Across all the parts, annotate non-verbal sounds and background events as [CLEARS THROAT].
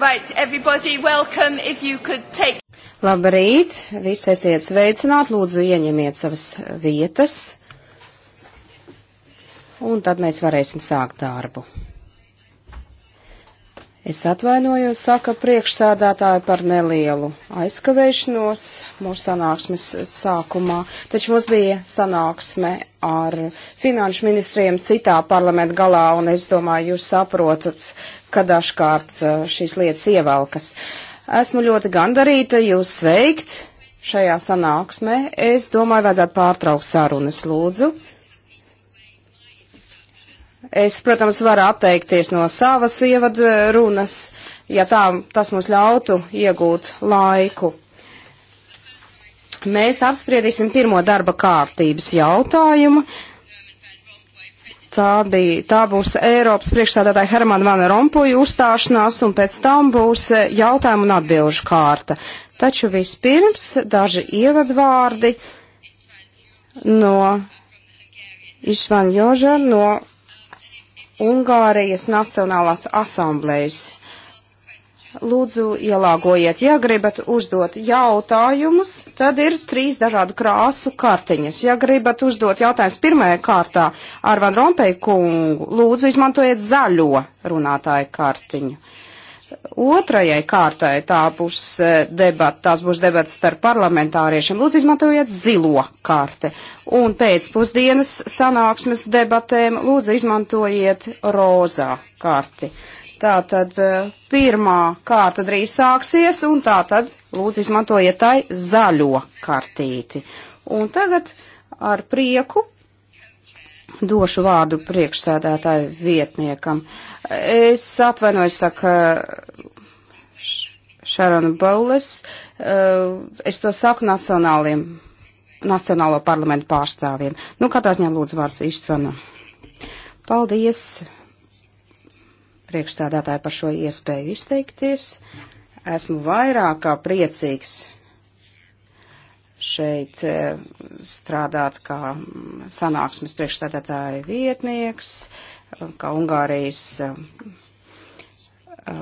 Right, everybody, welcome, if you could take... Labrīt, visi esiet sveicināt, lūdzu ieņemiet savas vietas, un tad mēs varēsim sākt darbu. Es atvainojos, saka priekšsēdētāja par nelielu aizkavēšanos mūsu sanāksmes sākumā, taču mums bija sanāksme ar finanšu ministriem citā parlamenta galā, un es domāju, jūs saprotat, ka dažkārt e, šīs lietas ievelkas. Esmu ļoti gandarīta jūs sveikt šajā sanāksmē. Es domāju, vajadzētu pārtraukt sarunas lūdzu. Es, protams, varu atteikties no savas ievadrunas, eh, ja tā tas mums ļautu iegūt laiku. Mēs apspriedīsim pirmo darba kārtības jautājumu. Tā, bija, tā būs Eiropas priekšstādātāja Hermana Vana Rompuja uzstāšanās, un pēc tam būs eh, jautājumu un atbilžu kārta. Taču vispirms daži ievadvārdi no Išvan Joža no Ungārijas Nacionālās asamblējas. Lūdzu, ielāgojiet, ja gribat uzdot jautājumus, tad ir trīs dažādu krāsu kartiņas. Ja gribat uzdot jautājumus pirmajā kārtā ar Van Rompēju kungu, lūdzu, izmantojiet zaļo runātāju kartiņu otrajai kārtai tā būs e, debata, tās būs debatas starp parlamentāriešiem. Lūdzu, izmantojiet zilo kārti. Un pēc pusdienas sanāksmes debatēm lūdzu izmantojiet rozā kārti. Tā tad e, pirmā kārta drīz sāksies, un tā tad lūdzu izmantojiet tai zaļo kartīti. Un tagad ar prieku Došu vārdu priekšsēdētāju vietniekam. Es atvainojos, saka Šarona Baules, eh, es to saku nacionāliem, nacionālo parlamentu pārstāvjiem. Nu, katrā ziņā lūdzu vārds Istvana. Paldies priekšstādātāji par šo iespēju izteikties. Esmu vairāk kā priecīgs šeit e, strādāt kā sanāksmes priekšstādātāja vietnieks, kā Ungārijas e, e,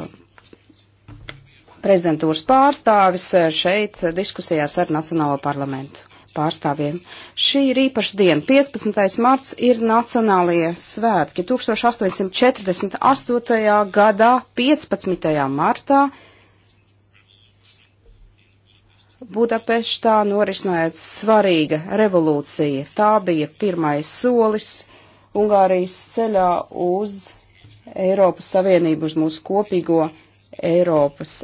prezidentūras pārstāvis šeit diskusijās ar Nacionālo parlamentu pārstāvjiem. Šī ir īpaša diena. 15. marts ir Nacionālie svētki. 1848. gadā 15. martā Budapeštā norisinājās svarīga revolūcija. Tā bija pirmais solis Ungārijas ceļā uz Eiropas Savienību, uz mūsu kopīgo Eiropas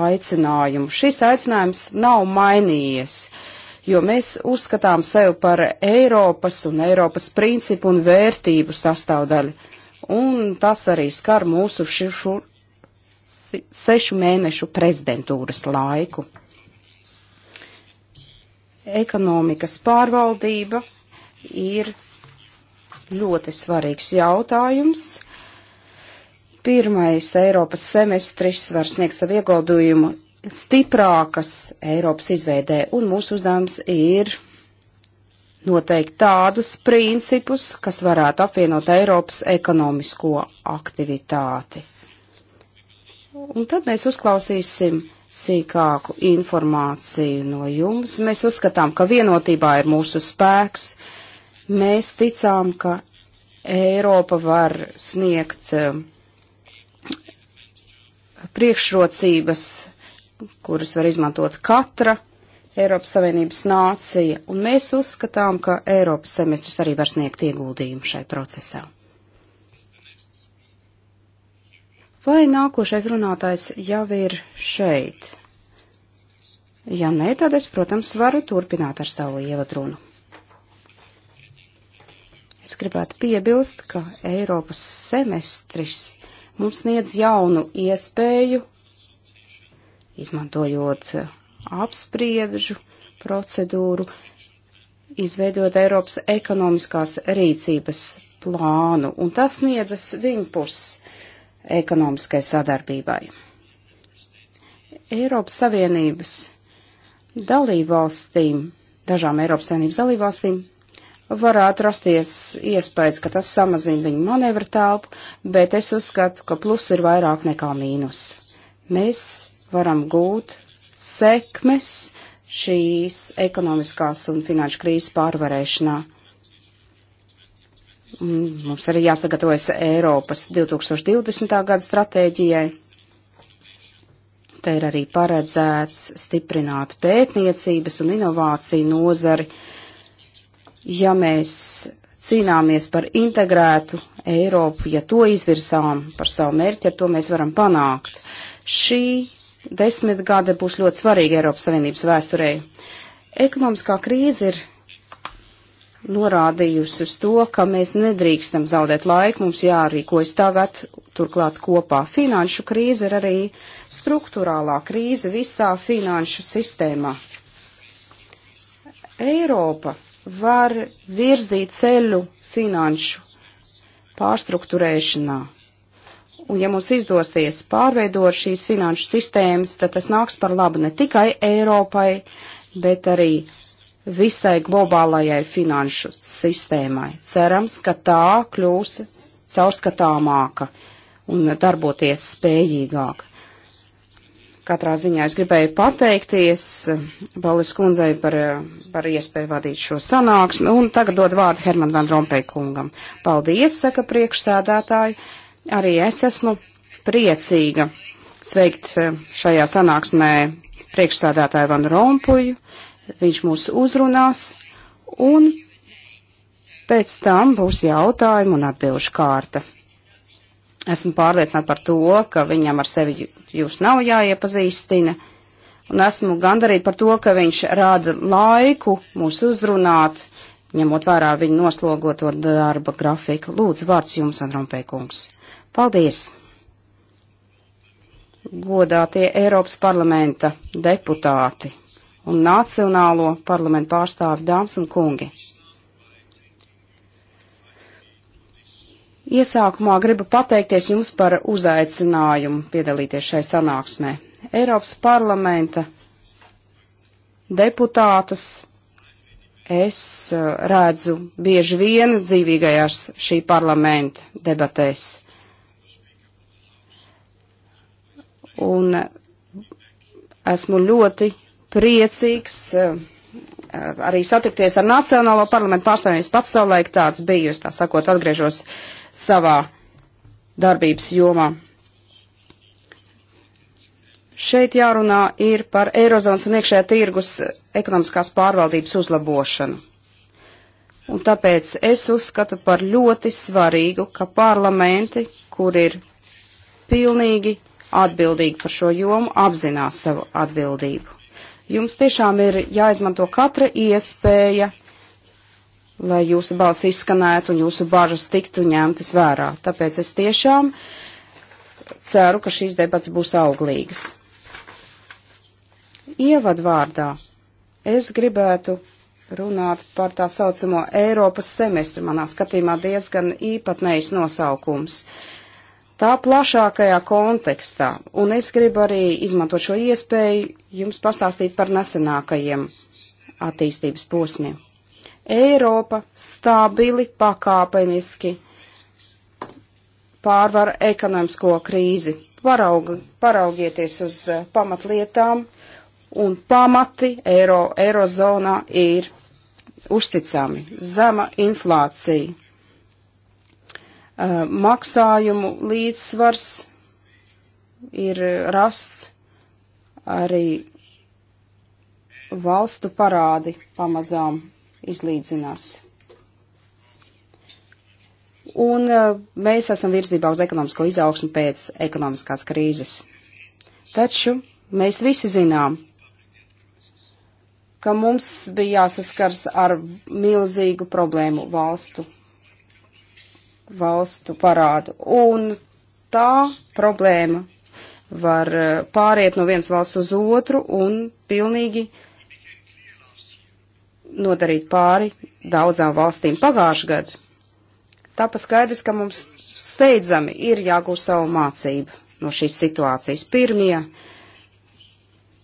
aicinājumu. Šis aicinājums nav mainījies, jo mēs uzskatām sevi par Eiropas un Eiropas principu un vērtību sastāvdaļu. Un tas arī skar mūsu šišu sešu mēnešu prezidentūras laiku. Ekonomikas pārvaldība ir ļoti svarīgs jautājums. Pirmais Eiropas semestris var sniegt savu ieguldījumu stiprākas Eiropas izveidē, un mūsu uzdevums ir noteikt tādus principus, kas varētu apvienot Eiropas ekonomisko aktivitāti. Un tad mēs uzklausīsim sīkāku informāciju no jums. Mēs uzskatām, ka vienotībā ir mūsu spēks. Mēs ticām, ka Eiropa var sniegt um, priekšrocības, kuras var izmantot katra Eiropas Savienības nācija, un mēs uzskatām, ka Eiropas semestris arī var sniegt ieguldījumu šai procesā. Vai nākošais runātājs jau ir šeit? Ja nē, tad es, protams, varu turpināt ar savu ievadrunu. Es gribētu piebilst, ka Eiropas semestris mums sniedz jaunu iespēju, izmantojot apspriežu procedūru, izveidot Eiropas ekonomiskās rīcības plānu, un tas sniedzas viņpus ekonomiskai sadarbībai. Eiropas Savienības dalībvalstīm, dažām Eiropas Savienības dalībvalstīm, varētu rasties iespējas, ka tas samazina viņu manevru telpu, bet es uzskatu, ka plus ir vairāk nekā mīnus. Mēs varam gūt sekmes šīs ekonomiskās un finanšu krīzes pārvarēšanā Mm, mums arī jāsagatavojas Eiropas 2020. gada stratēģijai. Te ir arī paredzēts stiprināt pētniecības un inovāciju nozari. Ja mēs cīnāmies par integrētu Eiropu, ja to izvirsām par savu mērķi, ar to mēs varam panākt. Šī desmitgade būs ļoti svarīga Eiropas Savienības vēsturē. Ekonomiskā krīze ir norādījusi uz to, ka mēs nedrīkstam zaudēt laiku, mums jārīkojas tagad, turklāt kopā. Finanšu krīze ir arī struktūrālā krīze visā finanšu sistēmā. Eiropa var virzīt ceļu finanšu pārstruktūrēšanā. Un ja mums izdosies pārveidot šīs finanšu sistēmas, tad tas nāks par labu ne tikai Eiropai, bet arī visai globālajai finanšu sistēmai. Cerams, ka tā kļūs caurskatāmāka un darboties spējīgāka. Katrā ziņā es gribēju pateikties Balis kundzei par, par iespēju vadīt šo sanāksmi, un tagad dod vārdu Herman van Rompei kungam. Paldies, saka priekšstādātāji, arī es esmu priecīga sveikt šajā sanāksmē priekšstādātāju Van Rompuju, viņš mūs uzrunās, un pēc tam būs jautājumu un atbilžu kārta. Esmu pārliecināta par to, ka viņam ar sevi jūs nav jāiepazīstina, un esmu gandarīta par to, ka viņš rāda laiku mūs uzrunāt, ņemot vērā viņa noslogoto darba grafiku. Lūdzu, vārds jums, Andrompēkungs. Paldies! Godātie Eiropas parlamenta deputāti! un Nacionālo parlamentu pārstāvi dāmas un kungi. Iesākumā gribu pateikties jums par uzaicinājumu piedalīties šai sanāksmē. Eiropas parlamenta deputātus es uh, redzu bieži vien dzīvīgajās šī parlamenta debatēs. Un uh, esmu ļoti priecīgs eh, arī satikties ar Nacionālo parlamentu pārstāvjiem. Es pats savulaik tāds biju, es tā sakot, atgriežos savā darbības jomā. Šeit jārunā ir par Eirozonas un iekšējā tirgus ekonomiskās pārvaldības uzlabošanu. Un tāpēc es uzskatu par ļoti svarīgu, ka parlamenti, kur ir pilnīgi atbildīgi par šo jomu, apzinās savu atbildību. Jums tiešām ir jāizmanto katra iespēja, lai jūsu balss izskanētu un jūsu bažas tiktu ņemtas vērā. Tāpēc es tiešām ceru, ka šīs debats būs auglīgas. Ievadvārdā es gribētu runāt par tā saucamo Eiropas semestru. Manā skatījumā diezgan īpatnējs nosaukums. Uh, tā plašākajā kontekstā. Un es gribu arī izmantot šo iespēju jums pastāstīt par nesenākajiem attīstības posmiem. Eiropa stabili pakāpeniski pārvar ekonomisko krīzi. Paraug, paraugieties uz eh, pamatlietām, un pamati eiro, eirozonā ir uzticami. Zema inflācija, Uh, maksājumu līdzsvars ir rasts arī valstu parādi pamazām izlīdzinās. Un uh, mēs esam virzībā uz ekonomisko izaugsmu pēc ekonomiskās krīzes. Taču mēs visi zinām, ka mums bija jāsaskars ar milzīgu problēmu valstu valstu parādu. Un tā problēma var eh, pāriet no vienas valsts uz otru un pilnīgi nodarīt pāri daudzām valstīm pagājušajā gadā. Tāpēc skaidrs, ka mums steidzami ir jāgūst savu mācību no šīs situācijas. Pirmie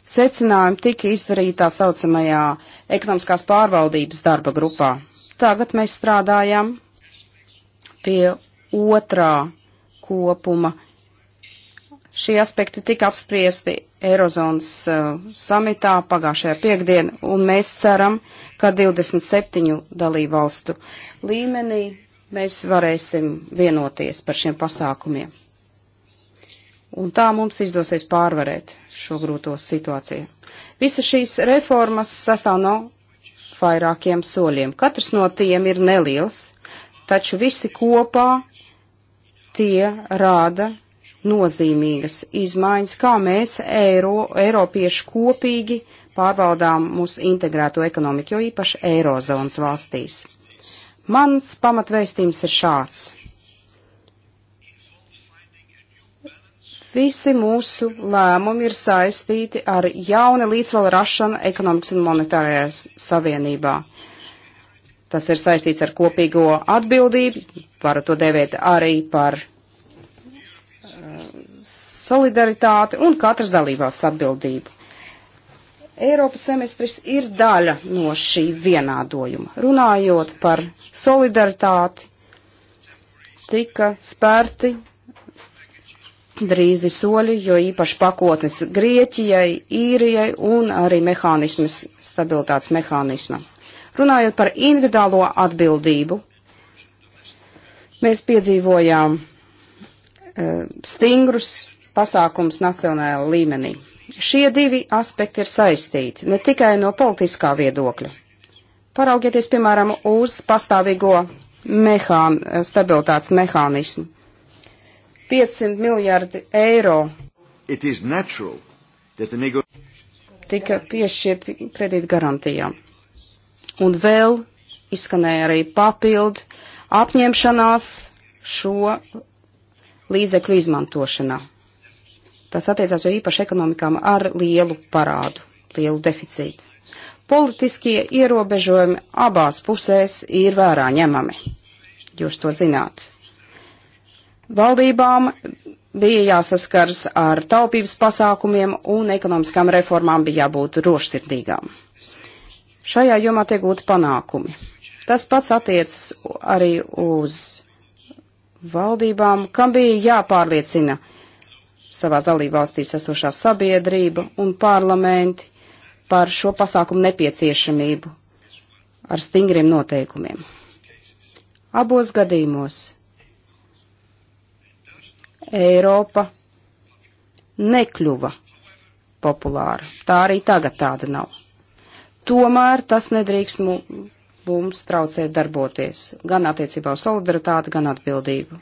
secinājumi tika izdarīti tā saucamajā ekonomiskās pārvaldības darba grupā. Tagad mēs strādājam pie otrā kopuma. Šie aspekti tika apspriesti Eirozonas uh, samitā pagājušajā piekdien, un mēs ceram, ka 27 dalībvalstu līmenī mēs varēsim vienoties par šiem pasākumiem. Un tā mums izdosies pārvarēt šo grūto situāciju. Visa šīs reformas sastāv no vairākiem soļiem. Katrs no tiem ir neliels, taču visi kopā tie rāda nozīmīgas izmaiņas, kā mēs eiro, eiropieši kopīgi pārvaldām mūsu integrēto ekonomiku, jo īpaši eirozonas valstīs. Mans pamatvēstījums ir šāds. Visi mūsu lēmumi ir saistīti ar jauna līdzsvara rašanu ekonomikas un monetārajā savienībā. Uh, Tas ir saistīts ar kopīgo atbildību, varu to dēvēt arī par eh, solidaritāti un katras dalībās atbildību. Eiropas semestris ir daļa no šī vienādojuma. Runājot par solidaritāti, tika spērti drīzi soļi, jo īpaši pakotnes Grieķijai, īrijai un arī mehānismas, stabilitātes mehānismam. Runājot par individuālo atbildību, mēs piedzīvojām uh, stingrus pasākums nacionālā līmenī. Šie divi aspekti ir saistīti ne tikai no politiskā viedokļa. Paraugieties, piemēram, uz pastāvīgo mehān, stabilitātes mehānismu. 500 miljardi eiro tika piešķirti kredīt garantijām. Un vēl izskanēja arī papildu apņemšanās šo līdzekļu izmantošanā. Tas attiecās jau īpaši ekonomikām ar lielu parādu, lielu deficītu. Politiskie ierobežojumi abās pusēs ir vērā ņemami. Jūs to zināt. Valdībām bija jāsaskars ar taupības pasākumiem un ekonomiskām reformām bija jābūt rošsirdīgām šajā jomā tiek gūti panākumi. Tas pats attiecas arī uz valdībām, kam bija jāpārliecina savās dalībvalstīs esošā sabiedrība un parlamenti par šo pasākumu nepieciešamību ar stingriem noteikumiem. Abos gadījumos Eiropa nekļuva populāra. Tā arī tagad tāda nav tomēr tas nedrīkst mums traucēt darboties, gan attiecībā uz solidaritāti, gan atbildību.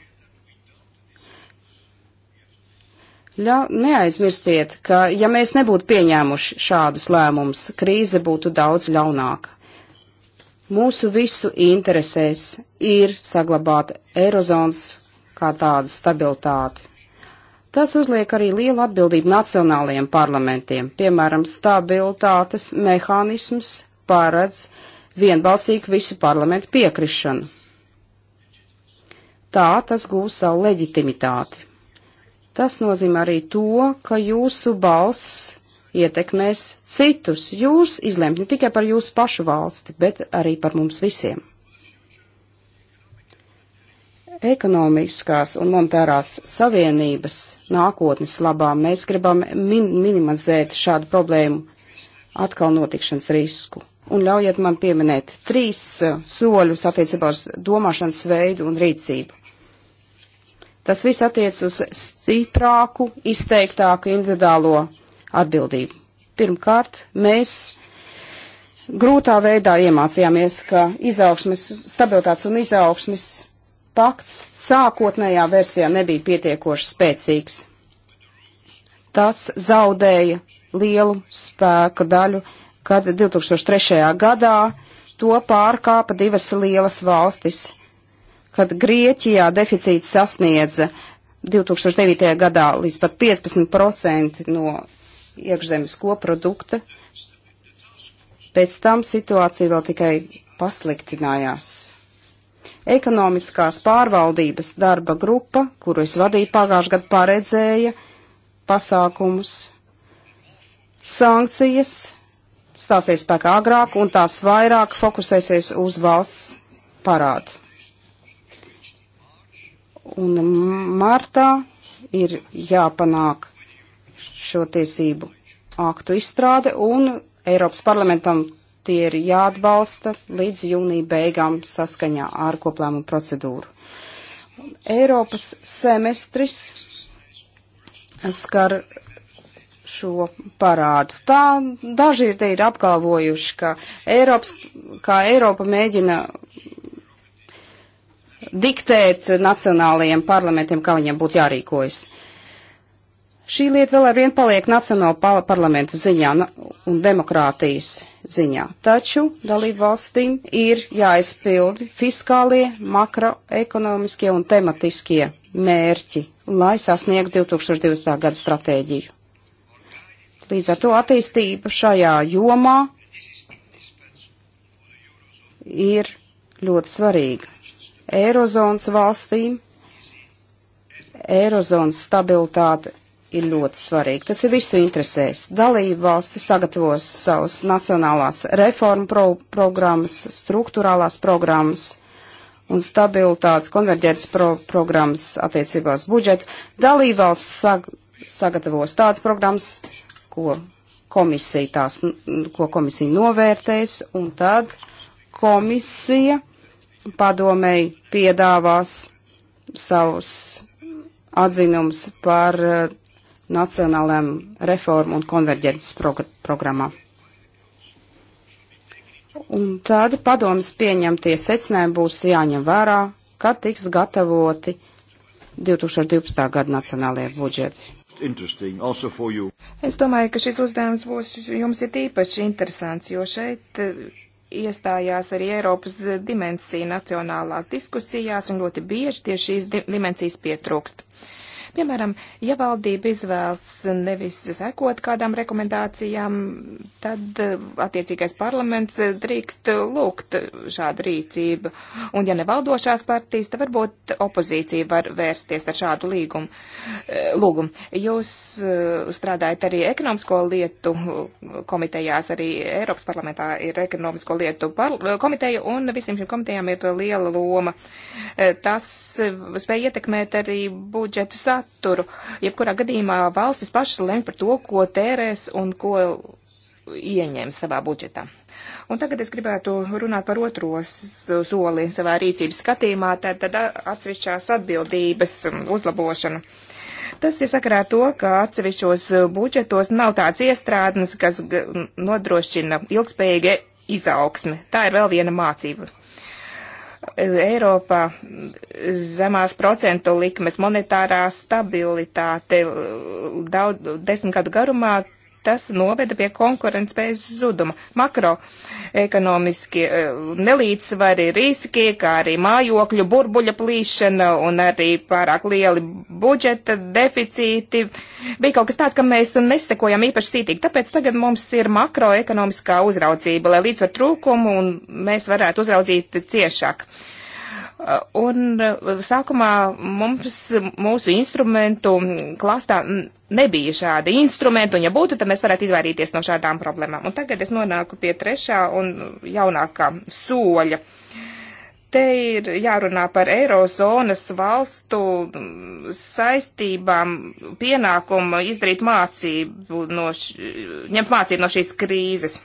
Ļa, neaizmirstiet, ka ja mēs nebūtu pieņēmuši šādus lēmumus, krīze būtu daudz ļaunāka. Mūsu visu interesēs ir saglabāt Eirozonas kā tādu stabilitāti. Tas uzliek arī lielu atbildību nacionālajiem parlamentiem. Piemēram, stabilitātes mehānisms paredz vienbalsīgu visu parlamentu piekrišanu. Tā tas gūs savu leģitimitāti. Tas nozīmē arī to, ka jūsu balss ietekmēs citus. Jūs izlemt ne tikai par jūsu pašu valsti, bet arī par mums visiem ekonomiskās un monetārās savienības nākotnes labā mēs gribam min minimizēt šādu problēmu atkal notikšanas risku. Un ļaujiet man pieminēt trīs uh, soļus attiecībā uz domāšanas veidu un rīcību. Tas viss attiec uz stiprāku, izteiktāku individuālo atbildību. Pirmkārt, mēs grūtā veidā iemācījāmies, ka izaugsmes, stabilitātes un izaugsmes pakts sākotnējā versijā nebija pietiekoši spēcīgs. Tas zaudēja lielu spēka daļu, kad 2003. gadā to pārkāpa divas lielas valstis, kad Grieķijā deficīts sasniedza 2009. gadā līdz pat 15% no iekšzemes koprodukta. Pēc tam situācija vēl tikai pasliktinājās. Ekonomiskās pārvaldības darba grupa, kuru es vadīju pagājušajā gadā, paredzēja pasākumus, sankcijas, stāsies spēkā agrāk un tās vairāk fokusēsies uz valsts parādu. Un martā ir jāpanāk šo tiesību aktu izstrāde un Eiropas parlamentam tie ir jāatbalsta līdz jūnija beigām saskaņā ar koplēmu procedūru. Eiropas semestris skar šo parādu. Tā daži te ir apgalvojuši, ka Eiropas, kā Eiropa mēģina diktēt nacionālajiem parlamentiem, kā viņiem būtu jārīkojas. Uh, Šī lieta vēl arvien paliek Nacionāla parlamenta ziņā un demokrātijas ziņā. Taču dalību valstīm ir jāizpildi fiskālie, makroekonomiskie un tematiskie mērķi, lai sasniegtu 2020. gada stratēģiju. Līdz ar to attīstība šajā jomā ir ļoti svarīga. Eirozonas valstīm, Eirozonas stabilitāte ir ļoti svarīgi. Tas ir visu interesēs. Dalība valsti sagatavos savas nacionālās reformu pro programmas, struktūrālās programmas un stabilitātes konverģētas pro programmas attiecībās budžetu. Dalība valsts sag sagatavos tādas programmas, ko komisija, tās, ko komisija novērtēs, un tad komisija padomēji piedāvās savus atzinums par Nacionālajām reformu un konverģences progr programmām. Un tad padomas pieņemtie secinājumi būs jāņem vērā, kad tiks gatavoti 2012. gada nacionālajie budžeti. Es domāju, ka šis uzdevums būs jums ir īpaši interesants, jo šeit eh, iestājās arī Eiropas dimensija nacionālās diskusijās, un ļoti bieži tieši šīs dimensijas pietrūkst. Uh, Piemēram, ja valdība izvēlas nevis sekot kādām rekomendācijām, tad eh, attiecīgais parlaments eh, drīkst lūgt šādu rīcību. Un ja nevaldošās partijas, tad varbūt opozīcija var vērsties ar šādu līgumu, eh, lūgumu. Jūs strādājat arī ekonomisko lietu komitejās, arī Eiropas parlamentā ir ekonomisko lietu komiteja, un visiem šiem komitejām ir liela loma. Tas spēja ietekmēt arī budžetu sācību saturu. Jebkurā gadījumā valstis pašas lem par to, ko tērēs un ko ieņēma savā budžetā. Un tagad es gribētu runāt par otro soli savā rīcības skatījumā, tad, tad atsevišķās atbildības um, uzlabošanu. Tas ir sakarā ar to, ka atsevišķos budžetos nav tāds iestrādnes, kas nodrošina ilgspējīgi izaugsmi. Tā ir vēl viena mācība Eiropā zemās procentu likmes, monetārā stabilitāte daudz desmit gadu garumā tas noveda pie konkurentspējas zuduma. Makroekonomiski e, nelīdzsvari riski, kā arī mājokļu burbuļa plīšana un arī pārāk lieli budžeta deficīti bija kaut kas tāds, kam mēs nesekojam īpaši cītīgi. Tāpēc tagad mums ir makroekonomiskā uzraudzība, lai līdzsver trūkumu un mēs varētu uzraudzīt ciešāk. Uh, Un eh, sākumā mums, mūsu instrumentu klastā nebija šādi instrumenti, un ja būtu, tad mēs varētu izvairīties no šādām problēmām. Un tagad es nonāku pie trešā un jaunākā soļa. Te ir jārunā par Eirozonas valstu saistībām, pienākumu izdarīt mācību no, š... ņemt mācību no šīs krīzes.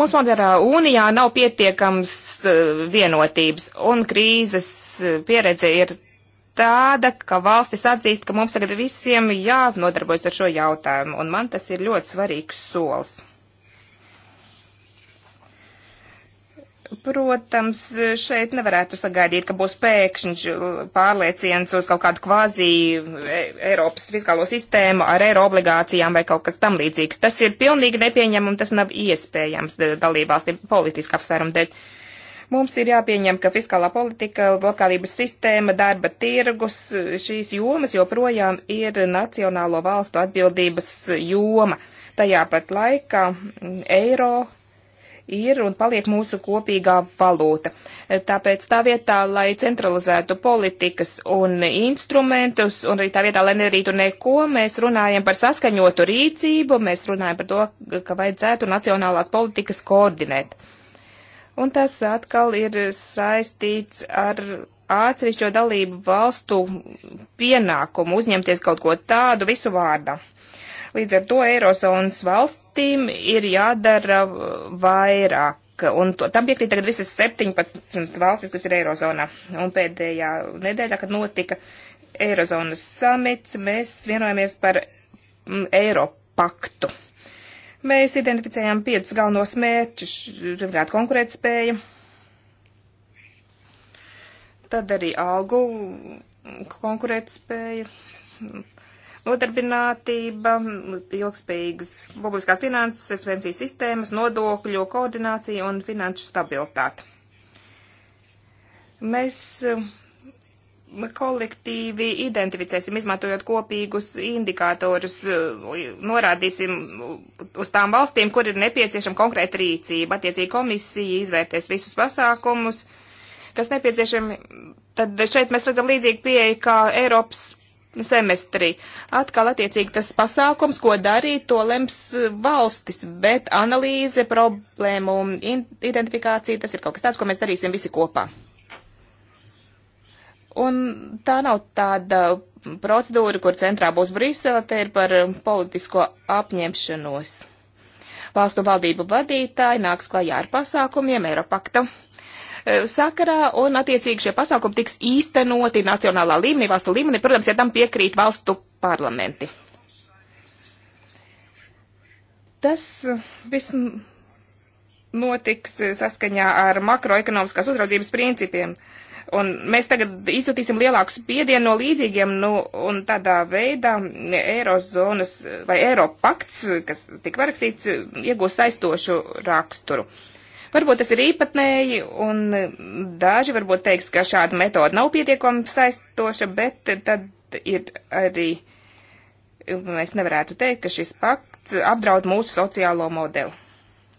Mums modernā unijā nav pietiekams vienotības, un krīzes pieredze ir tāda, ka valstis atzīst, ka mums tagad visiem jānodarbojas ar šo jautājumu, un man tas ir ļoti svarīgs solis. Protams, šeit nevarētu sagaidīt, ka būs pēkšņš pārlieciens uz kaut kādu kvāzī e, Eiropas fiskālo sistēmu ar eiro obligācijām vai kaut kas tam līdzīgs. Tas ir pilnīgi nepieņemam, tas nav iespējams dalībvalstīm politiski apsvērumu dēļ. Mums ir jāpieņem, ka fiskālā politika, blokādības sistēma, darba tirgus, šīs jomas joprojām ir nacionālo valstu atbildības joma. Tajā pat laikā eiro ir un paliek mūsu kopīgā valūta. Tāpēc tā vietā, lai centralizētu politikas un instrumentus, un arī tā vietā, lai nedarītu neko, mēs runājam par saskaņotu rīcību, mēs runājam par to, ka vajadzētu nacionālās politikas koordinēt. Un tas atkal ir saistīts ar atsevišķo dalību valstu pienākumu uzņemties kaut ko tādu visu vārdā. Līdz ar to Eirozonas valstīm ir jādara uh, vairāk. Un to, tam piekrīt tagad visas 17 valstis, kas ir Eirozonā. Un pēdējā nedēļā, kad notika Eirozonas samits, mēs vienojamies par mm, Eiropaktu. Mēs identificējām piecus galvenos mērķus. Pirmkārt, konkurētspēja. Tad arī algu konkurētspēja nodarbinātība, ilgspējīgas publiskās finanses, pensijas sistēmas, nodokļu koordinācija un finanšu stabilitāte. Mēs kolektīvi identificēsim, izmantojot kopīgus indikātorus, norādīsim uz tām valstīm, kur ir nepieciešama konkrēta rīcība. Attiecīgi komisija izvērtēs visus pasākumus, kas nepieciešami. Tad šeit mēs redzam līdzīgu pieeju kā Eiropas semestrī. Atkal attiecīgi tas pasākums, ko darīt, to lems valstis, bet analīze, problēmu identifikācija, tas ir kaut kas tāds, ko mēs darīsim visi kopā. Un tā nav tāda procedūra, kur centrā būs Brisele, te ir par politisko apņemšanos. Valstu valdību vadītāji nāks klajā ar pasākumiem Eiropakta E, sakarā, un attiecīgi šie pasākumi tiks īstenoti nacionālā līmenī, valstu līmenī, protams, ja tam piekrīt valstu parlamenti. Tas viss notiks saskaņā ar makroekonomiskās uzraudzības principiem. Un mēs tagad izjūtīsim lielāku spiedienu no līdzīgiem, nu, un tādā veidā Eirozonas vai Eiropakts, kas tika parakstīts, iegūs saistošu raksturu. Uh, Varbūt tas ir īpatnēji, un mm, daži varbūt teiks, ka šāda metoda nav pietiekami saistoša, bet tad ir arī, mēs mm, nevarētu teikt, ka šis pakts apdraud mūsu sociālo modeli.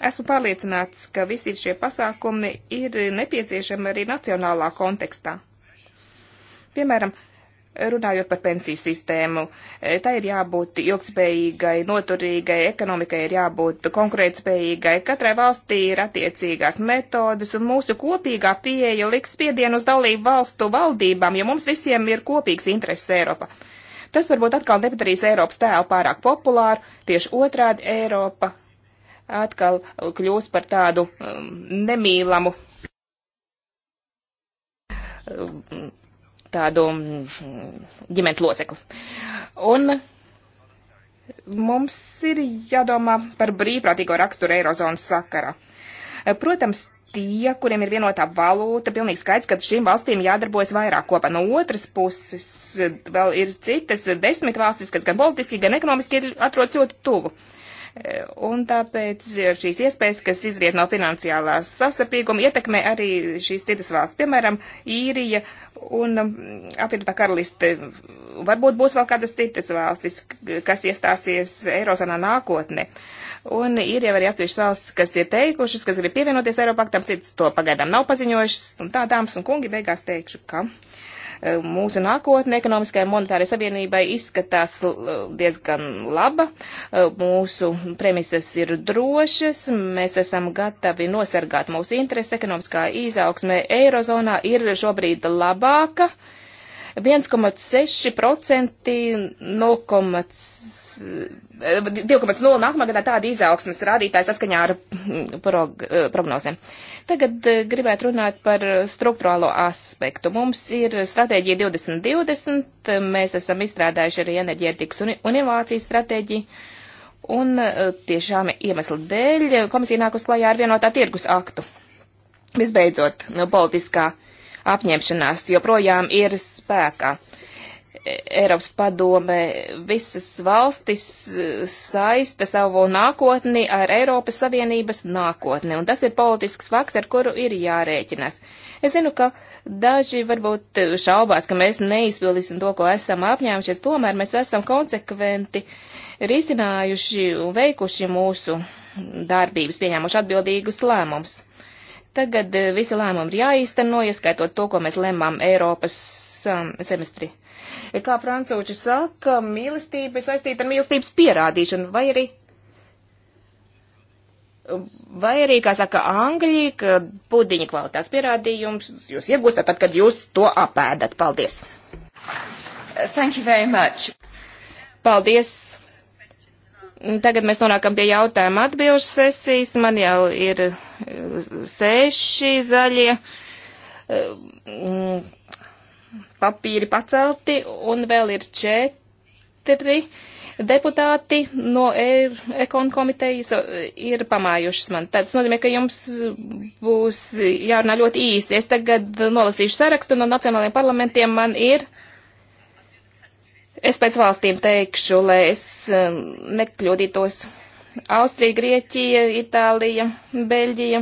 Esmu pārliecināts, ka visi šie pasākumi ir nepieciešami arī nacionālā kontekstā. Piemēram, Runājot par pensiju sistēmu, e, tā ir jābūt ilgspējīgai, noturīgai, ekonomikai ir jābūt konkurētspējīgai. Katrai valstī ir attiecīgās metodas, un mūsu kopīgā pieeja liks spiedienu uz dalību valstu valdībām, jo mums visiem ir kopīgs intereses Eiropa. Tas varbūt atkal nepadarīs Eiropas tēlu pārāk populāru, tieši otrādi Eiropa atkal kļūs par tādu um, nemīlamu um, tādu mm, ģimenes locekli. Un mums ir jādomā par brīvprātīgo raksturu Eirozonas sakara. Protams, tie, kuriem ir vienotā valūta, pilnīgi skaidrs, ka šīm valstīm jādarbojas vairāk kopā. No otras puses vēl ir citas desmit valstis, kas gan politiski, gan ekonomiski ir atrodas ļoti tuvu. Uh, Un tāpēc šīs iespējas, kas izriet no finansiālās sastarpīguma, ietekmē arī šīs citas valsts, piemēram, īrija un um, apvienotā karaliste. Varbūt būs vēl kādas citas valstis, kas iestāsies Eirozonā nākotnē. Un ir jau arī atsevišķas valstis, kas ir teikušas, kas grib pievienoties Eiropaktam, citas to pagaidām nav paziņojušas. Un tā, dāmas un kungi, beigās teikšu, ka. Eh, mūsu nākotne ekonomiskajai monetārai savienībai izskatās eh, diezgan laba. Eh, mūsu premises ir drošas, mēs esam gatavi nosargāt mūsu intereses. Ekonomiskā izaugsme Eirozonā ir šobrīd labāka. 1,6% 2,0 nākamā gadā tāda izaugsmas rādītāja saskaņā ar mm, prog eh, prognozēm. Tagad eh, gribētu runāt par struktūrālo aspektu. Mums ir stratēģija 2020, mēs esam izstrādājuši arī enerģētikas un, un inovācijas stratēģiju. Un tiešām iemesla dēļ komisija nāk uz klajā ar vienotā tirgus aktu. Visbeidzot, politiskā uh, apņemšanās joprojām ir spēkā. E, Eiropas padome visas valstis e, saista savu nākotni ar Eiropas Savienības nākotni, un tas ir politisks fakts, ar kuru ir jārēķinās. Es zinu, ka daži varbūt šaubās, ka mēs neizpildīsim to, ko esam apņēmušies, tomēr mēs esam konsekventi risinājuši un veikuši mūsu darbības, pieņēmuši atbildīgus lēmumus. Tagad eh, visi lēmumi ir jāīsteno, ieskaitot to, ko mēs lēmām Eiropas um, semestri. Eh, kā francūči saka, mīlestība ir saistīta ar mīlestības pierādīšanu, vai arī, vai arī, kā saka angļi, ka pudiņa kvalitātes pierādījums jūs iegūstat tad, kad jūs to apēdat. Paldies! Thank you very much! Paldies! Tagad mēs nonākam pie jautājuma atbilžu sesijas. Man jau ir eh, seši zaļie eh, papīri pacelti, un vēl ir četri deputāti no e ekonu komitejas eh, ir pamājušas man. Tas nozīmē, ka jums būs jārunā ļoti īsi. Es tagad nolasīšu sarakstu no nacionālajiem parlamentiem. Man ir. Uh, Es pēc valstīm teikšu, lai es um, nekļūdītos. Austrija, Grieķija, Itālija, Beļģija,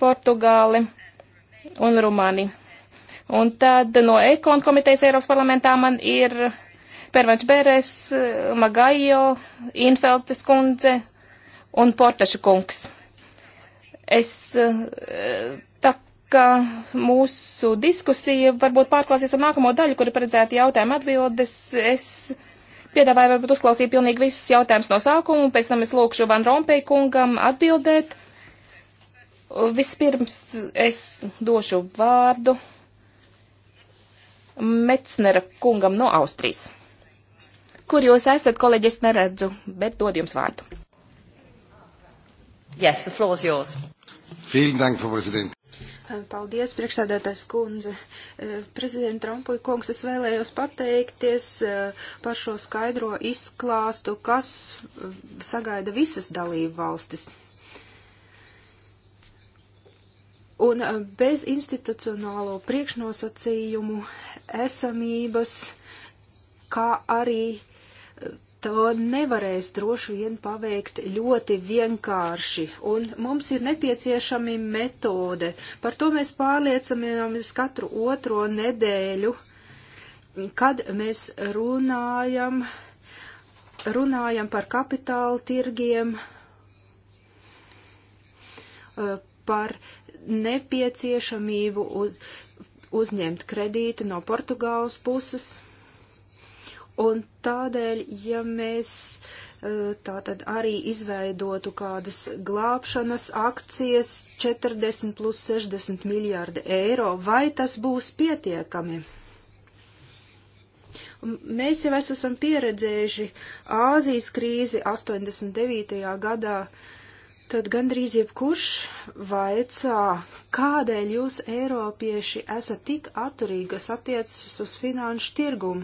Portugāli un Rumānija. Un tad no Ekon komitejas Eiropas parlamentā man ir Pervanš Beres, Magajo, Infeltes kundze un Portaša kungs. Es uh, ka mūsu diskusija varbūt pārklāsies ar nākamo daļu, kur ir paredzēti jautājumi atbildes. Es piedāvāju varbūt uzklausīt pilnīgi visus jautājumus no sākuma, un pēc tam es lūkšu Van Rompei kungam atbildēt. Vispirms es došu vārdu Mecnera kungam no Austrijas. Kur jūs esat, kolēģi, es neredzu, bet dod jums vārdu. Yes, the floor is yours. Vielen Dank, Frau Präsidentin. Paldies, priekšsēdētājs kundze. E, prezidenta Trumpuja kungs, es vēlējos pateikties e, par šo skaidro izklāstu, kas e, sagaida visas dalību valstis. Un bez institucionālo priekšnosacījumu esamības, kā arī to nevarēs droši vien paveikt ļoti vienkārši, un mums ir nepieciešami metode. Par to mēs pārliecinamies katru otro nedēļu, kad mēs runājam, runājam par kapitāla tirgiem, eh, par nepieciešamību uz, uzņemt kredītu no Portugāles puses Un tādēļ, ja mēs e, tātad arī izveidotu kādas glābšanas akcijas 40 plus 60 miljārdi eiro, vai tas būs pietiekami? Mēs jau esam pieredzējuši Āzijas krīzi 89. gadā tad gandrīz jebkurš vaicā, kādēļ jūs, eiropieši, esat tik atturīgi, kas attiecas uz finanšu tirgumu,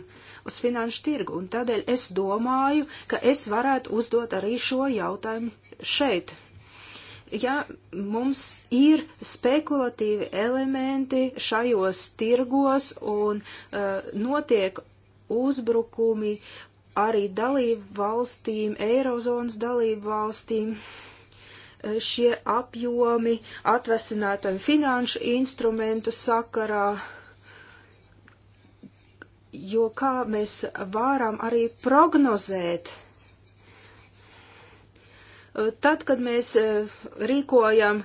uz finanšu tirgu, un tādēļ es domāju, ka es varētu uzdot arī šo jautājumu šeit. Ja mums ir spekulatīvi elementi šajos tirgos un uh, notiek uzbrukumi arī dalību valstīm, Eirozonas dalību valstīm, uh, Eh, šie apjomi atvesinātāju finanšu instrumentu sakarā, jo kā mēs varam arī prognozēt, eh, tad, kad mēs eh, rīkojam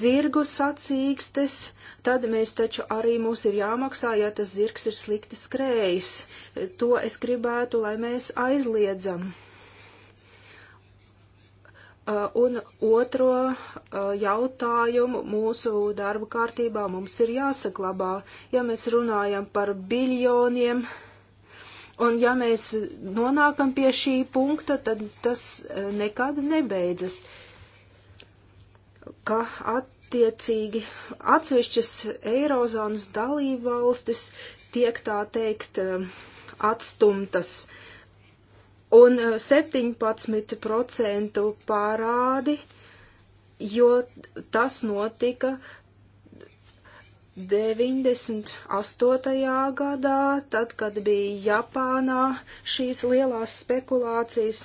zirgu sacīkstes, tad mēs taču arī mums ir jāmaksā, ja tas zirgs ir slikti skrējis. To es gribētu, lai mēs aizliedzam. Uh, un otro uh, jautājumu mūsu darba kārtībā mums ir jāsaglabā, ja mēs runājam par biljoniem, un ja mēs nonākam pie šī punkta, tad tas uh, nekad nebeidzas, ka attiecīgi atsevišķas eirozonas dalībvalstis tiek tā teikt atstumtas. Uh, un 17% eh, pārādi, jo tas notika 98. gadā, tad, kad bija Japānā šīs lielās spekulācijas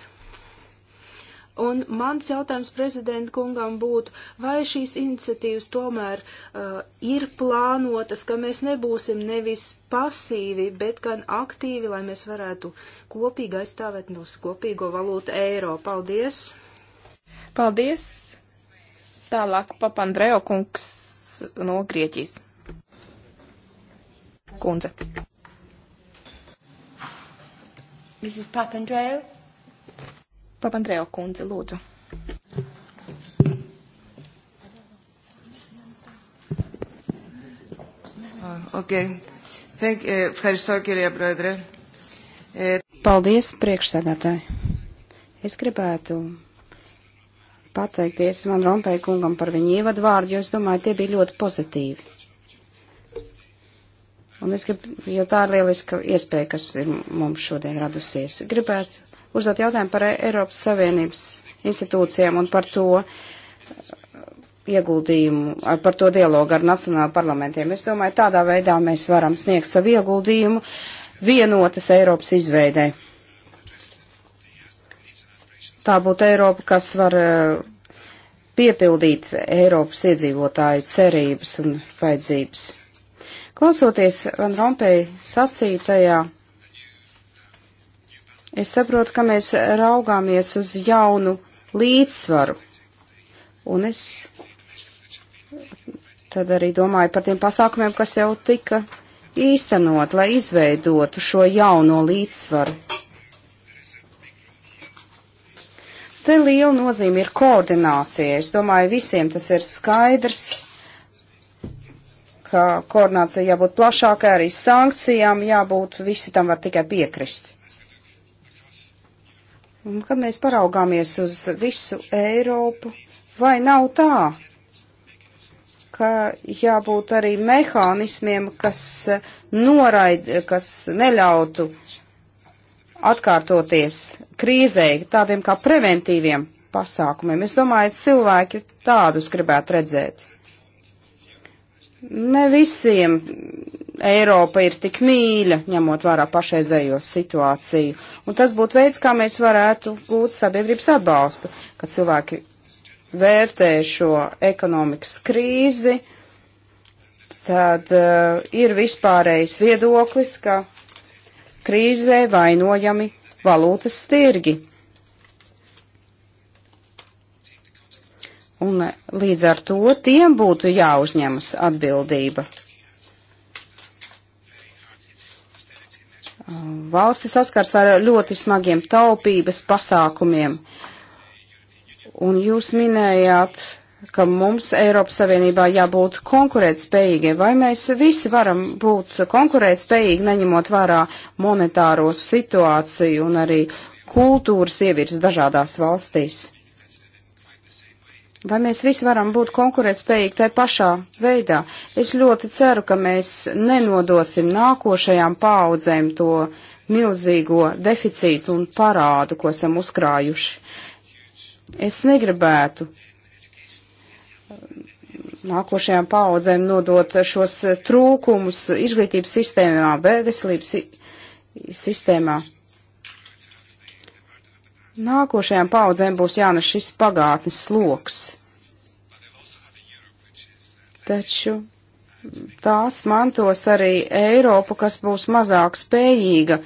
Un mans jautājums prezidenta kungam būtu, vai šīs iniciatīvas tomēr uh, ir plānotas, ka mēs nebūsim nevis pasīvi, bet gan aktīvi, lai mēs varētu kopīgi aizstāvēt mūsu kopīgo valūtu eiro. Paldies! Paldies! Tālāk papandreo kungs no Grieķijas. Kundze. Mrs. Papandreou. Papandreo kundze, lūdzu. Ah, okay. Thank, eh, ευχαριστώ, κυρία Πρόεδρε. Eh... Paldies, priekšsēdētāji. Es gribētu pateikties man Rompēja kungam par viņu ievadvārdu, jo es domāju, tie bija ļoti pozitīvi. Un es gribu, jo tā ir lieliska iespēja, kas ir mums šodien radusies. Gribētu uzdot jautājumu par Eiropas Savienības institūcijām un par to uh, ieguldījumu, par to dialogu ar nacionālajiem parlamentiem. Es domāju, tādā veidā mēs varam sniegt savu ieguldījumu vienotas Eiropas izveidē. Tā būtu Eiropa, kas var uh, piepildīt Eiropas iedzīvotāju cerības un vajadzības. Klausoties Van Rompēja sacītajā, Es saprotu, ka mēs raugāmies uz jaunu līdzsvaru. Un es tad arī domāju par tiem pasākumiem, kas jau tika īstenot, lai izveidotu šo jauno līdzsvaru. Te liela nozīme ir koordinācija. Es domāju, visiem tas ir skaidrs, ka koordinācija jābūt plašākai, arī sankcijām jābūt, visi tam var tikai piekrist. Un, kad mēs paraugāmies uz visu Eiropu, vai nav tā, ka jābūt arī mehānismiem, kas noraid, kas neļautu atkārtoties krīzei, tādiem kā preventīviem pasākumiem. Es domāju, cilvēki tādus gribētu redzēt. Ne visiem Eiropa ir tik mīļa, ņemot vērā pašreizējo situāciju. Un tas būtu veids, kā mēs varētu gūt sabiedrības atbalstu, kad cilvēki vērtē šo ekonomikas krīzi, tad uh, ir vispārējais viedoklis, ka krīzē vainojami valūtas tirgi. Un līdz ar to tiem būtu jāuzņemas atbildība. Valsti saskars ar ļoti smagiem taupības pasākumiem. Un jūs minējāt, ka mums Eiropas Savienībā jābūt konkurētspējīgiem. Vai mēs visi varam būt konkurētspējīgi, neņemot vērā monetāro situāciju un arī kultūras ievirs dažādās valstīs? Vai mēs visi varam būt konkurētspējīgi tajā pašā veidā? Es ļoti ceru, ka mēs nenodosim nākošajām paudzēm to milzīgo deficītu un parādu, ko esam uzkrājuši. Es negribētu um, nākošajām paudzēm nodot šos trūkumus izglītības sistēmā, veselības sistēmā. Nākošajām paudzēm būs jānes šis pagātnes sloks. Taču tās mantos arī Eiropu, kas būs mazāk spējīga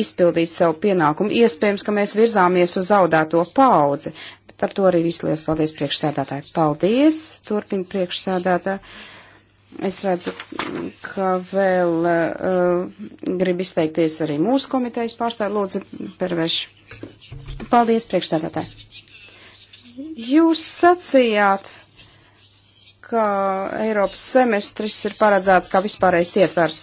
izpildīt savu pienākumu. Iespējams, ka mēs virzāmies uz zaudēto paudzi. Bet ar to arī visu liels paldies priekšsēdētāji. Paldies, turpina priekšsēdētāji. Es redzu, ka vēl uh, grib izteikties arī mūsu komitejas pārstāvja Lūdzu Perveši. Paldies, priekšsēdētāji. Jūs sacījāt, ka Eiropas semestris ir paredzēts kā vispārējais ietvers.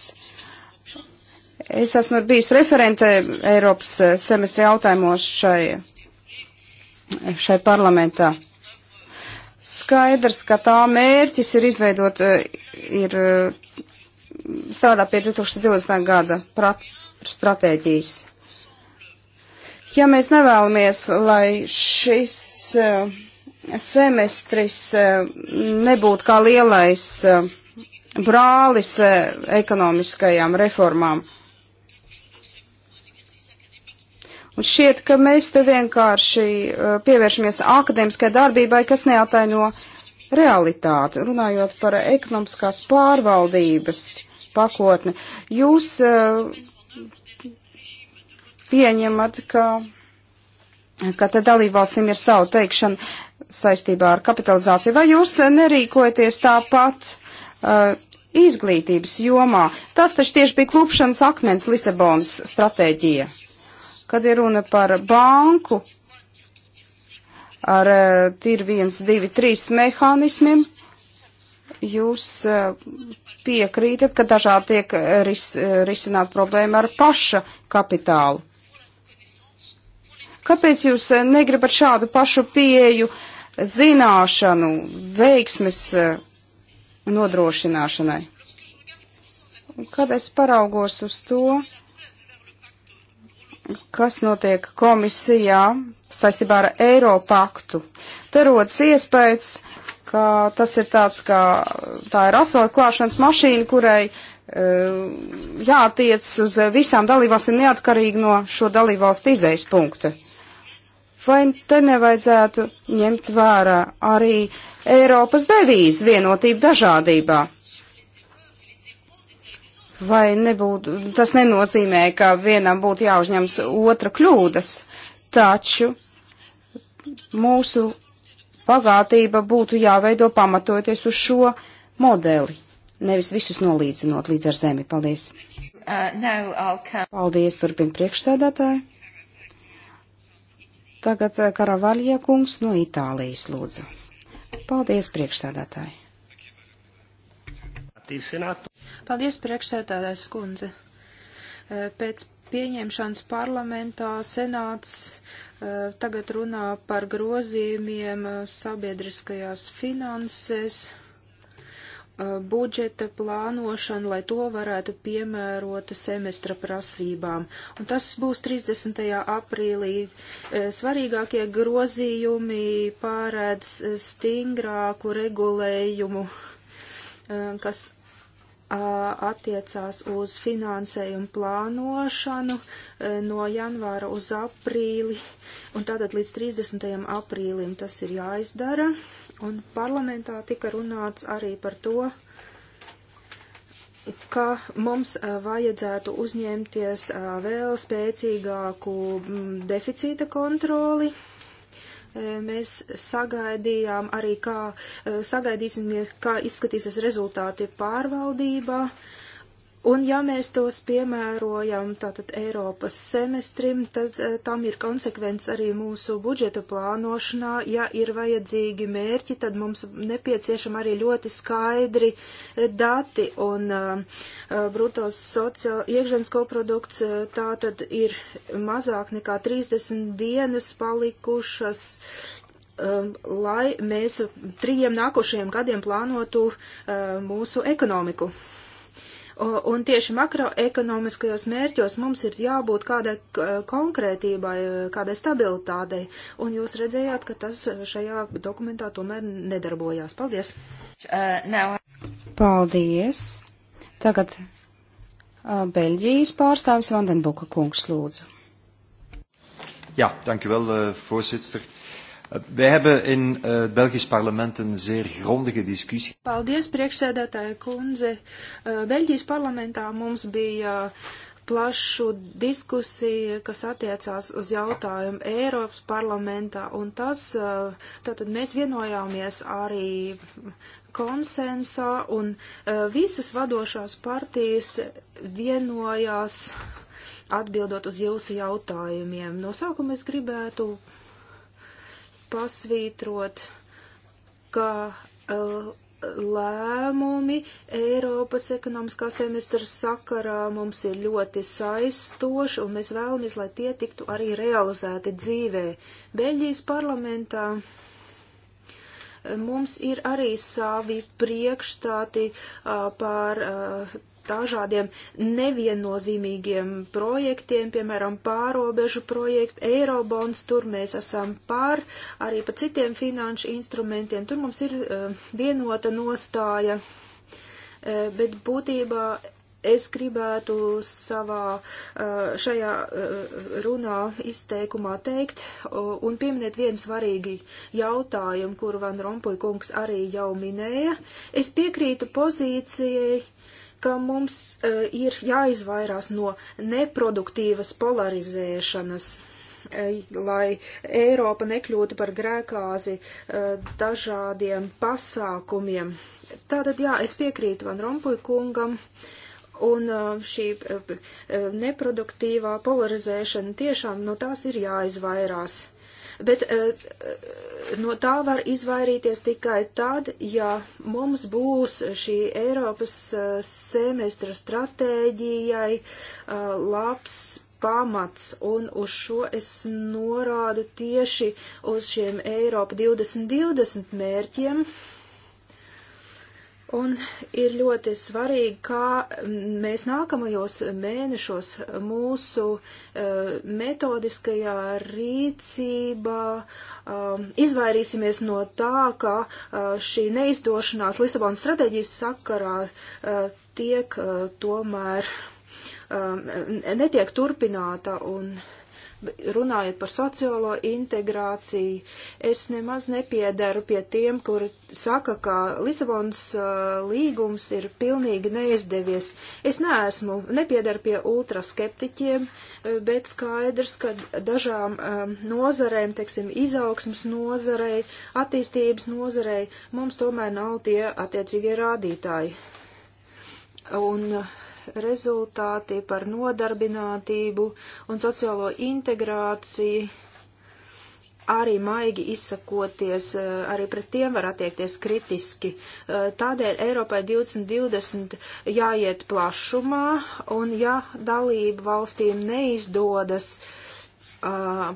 Es esmu bijis referente Eiropas eh, semestri jautājumos šai, šai parlamentā. Skaidrs, ka tā mērķis ir izveidot, eh, ir eh, strādā pie 2020. gada stratēģijas. Ja mēs nevēlamies, lai šis uh, semestris e, nebūtu kā lielais e, brālis e, ekonomiskajām reformām. Un šķiet, ka mēs te vienkārši pievēršamies akadēmiskai darbībai, kas neataino realitāti, runājot par ekonomiskās pārvaldības pakotni. Jūs pieņemat, ka, ka te dalībvalstīm ir savu teikšanu saistībā ar kapitalizāciju, vai jūs nerīkojaties tāpat uh, izglītības jomā? Tas taču tieši bija klupšanas akmens Lisabonas stratēģija, kad ir runa par banku ar uh, tir 1, 2, 3 mehānismiem. Jūs uh, piekrītat, ka dažādi tiek ris, uh, risināt problēma ar paša kapitālu. Kāpēc jūs uh, negribat šādu pašu pieeju uh, zināšanu, veiksmes eh, nodrošināšanai. Un kad es paraugos uz to, kas notiek komisijā saistībā ar Eiropaktu, te rodas iespējas, ka tas ir tāds, kā tā ir asfalta klāšanas mašīna, kurai eh, jātiec uz eh, visām dalībvalstīm neatkarīgi no šo dalībvalstu izējas punkta. Vai te nevajadzētu ņemt vērā arī Eiropas devīzi vienotību dažādībā? Vai nebūtu, tas nenozīmē, ka vienam būtu jāuzņems otra kļūdas, taču mūsu pagātība būtu jāveido pamatoties uz šo modeli, nevis visus nolīdzinot līdz ar zemi. Paldies! Uh, Paldies, turpina priekšsēdētāji. Tagad eh, Karavaļie kungs no Itālijas lūdzu. Paldies, priekšsēdētāji. Paldies, priekšsēdētājs kundze. Eh, pēc pieņemšanas parlamentā senāts uh, tagad runā par grozījumiem sabiedriskajās finanses Uh, budžeta plānošanu, lai to varētu piemērot semestra prasībām. Un tas būs 30. aprīlī. Uh, svarīgākie grozījumi pārēdz stingrāku regulējumu, uh, kas attiecās uz finansējumu plānošanu no janvāra uz aprīli, un tātad līdz 30. aprīlim tas ir jāizdara. Uh, Un parlamentā tika runāts arī par to, ka mums vajadzētu uzņemties vēl spēcīgāku deficīta kontroli. Mēs sagaidījām arī, kā sagaidīsimies, kā izskatīsies rezultāti pārvaldībā. Uh, Un ja mēs tos piemērojam tātad Eiropas semestrim, tad eh, tam ir konsekvence arī mūsu budžeta plānošanā. Ja ir vajadzīgi mērķi, tad mums nepieciešam arī ļoti skaidri eh, dati. Un uh, brutos sociāla iekšzemes koprodukts uh, tātad ir mazāk nekā 30 dienas palikušas lai mēs trījiem nākošajiem gadiem plānotu uh, mūsu ekonomiku. Un tieši makroekonomiskajos mērķos mums ir jābūt kādai konkrētībai, kādai stabilitātei. Un jūs redzējāt, ka tas šajā dokumentā tomēr nedarbojās. Paldies! Uh, Paldies! Tagad uh, Beļģijas pārstāvis Vandenbuka kungs lūdzu. Jā, ja, dankjewel, uh, eh, voorzitter. Wij hebben in eh, het Belgisch parlement een zeer grondige discussie. Paldies, priekšsēdētāja kundze. Eh, Beļģijas parlamentā mums bija eh, plašu diskusiju, kas attiecās uz jautājumu Eiropas parlamentā, un tas, tātad mēs vienojāmies arī konsensā, un visas vadošās partijas vienojās atbildot uz jūsu jautājumiem. No sākuma es gribētu pasvītrot, ka uh, lēmumi Eiropas ekonomiskā semestra sakarā mums ir ļoti saistoši, un mēs vēlamies, lai tie tiktu arī realizēti dzīvē. Beļģijas parlamentā eh, mums ir arī savi priekšstāti uh, eh, par uh, dažādiem neviennozīmīgiem projektiem, piemēram, pārobežu projektu, Eirobonds, tur mēs esam pār, arī pa citiem finanšu instrumentiem, tur mums ir uh, vienota nostāja, uh, bet būtībā es gribētu savā eh, šajā runā izteikumā teikt un pieminēt vienu svarīgi jautājumu, kuru Van Rompuy kungs arī jau minēja. Es piekrītu pozīcijai, ka mums eh, ir jāizvairās no neproduktīvas polarizēšanas eh, lai Eiropa nekļūtu par grēkāzi eh, dažādiem pasākumiem. Tātad, jā, es piekrītu Van Rompuy kungam, un šī neproduktīvā polarizēšana tiešām no nu, tās ir jāizvairās bet eh, eh, no tā var izvairīties tikai tad, ja mums būs šī Eiropas eh, semestra stratēģijai labs pamats, un uz šo es norādu tieši uz šiem Eiropa 2020 mērķiem, Un ir ļoti svarīgi, kā mēs nākamajos mēnešos mūsu uh, metodiskajā rīcībā uh, izvairīsimies no tā, ka uh, šī neizdošanās Lisabonas stratēģijas sakarā tiek tomēr netiek turpināta un Runājot par sociālo integrāciju, es nemaz nepiedaru pie tiem, kuri saka, ka Lisabonas uh, līgums ir pilnīgi neizdevies. Es neesmu, nepiedaru pie ultraskeptiķiem, uh, bet skaidrs, ka dažām um, nozarēm, teiksim, izaugsmas nozarei, attīstības nozarei, mums tomēr nav tie attiecīgie rādītāji. Un uh, rezultāti par nodarbinātību un sociālo integrāciju. Arī maigi izsakoties, eh, arī pret tiem var attiekties kritiski. Eh, tādēļ Eiropai 2020 jāiet plašumā, un ja dalību valstīm neizdodas uh,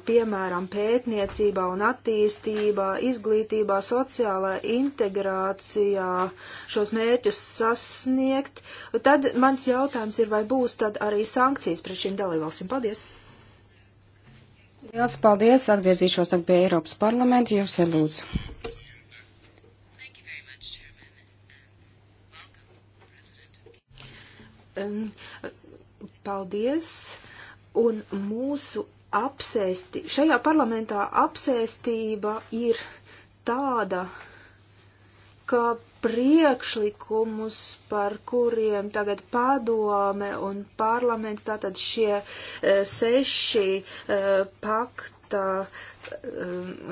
piemēram, pētniecībā un attīstībā, izglītībā, sociālā integrācijā šos mērķus sasniegt, tad mans jautājums ir, vai būs tad arī sankcijas pret šīm dalībvalstīm. Paldies! Liels paldies! Atgriezīšos tagad pie Eiropas parlamenta. Jūs lūdzu. Paldies! Un mūsu apsēsti, šajā parlamentā apsēstība ir tāda, ka priekšlikumus, par kuriem tagad padome un parlaments, tātad šie e, seši e, pakta, e,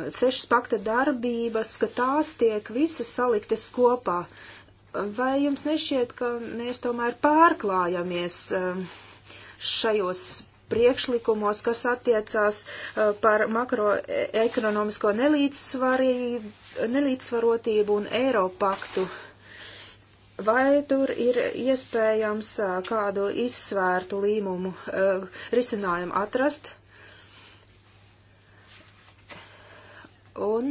sešas pakta darbības, ka tās tiek visas saliktas kopā. Vai jums nešķiet, ka mēs tomēr pārklājamies šajos priekšlikumos, kas attiecās uh, par makroekonomisko nelīdzsvarotību un Eiropaktu. Vai tur ir iespējams uh, kādu izsvērtu līmumu uh, risinājumu atrast? Un,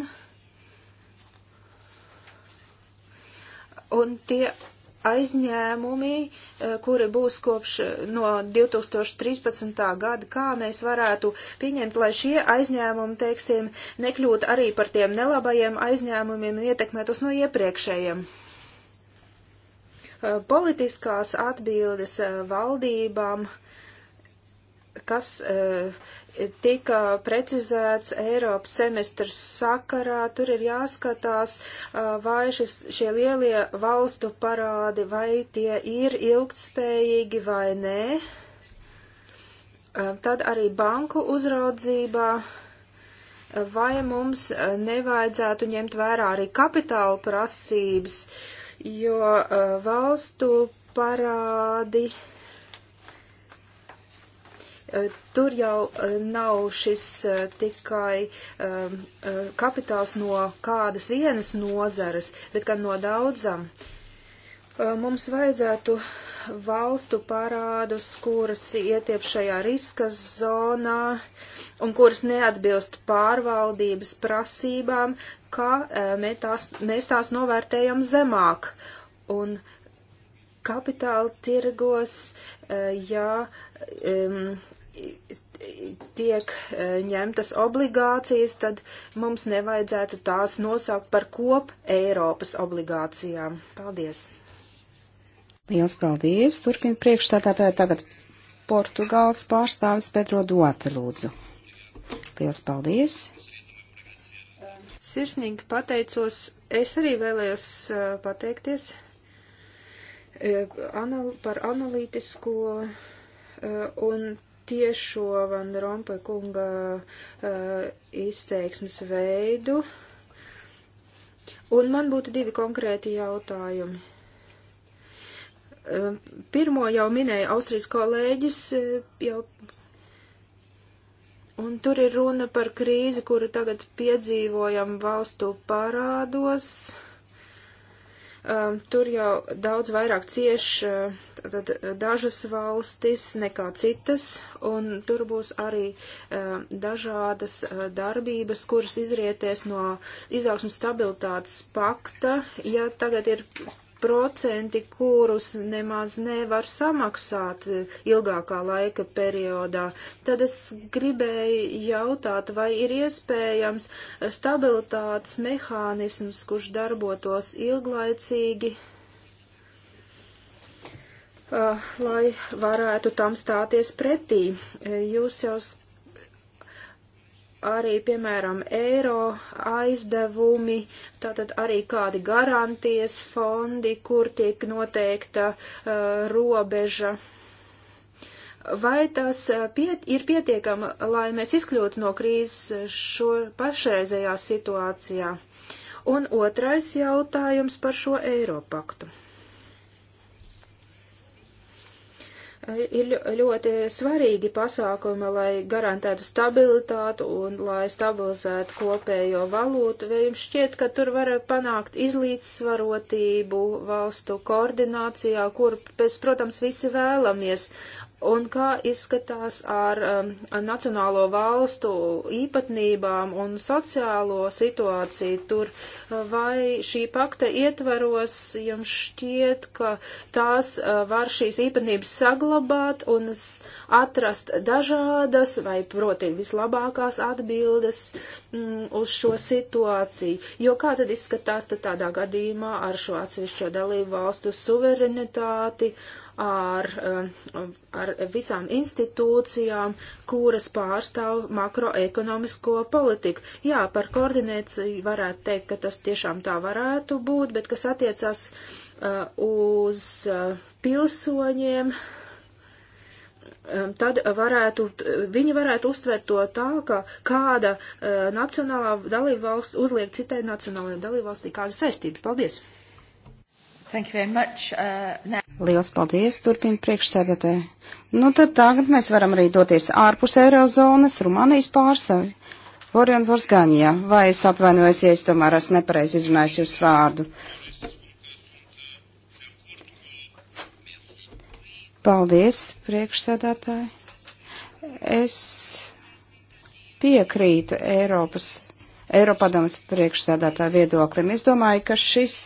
un tie aizņēmumi, eh, kuri būs kopš eh, no 2013. gada, kā mēs varētu pieņemt, lai šie aizņēmumi, teiksim, nekļūtu arī par tiem nelabajiem aizņēmumiem un ietekmētos no iepriekšējiem. Eh, politiskās atbildes valdībām kas tika precizēts Eiropas semestrs sakarā, tur ir jāskatās, vai šis, šie lielie valstu parādi, vai tie ir ilgtspējīgi vai nē. Tad arī banku uzraudzībā, vai mums nevajadzētu ņemt vērā arī kapitāla prasības, jo valstu parādi. Uh, Eh, tur jau eh, nav šis eh, tikai kapitāls no kādas vienas nozares, bet gan no daudzam. Mums vajadzētu valstu parādus, kuras ietiep šajā riska zonā un kuras neatbilst pārvaldības prasībām, kā mēs tās, mēs tās novērtējam zemāk. Un kapitāla tirgos, ja tiek e, ņemtas obligācijas, tad mums nevajadzētu tās nosaukt par kop Eiropas obligācijām. Paldies! Liels paldies! Turpin priekšstādātāji tagad Portugāles pārstāvis Pedro Duarte lūdzu. Liels paldies! Sirsnīgi pateicos. Es arī vēlējos e, pateikties e, par analītisko un tiešo Van Rompuy kunga uh, izteiksmes veidu. Un man būtu divi konkrēti jautājumi. Uh, pirmo jau minēja Austrijas kolēģis, uh, jau, un tur ir runa par krīzi, kuru tagad piedzīvojam valstu parādos. Uh, um, tur jau daudz vairāk cieš uh, tad, uh, dažas valstis nekā citas, un tur būs arī uh, dažādas uh, darbības, kuras izrietēs no izaugsmas stabilitātes pakta. Ja tagad ir procenti, kurus nemaz nevar samaksāt ilgākā laika periodā. Tad es gribēju jautāt, vai ir iespējams stabilitātes mehānisms, kurš darbotos ilglaicīgi, lai varētu tam stāties pretī. Jūs jau arī, piemēram, eiro aizdevumi, tātad arī kādi garantijas fondi, kur tiek noteikta uh, robeža. Vai tas uh, piet, ir pietiekama, lai mēs izkļūtu no krīzes šo pašreizējā situācijā? Un otrais jautājums par šo Eiropaktu. ir ļoti svarīgi pasākumi, lai garantētu stabilitātu un lai stabilizētu kopējo valūtu, vai jums šķiet, ka tur var panākt izlīdzsvarotību valstu koordinācijā, kur, pēc, protams, visi vēlamies Un kā izskatās ar um, nacionālo valstu īpatnībām un sociālo situāciju tur? Uh, vai šī pakta ietveros jums šķiet, ka tās uh, var šīs īpatnības saglabāt un atrast dažādas vai, proti, vislabākās atbildes mm, uz šo situāciju? Jo kā tad izskatās tad tādā gadījumā ar šo atsevišķo dalību valstu suverenitāti? Uh, ar, um, ar visām institūcijām, kuras pārstāv makroekonomisko politiku. Jā, par koordinēciju varētu teikt, ka tas tiešām tā varētu būt, bet kas attiecās uh, uz uh, pilsoņiem, um, tad varētu, viņi varētu uztvert to tā, ka kāda uh, nacionālā dalībvalsts uzliek citai nacionālajai dalībvalstī kādas saistības. Paldies! Thank you very much. Uh, now... Liels paldies, turpina priekšsēdētāji. Nu tad tagad mēs varam arī doties ārpus Eirozonas, Rumānijas pārstāvi. Orion Vorsgaņijā, vai es atvainojos, ja es tomēr esmu nepareizi izrunājis jūsu vārdu? Paldies, priekšsēdētāji. Es piekrītu Eiropas, Eiropadomas priekšsēdētāju viedoklim. Es domāju, ka šis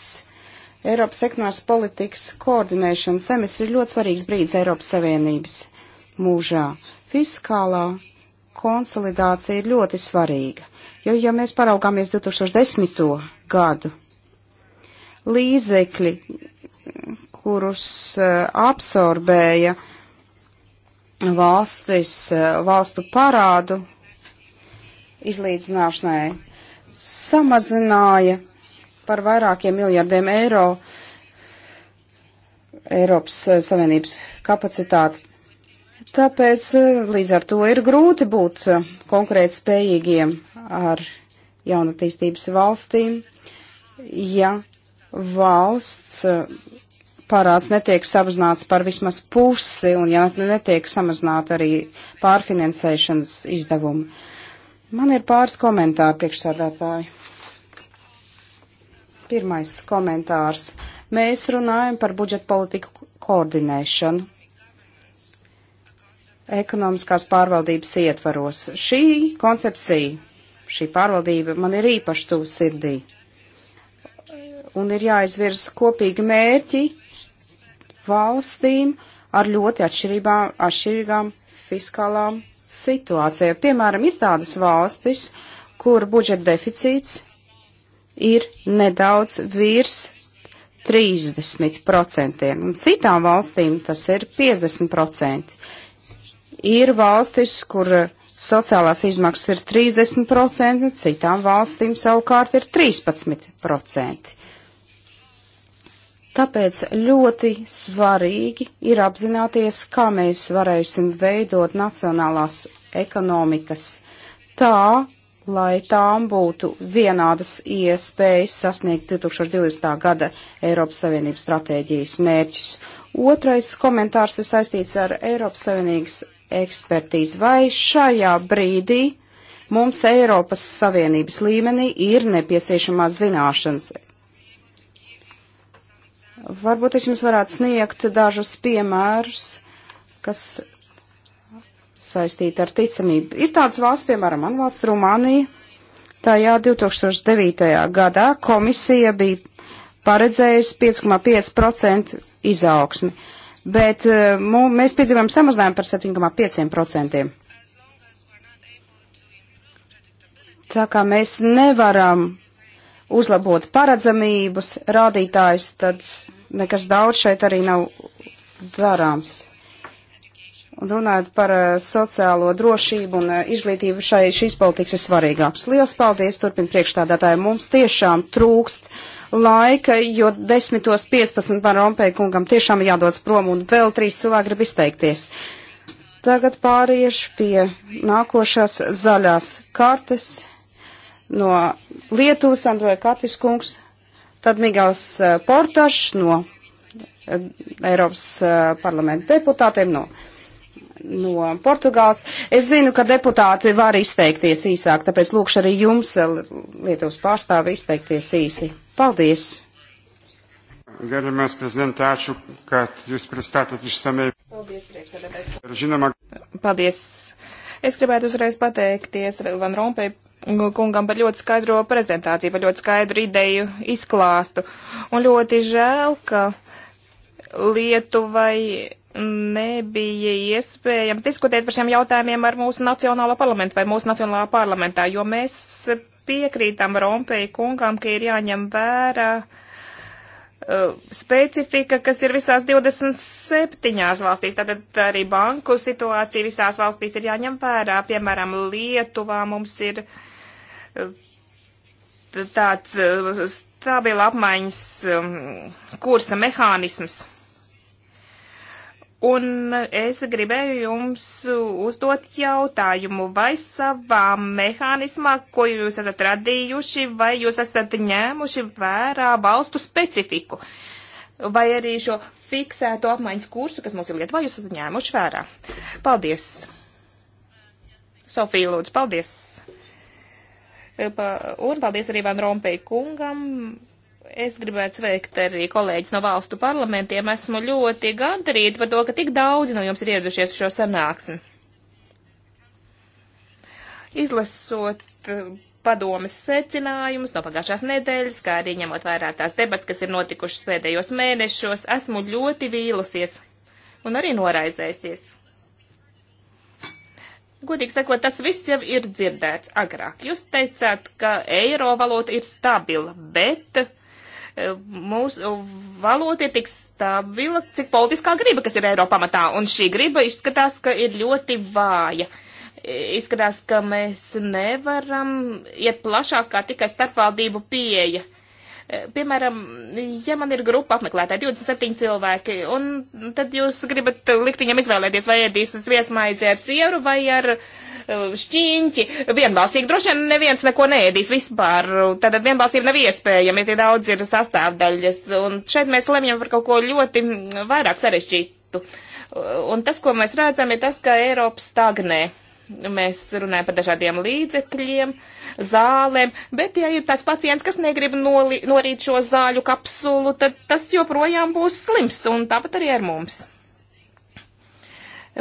Eiropas ekonomiskās politikas koordinēšanas semestri ir ļoti svarīgs brīdis Eiropas Savienības mūžā. Fiskālā konsolidācija ir ļoti svarīga, jo, ja mēs paraugāmies 2010. gadu, līdzekļi, kurus uh, absorbēja valstis, uh, valstu parādu izlīdzināšanai, samazināja par vairākiem miljardiem eiro Eiropas eh, Savienības kapacitāti. Tāpēc eh, līdz ar to ir grūti būt eh, konkrēt spējīgiem ar jaunatīstības valstīm, ja valsts parāds netiek samazināts par vismaz pusi un ja netiek samazināta arī pārfinansēšanas izdevumi. Man ir pāris komentāri priekšsādātāji. Pirmais komentārs. Mēs runājam par budžeta politiku koordinēšanu ekonomiskās pārvaldības ietvaros. Šī koncepcija, šī pārvaldība man ir īpaši tuvu sirdī. Un ir jāizvirz kopīgi mērķi valstīm ar ļoti atšķirīgām fiskālām situācijām. Piemēram, ir tādas valstis, kur budžeta deficīts ir nedaudz virs 30%, un citām valstīm tas ir 50%. Ir valstis, kur sociālās izmaksas ir 30%, citām valstīm savukārt ir 13%. Tāpēc ļoti svarīgi ir apzināties, kā mēs varēsim veidot nacionālās ekonomikas tā, lai tām būtu vienādas iespējas sasniegt 2020. gada Eiropas Savienības stratēģijas mērķus. Otrais komentārs ir saistīts ar Eiropas Savienības ekspertīzi. Vai šajā brīdī mums Eiropas Savienības līmenī ir nepieciešamās zināšanas? Varbūt es jums varētu sniegt dažus piemērus, kas saistīta ar ticamību. Ir tāds valsts, piemēram, man valsts Rumānija, tajā 2009. gadā komisija bija paredzējusi 5,5% izaugsmi, bet eh, mū, mēs piedzīvojam samazinājumu par 7,5%. Tā kā mēs nevaram uzlabot paredzamības rādītājus, tad nekas daudz šeit arī nav darāms. Un runājot par eh, sociālo drošību un eh, izglītību, šai, šīs politikas ir svarīgākas. Liels paldies, turpin priekšstādātāji. Mums tiešām trūkst laika, jo 10.15 man Rompēja kungam tiešām jādodas prom un vēl trīs cilvēki grib izteikties. Tagad pāriešu pie nākošās zaļās kartes no Lietuvas, Androja Katis kungs, tad Migals eh, Portašs no Eiropas parlamenta deputātiem no no Portugāls. Es zinu, ka deputāti var izteikties īsāk, tāpēc lūkšu arī jums, eh, Lietuvas pārstāvi, izteikties īsi. Paldies! Gerbiamas prezidente, ačiū, kad jūs pristatėt išsamei. Paldies, priekšsēdētājs. Žinoma. Paldies. Es gribētu uzreiz pateikties Van Rompei kungam par ļoti skaidro prezentāciju, par ļoti skaidru ideju izklāstu. Un ļoti žēl, ka Lietuvai nebija iespējams diskutēt par šiem jautājumiem ar mūsu nacionālā parlamentu vai mūsu nacionālā parlamentā, jo mēs piekrītam Rompei kungam, ka ir jāņem vērā uh, specifika, kas ir visās 27 valstīs. Tātad arī banku situācija visās valstīs ir jāņem vērā. Piemēram, Lietuvā mums ir uh, tāds uh, stabila apmaiņas um, kursa mehānisms Un es gribēju jums uzdot jautājumu, vai savā mehānismā, ko jūs esat radījuši, vai jūs esat ņēmuši vērā valstu specifiku, vai arī šo fiksēto apmaiņas kursu, kas mums ir Lietuvā, jūs esat ņēmuši vērā. Paldies! Sofija, lūdzu, paldies! Un paldies arī Van Rompei kungam Es gribētu sveikt arī kolēģis no valstu parlamentiem. Esmu ļoti gandarīta par to, ka tik daudzi no jums ir ieradušies uz šo sanāksmi. Izlasot eh, padomas secinājumus no pagājušās nedēļas, kā arī ņemot vairāk tās debats, kas ir notikušas pēdējos mēnešos, esmu ļoti vīlusies un arī noraizēsies. Godīgi sakot, tas viss jau ir dzirdēts agrāk. Jūs teicāt, ka eiro valūta ir stabila, bet mūsu valota ir tik stabila, cik politiskā griba, kas ir Eiropā matā, un šī griba izskatās, ka ir ļoti vāja. Izskatās, ka mēs nevaram iet plašāk kā tikai starpvaldību pieeja. Uh, Piemēram, ja man ir grupa apmeklētāji, 27 cilvēki, un tad jūs gribat likt viņam izvēlēties, vai ēdīs sviesmaizi ar sieru vai ar uh, šķīņķi. Vienbalsīgi droši vien neviens neko neēdīs vispār. Tātad vienbalsība nav iespējama, ja tie daudz ir sastāvdaļas. Un šeit mēs lemjam par kaut ko ļoti vairāk sarežģītu. Un tas, ko mēs redzam, ir tas, ka Eiropa stagnē. Mēs runājam par dažādiem līdzekļiem, zālēm, bet ja ir tāds pacients, kas negrib noli, norīt šo zāļu kapsulu, tad tas joprojām būs slims un tāpat arī ar mums.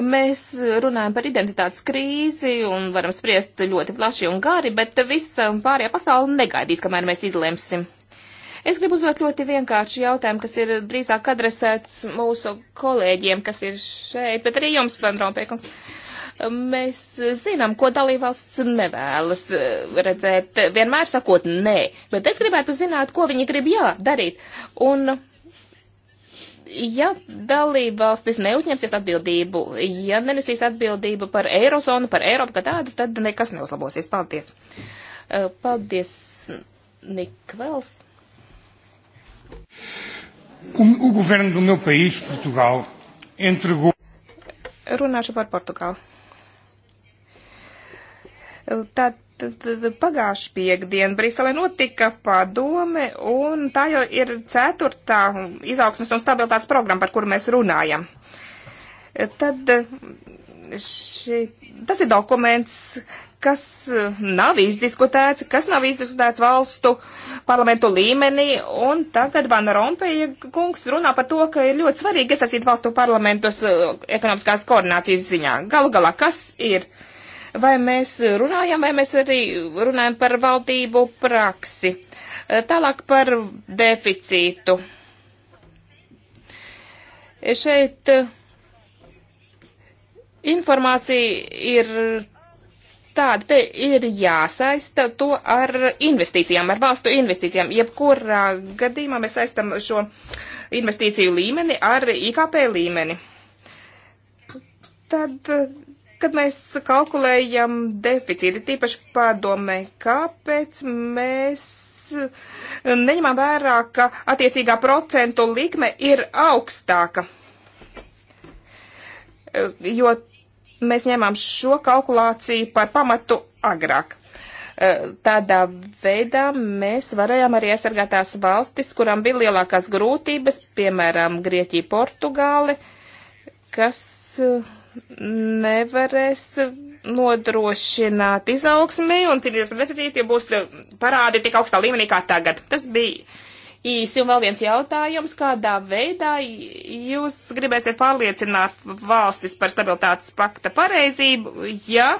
Mēs runājam par identitātes krīzi un varam spriest ļoti plaši un gari, bet visa pārējā pasaule negaidīs, kamēr mēs izlemsim. Es gribu uzdot ļoti vienkāršu jautājumu, kas ir drīzāk adresēts mūsu kolēģiem, kas ir šeit, bet arī jums, Van Rompēkungs. Uh, Mēs zinām, ko dalībvalsts nevēlas eh, redzēt, vienmēr sakot nē, bet es gribētu zināt, ko viņi grib jā darīt. Un ja dalībvalstis neuzņemsies atbildību, ja nenesīs atbildību par Eirozonu, par Eiropu kā tādu, tad nekas neuzlabosies. Paldies. Eh, paldies, Nikvēls. O, o governo do meu país, Portugal, entregou. Runāšu par Portugālu. Tad pagājuši piekdien Briselē notika padome, un tā jau ir ceturtā izaugsmes un stabilitātes programma, par kuru mēs runājam. Tad ši, tas ir dokuments, kas nav izdiskutēts, kas nav izdiskutēts valstu parlamentu līmenī, un tagad Vana Rompeja kungs runā par to, ka ir ļoti svarīgi iesaistīt valstu parlamentus eh, ekonomiskās koordinācijas ziņā. Galu galā, kas ir? Uh, vai mēs runājam, vai mēs arī runājam par valdību praksi. Eh, tālāk par deficītu. Eh, šeit eh, informācija ir tāda, te ir jāsaista to ar investīcijām, ar valstu investīcijām. Jebkurā gadījumā mēs saistam šo investīciju līmeni ar IKP līmeni. Tad Kad mēs kalkulējam deficīti, tīpaši padomē, kāpēc mēs neņemam vērā, ka attiecīgā procentu likme ir augstāka? Jo mēs ņemam šo kalkulāciju par pamatu agrāk. Tādā veidā mēs varējām arī aizsargāt tās valstis, kurām bija lielākās grūtības, piemēram, Grieķija, Portugāli, kas uh, nevarēs nodrošināt izaugsmi un cīnīties par deficītu, ja būs eh, parādi tik augstā līmenī kā tagad. Tas bija īsi un vēl viens jautājums, kādā veidā jūs gribēsiet pārliecināt valstis par stabilitātes pakta pareizību, ja,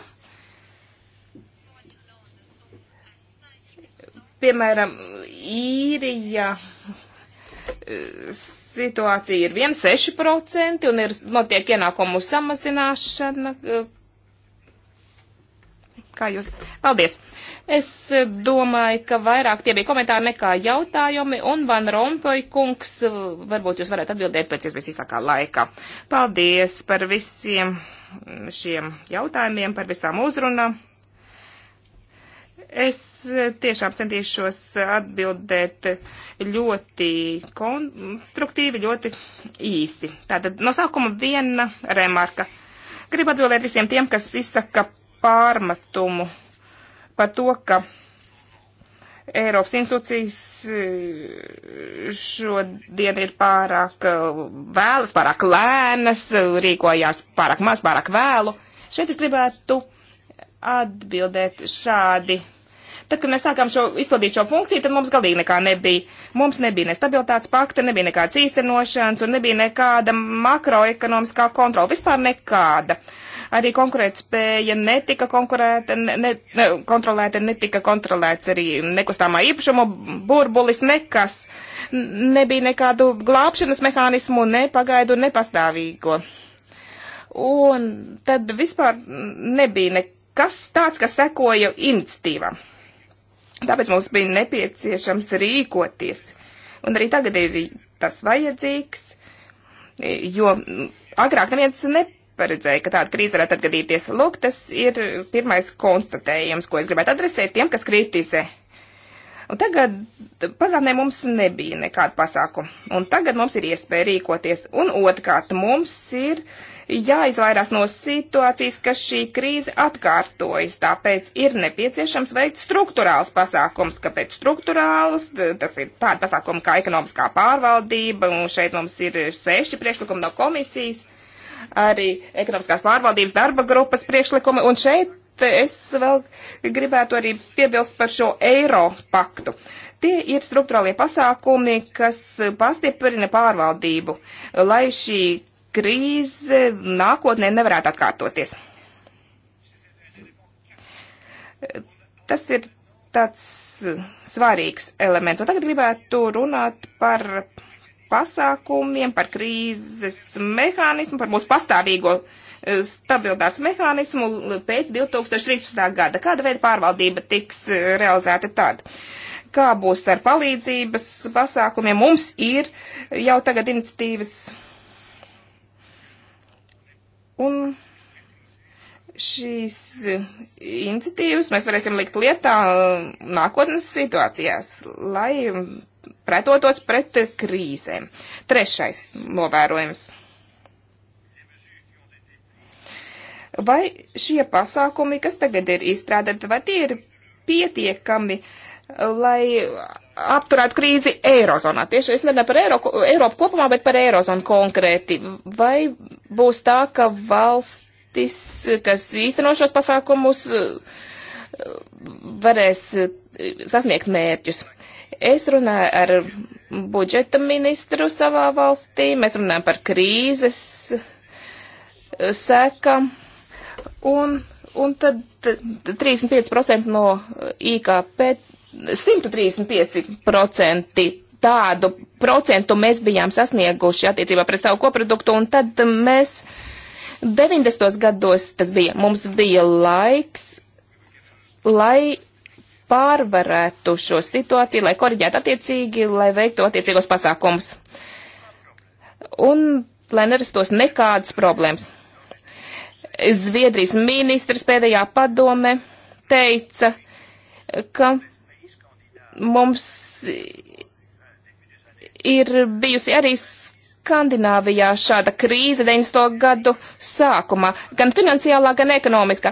piemēram, īrija. Ja situācija ir 1,6% un ir notiek ienākumu samazināšana. Kā jūs? Paldies! Es domāju, ka vairāk tie bija komentāri nekā jautājumi, un Van Rompuy kungs, varbūt jūs varētu atbildēt pēc iespējas īsākā laika. Paldies par visiem šiem jautājumiem, par visām uzrunām. Es tiešām centīšos atbildēt ļoti konstruktīvi, ļoti īsi. Tātad no sākuma viena remarka. Gribu atbildēt visiem tiem, kas izsaka pārmetumu par to, ka Eiropas institūcijas eh, šodien ir pārāk eh, vēlas, pārāk lēnas, rīkojās pārāk maz, pārāk vēlu. Šeit es gribētu atbildēt šādi Tad, kad mēs sākām šo, izpildīt šo funkciju, tad mums galīgi nekā nebija. Mums nebija ne stabilitātes pakta, nebija nekādas īstenošanas un nebija nekāda makroekonomiskā kontrola. Vispār nekāda. Arī konkurētspēja netika konkurēta, ne, ne, kontrolēta, netika kontrolēts arī nekustāmā īpašuma burbulis, nekas. Nebija nekādu glābšanas mehānismu, ne pagaidu, ne pastāvīgo. Un tad vispār nebija nekas tāds, kas sekoja iniciatīvam. Tāpēc mums bija nepieciešams rīkoties. Un arī tagad ir tas vajadzīgs, jo agrāk neviens neparedzēja, ka tāda krīze varētu atgadīties. Lūk, tas ir pirmais konstatējums, ko es gribētu adresēt tiem, kas kritizē. Un tagad pagātnē mums nebija nekāda pasākuma. Un tagad mums ir iespēja rīkoties. Un otrkārt, mums ir jāizvairās no situācijas, ka šī krīze atkārtojas. Tāpēc ir nepieciešams veikt struktūrāls pasākums, kāpēc struktūrāls, tas ir tāda pasākuma kā ekonomiskā pārvaldība, un šeit mums ir seši priekšlikumi no komisijas, arī ekonomiskās pārvaldības darba grupas priekšlikumi, un šeit es vēl gribētu arī piebilst par šo eiro paktu. Tie ir struktūrālie pasākumi, kas pastiprina pārvaldību, lai šī krīze nākotnē nevarētu atkārtoties. Tas ir tāds svarīgs elements. Un tagad gribētu runāt par pasākumiem, par krīzes mehānismu, par mūsu pastāvīgo eh, stabilitātes mehānismu pēc 2013. gada. Kāda veida pārvaldība tiks eh, realizēta tad? Kā būs ar palīdzības pasākumiem? Mums ir jau tagad iniciatīvas Un šīs iniciatīvas mēs varēsim likt lietā nākotnes situācijās, lai pretotos pret krīzēm. Trešais novērojums. Vai šie pasākumi, kas tagad ir izstrādāti, vai tie ir pietiekami uh, lai apturētu krīzi Eirozonā. Tieši es nerunāju par Eiro, Eiropu kopumā, bet par Eirozonu konkrēti. Vai būs tā, ka valstis, kas īsteno šos pasākumus, varēs sasniegt mērķus? Es runāju ar budžeta ministru savā valstī, mēs runājam par krīzes eh, sekam, un, un tad 35% no eh, IKP 135% tādu procentu mēs bijām sasnieguši attiecībā pret savu koproduktu, un tad mēs 90. gados tas bija, mums bija laiks, lai pārvarētu šo situāciju, lai koriģētu attiecīgi, lai veiktu attiecīgos pasākumus. Un lai nerastos nekādas problēmas. Zviedrijas ministrs pēdējā padome teica, ka Mums ir bijusi arī Skandināvijā šāda krīze 90. gadu sākumā, gan finansiālā, gan ekonomiskā.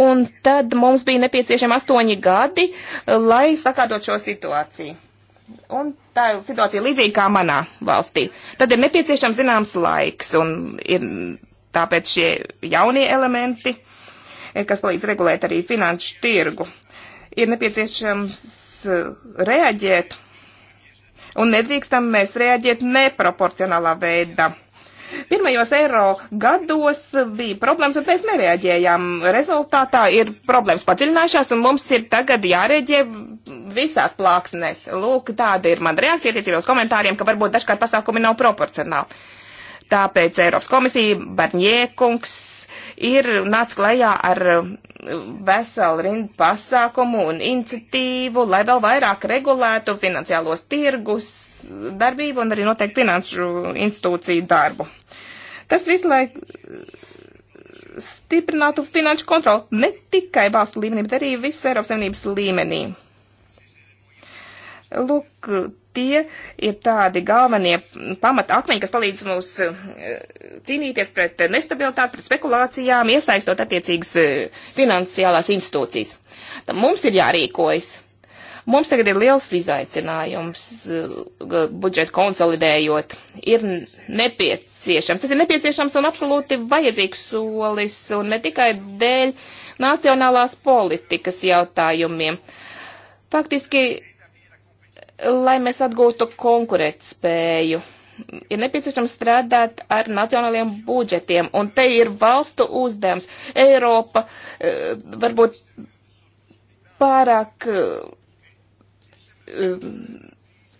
Un tad mums bija nepieciešami astoņi gadi, lai sakārtot šo situāciju. Un tā ir situācija līdzīga kā manā valstī. Tad ir nepieciešams zināms laiks, un ir tāpēc šie jaunie elementi, kas palīdz regulēt arī finanšu tirgu, ir nepieciešams Eh, reaģēt, un nedrīkstam mēs reaģēt neproporcionālā veidā. Pirmajos eiro gados bija problēmas, bet mēs nereaģējām. Rezultātā ir problēmas padziļinājušās, un mums ir tagad jārēģē visās plāksnēs. Lūk, tāda ir mana reakcija attiecībā uz komentāriem, ka varbūt dažkārt pasākumi nav proporcionāli. Tāpēc Eiropas komisija, Barņiekungs, ir nāc klajā ar veselu rindu pasākumu un iniciatīvu, lai vēl vairāk regulētu finansiālos tirgus darbību un arī noteikti finanšu institūciju darbu. Tas visu laiku stiprinātu finanšu kontroli ne tikai valstu līmenī, bet arī visu Eiropas Savienības līmenī. Lūk, tie ir tādi galvenie pamata akmeņi, kas palīdz mums eh, cīnīties pret nestabilitāti, pret spekulācijām, iesaistot attiecīgas eh, finansiālās institūcijas. Tad mums ir jārīkojas. Mums tagad ir liels izaicinājums eh, budžetu konsolidējot. Ir nepieciešams, tas ir nepieciešams un absolūti vajadzīgs solis, un ne tikai dēļ nacionālās politikas jautājumiem. Faktiski lai mēs atgūtu konkurētspēju. Ir nepieciešams strādāt ar nacionāliem budžetiem, un te ir valstu uzdevums. Eiropa eh, varbūt pārāk eh,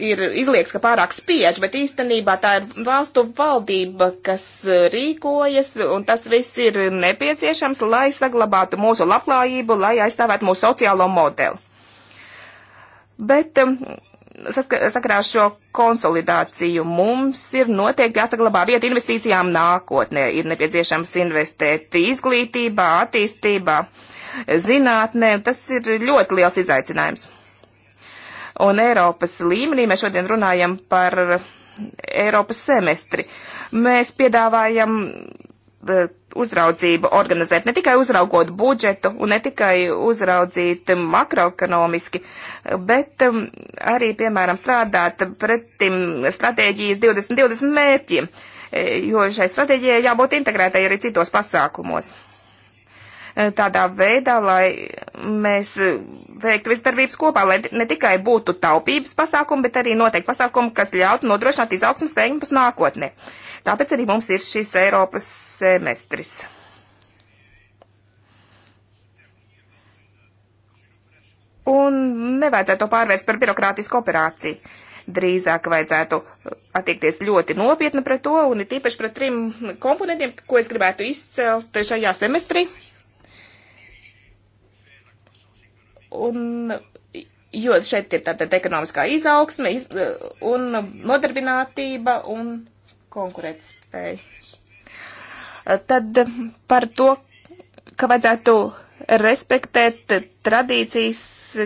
ir izlieks, ka pārāk spiež, bet īstenībā tā ir valstu valdība, kas rīkojas, un tas viss ir nepieciešams, lai saglabātu mūsu labklājību, lai aizstāvētu mūsu sociālo modeli. Bet sakarā ar šo konsolidāciju mums ir noteikti jāsaglabā vieta investīcijām nākotnē. Ir nepieciešams investēt izglītībā, attīstībā, zinātnē. Tas ir ļoti liels izaicinājums. Un Eiropas līmenī mēs šodien runājam par Eiropas semestri. Mēs piedāvājam eh, uzraudzību organizēt, ne tikai uzraugot budžetu un ne tikai uzraudzīt makroekonomiski, bet um, arī, piemēram, strādāt pretim stratēģijas 2020 mērķiem, e, jo šai stratēģijai jābūt integrētai arī citos pasākumos. E, tādā veidā, lai mēs veiktu visdarbības kopā, lai ne tikai būtu taupības pasākumi, bet arī noteikti pasākumi, kas ļautu nodrošināt izaugsmas veiksmus nākotnē. Uh, Tāpēc arī mums ir šis Eiropas semestris. Un nevajadzētu to pārvērst par birokrātisku operāciju. Drīzāk vajadzētu attiekties ļoti nopietni pret to un ir tīpaši pret trim komponentiem, ko es gribētu izcelt šajā semestrī. Un jo šeit ir tātad ekonomiskā izaugsme iz, un nodarbinātība un konkurētspēju. Tad par to, ka vajadzētu respektēt tradīcijas,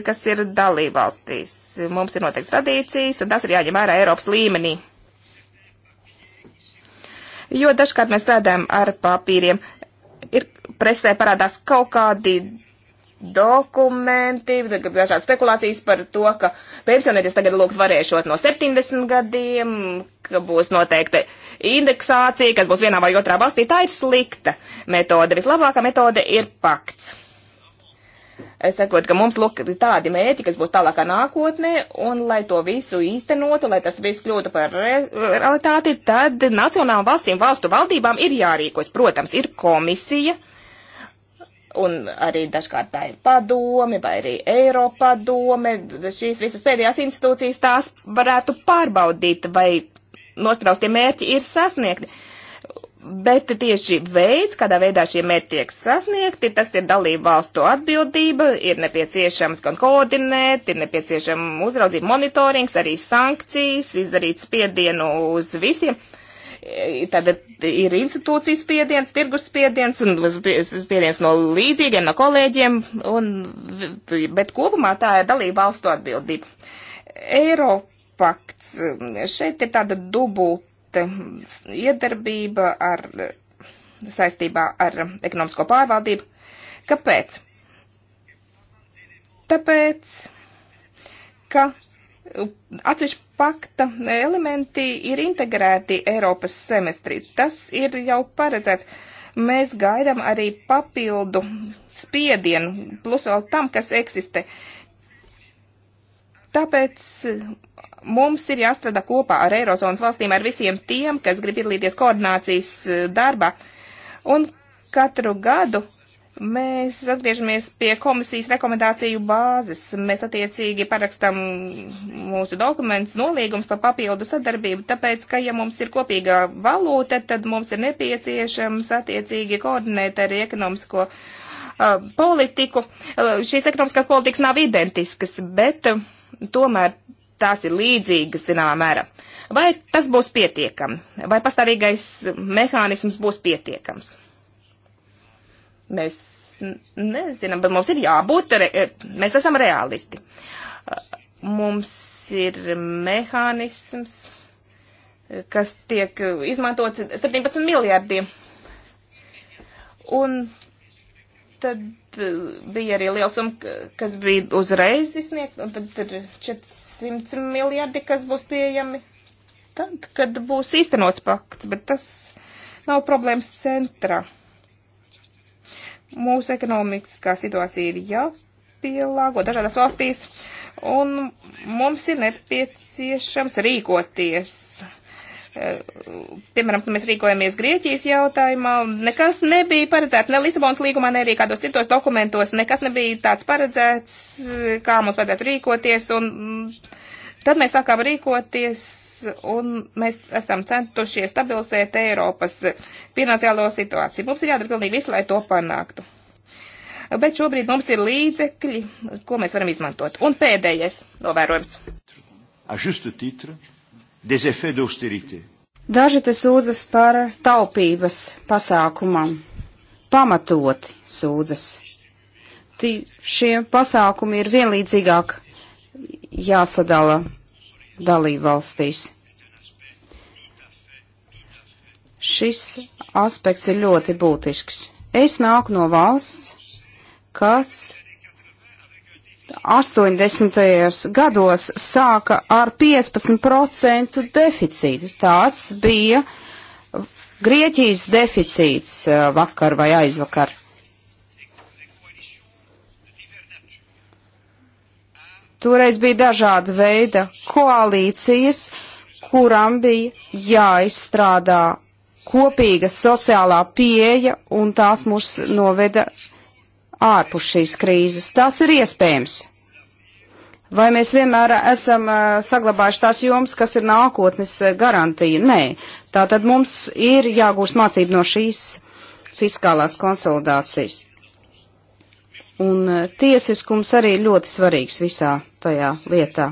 kas ir dalībvalstīs. Mums ir noteikts tradīcijas, un tas ir jāņem vērā Eiropas līmenī. Jo dažkārt mēs strādājam ar papīriem. Ir presē parādās kaut kādi dokumenti, dažādas spekulācijas par to, ka pensionēties tagad lūgt varēšot no 70 gadiem, ka būs noteikta indeksācija, kas būs vienā vai otrā valstī. Tā ir slikta metode. Vislabākā metode ir pakts. Es sakotu, ka mums lūk ir tādi mērķi, kas būs tālākā nākotnē, un lai to visu īstenotu, lai tas viss kļūtu par realitāti, tad nacionālām valstīm, valstu valdībām ir jārīkos. Protams, ir komisija, uh, un arī dažkārt tā ir padome vai arī Eiropadome. Šīs visas pēdējās institūcijas tās varētu pārbaudīt, vai nospraustie mērķi ir sasniegti. Bet tieši veids, kādā veidā šie mērķi tiek sasniegti, tas ir dalību valstu atbildība, ir nepieciešams gan koordinēt, ir nepieciešama uzraudzība monitorings, arī sankcijas, izdarīt spiedienu uz visiem. Uh, Tad ir institūcijas spiediens, tirgus spiediens, un spiediens no līdzīgiem, no kolēģiem, un, bet kopumā tā ir dalība valstu atbildība. Eiropakts, šeit ir tāda dubulta iedarbība ar, saistībā ar ekonomisko pārvaldību. Kāpēc? Tāpēc, ka atsevišķi pakta elementi ir integrēti Eiropas semestrī. Tas ir jau paredzēts. Mēs gaidām arī papildu spiedienu, plus vēl tam, kas eksistē. Tāpēc mums ir jāstrādā kopā ar Eirozonas valstīm, ar visiem tiem, kas grib piedalīties koordinācijas eh, darbā. Un katru gadu Mēs atgriežamies pie komisijas rekomendāciju bāzes. Mēs attiecīgi parakstam mūsu dokumentus, nolīgums par papildu sadarbību, tāpēc, ka ja mums ir kopīga valūta, tad mums ir nepieciešams attiecīgi koordinēt arī ekonomisko uh, politiku. Uh, šīs ekonomiskās politikas nav identiskas, bet uh, tomēr tās ir līdzīgas zināmā mērā. Vai tas būs pietiekami? Vai pastāvīgais mehānisms būs pietiekams? mēs nezinām, bet mums ir jābūt, re, e, mēs esam realisti. Mums ir mehānisms, kas tiek izmantots 17 miljārdiem. Un tad bija arī liels summa, kas bija uzreiz izsniegt, un tad ir 400 miljardi, kas būs pieejami tad, kad būs īstenots pakts, bet tas nav problēmas centrā. Mūsu ekonomiskā situācija ir jāpielāgo dažādās valstīs, un mums ir nepieciešams rīkoties. E, piemēram, kad mēs rīkojamies Grieķijas jautājumā, nekas nebija paredzēts, ne Lisabonas līgumā, ne arī kādos citos dokumentos, nekas nebija tāds paredzēts, kā mums vajadzētu rīkoties, un tad mēs sākām rīkoties un mēs esam centušies stabilizēt Eiropas finansiālo situāciju. Mums ir jādara pilnīgi viss, lai to panāktu. Bet šobrīd mums ir līdzekļi, ko mēs varam izmantot. Un pēdējais novērojums. Daži te sūdzas par taupības pasākumam. Pamatoti sūdzas. Tī šie pasākumi ir vienlīdzīgāk jāsadala dalību valstīs. Šis aspekts ir ļoti būtisks. Es nāku no valsts, kas 80. gados sāka ar 15% deficītu. Tas bija Grieķijas deficīts eh, vakar vai aizvakar. Toreiz bija dažāda veida koalīcijas, kurām bija jāizstrādā kopīga sociālā pieeja, un tās mūs noveda ārpus šīs krīzes. Tas ir iespējams. Vai mēs vienmēr esam saglabājuši tās jomas, kas ir nākotnes garantija? Nē. Tātad mums ir jāgūst mācību no šīs fiskālās konsolidācijas. Un e, tiesiskums arī ļoti svarīgs visā tajā lietā.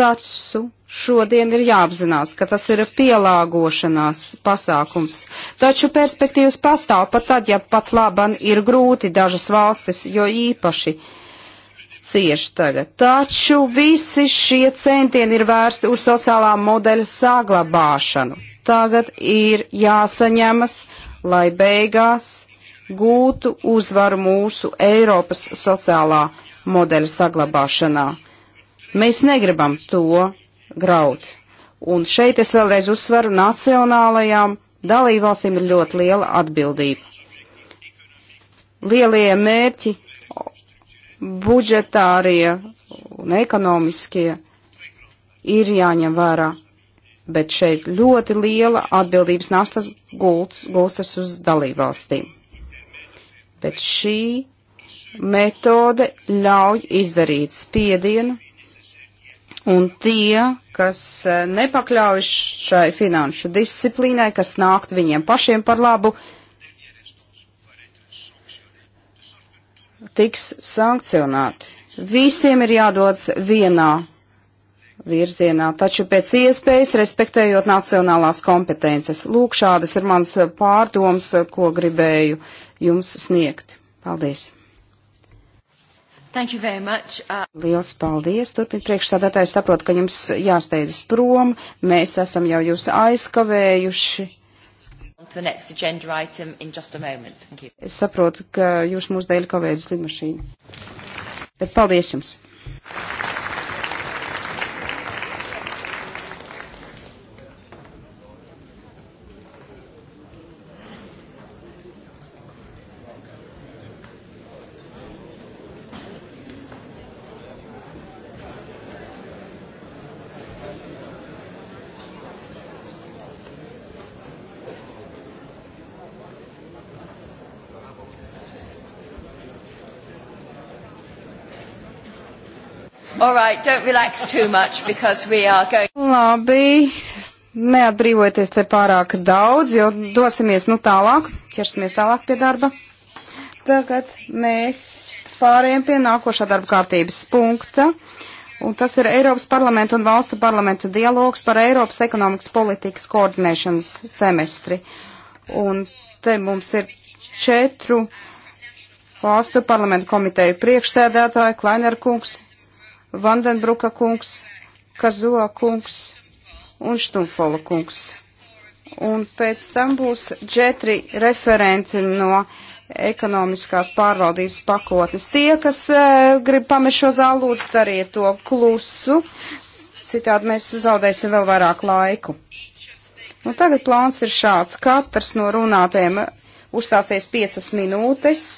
Taču šodien ir jāapzinās, ka tas ir pielāgošanās pasākums. Taču perspektīvas pastāv pat tad, ja pat laban ir grūti dažas valstis, jo īpaši cieši tagad. Taču visi šie centieni ir vērsti uz sociālā modeļa saglabāšanu. Tagad ir jāsaņemas, lai beigās gūtu uzvaru mūsu Eiropas sociālā modeļa saglabāšanā. Mēs negribam to graut. Un šeit es vēlreiz uzsveru, nacionālajām dalībvalstīm ir ļoti liela atbildība. Lielie mērķi, budžetārie un ekonomiskie ir jāņem vērā, bet šeit ļoti liela atbildības nastas gulstas uz dalībvalstīm bet šī metode ļauj izdarīt spiedienu, un tie, kas eh, nepakļaujas šai finanšu disciplīnai, kas nākt viņiem pašiem par labu, tiks sankcionēti. Visiem ir jādodas vienā virzienā, taču pēc iespējas respektējot nacionālās kompetences. Lūk, šādas ir mans eh, pārdoms, eh, ko gribēju jums sniegt. Paldies! Thank you very much. Uh... Liels paldies. Turpin priekšsādātājs saprot, ka jums jāsteidzas prom. Mēs esam jau jūs aizkavējuši. Es saprotu, ka jūs mūs dēļ kavējat lidmašīnu. Bet paldies jums! Right, don't relax too much because we are going. Labi, neatbrīvojieties te pārāk daudz, jo dosimies nu tālāk, ķersimies tālāk pie darba. Tagad mēs pārējiem pie nākošā darba kārtības punkta. Un tas ir Eiropas parlamentu un valstu parlamentu dialogs par Eiropas ekonomikas politikas koordinēšanas semestri. Un te mums ir četru valstu parlamentu komiteju priekšsēdētāji, Klainerkungs, Vandenbruka kungs, Kazoa kungs un Štumfola kungs. Un pēc tam būs četri referenti no ekonomiskās pārvaldības pakotnes. Tie, kas e, grib pamest šo zāli, lūdzu, dariet to klusu, citādi mēs zaudēsim vēl vairāk laiku. Un nu, tagad plāns ir šāds. Katrs no runātiem uzstāsies piecas minūtes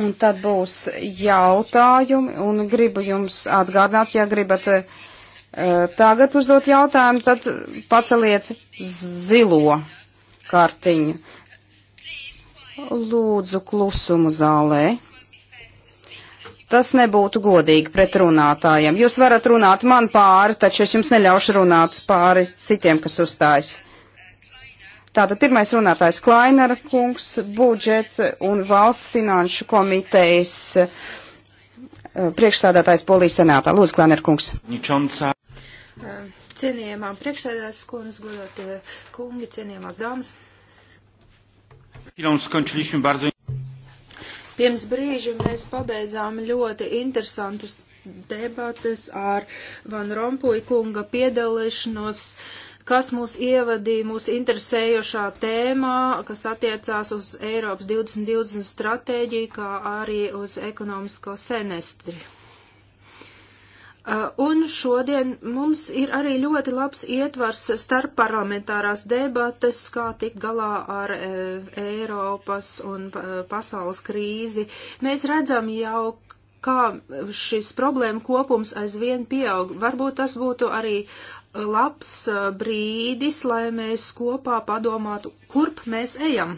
Un tad būs jautājumi, un gribu jums atgādināt, ja gribat uh, tagad uzdot jautājumu, tad paceliet zilo kartiņu. Lūdzu klusumu zālē. Tas nebūtu godīgi pret runātājiem. Jūs varat runāt man pāri, taču es jums neļaušu runāt pāri citiem, kas uzstājas. Tātad pirmais runātājs Klainera kungs, budžeta un valsts finanšu komitejas eh, priekšstādātājs Polijas senātā. Lūdzu, Klainera kungs. Eh, cienījamā priekšstādātājs kungs, godot kungi, cienījamās dāmas. Pirms brīža mēs pabeidzām ļoti interesantas debates ar Van Rompuy kunga piedalīšanos. Uh, kas mūs ievadīja mūsu interesējošā tēmā, kas attiecās uz Eiropas 2020 stratēģiju, kā arī uz ekonomisko senestri. Uh, un šodien mums ir arī ļoti labs ietvars starp parlamentārās debates, kā tikt galā ar uh, Eiropas un uh, pasaules krīzi. Mēs redzam jau, kā šis problēma kopums aizvien pieaug. Varbūt tas būtu arī labs brīdis, lai mēs kopā padomātu, kurp mēs ejam.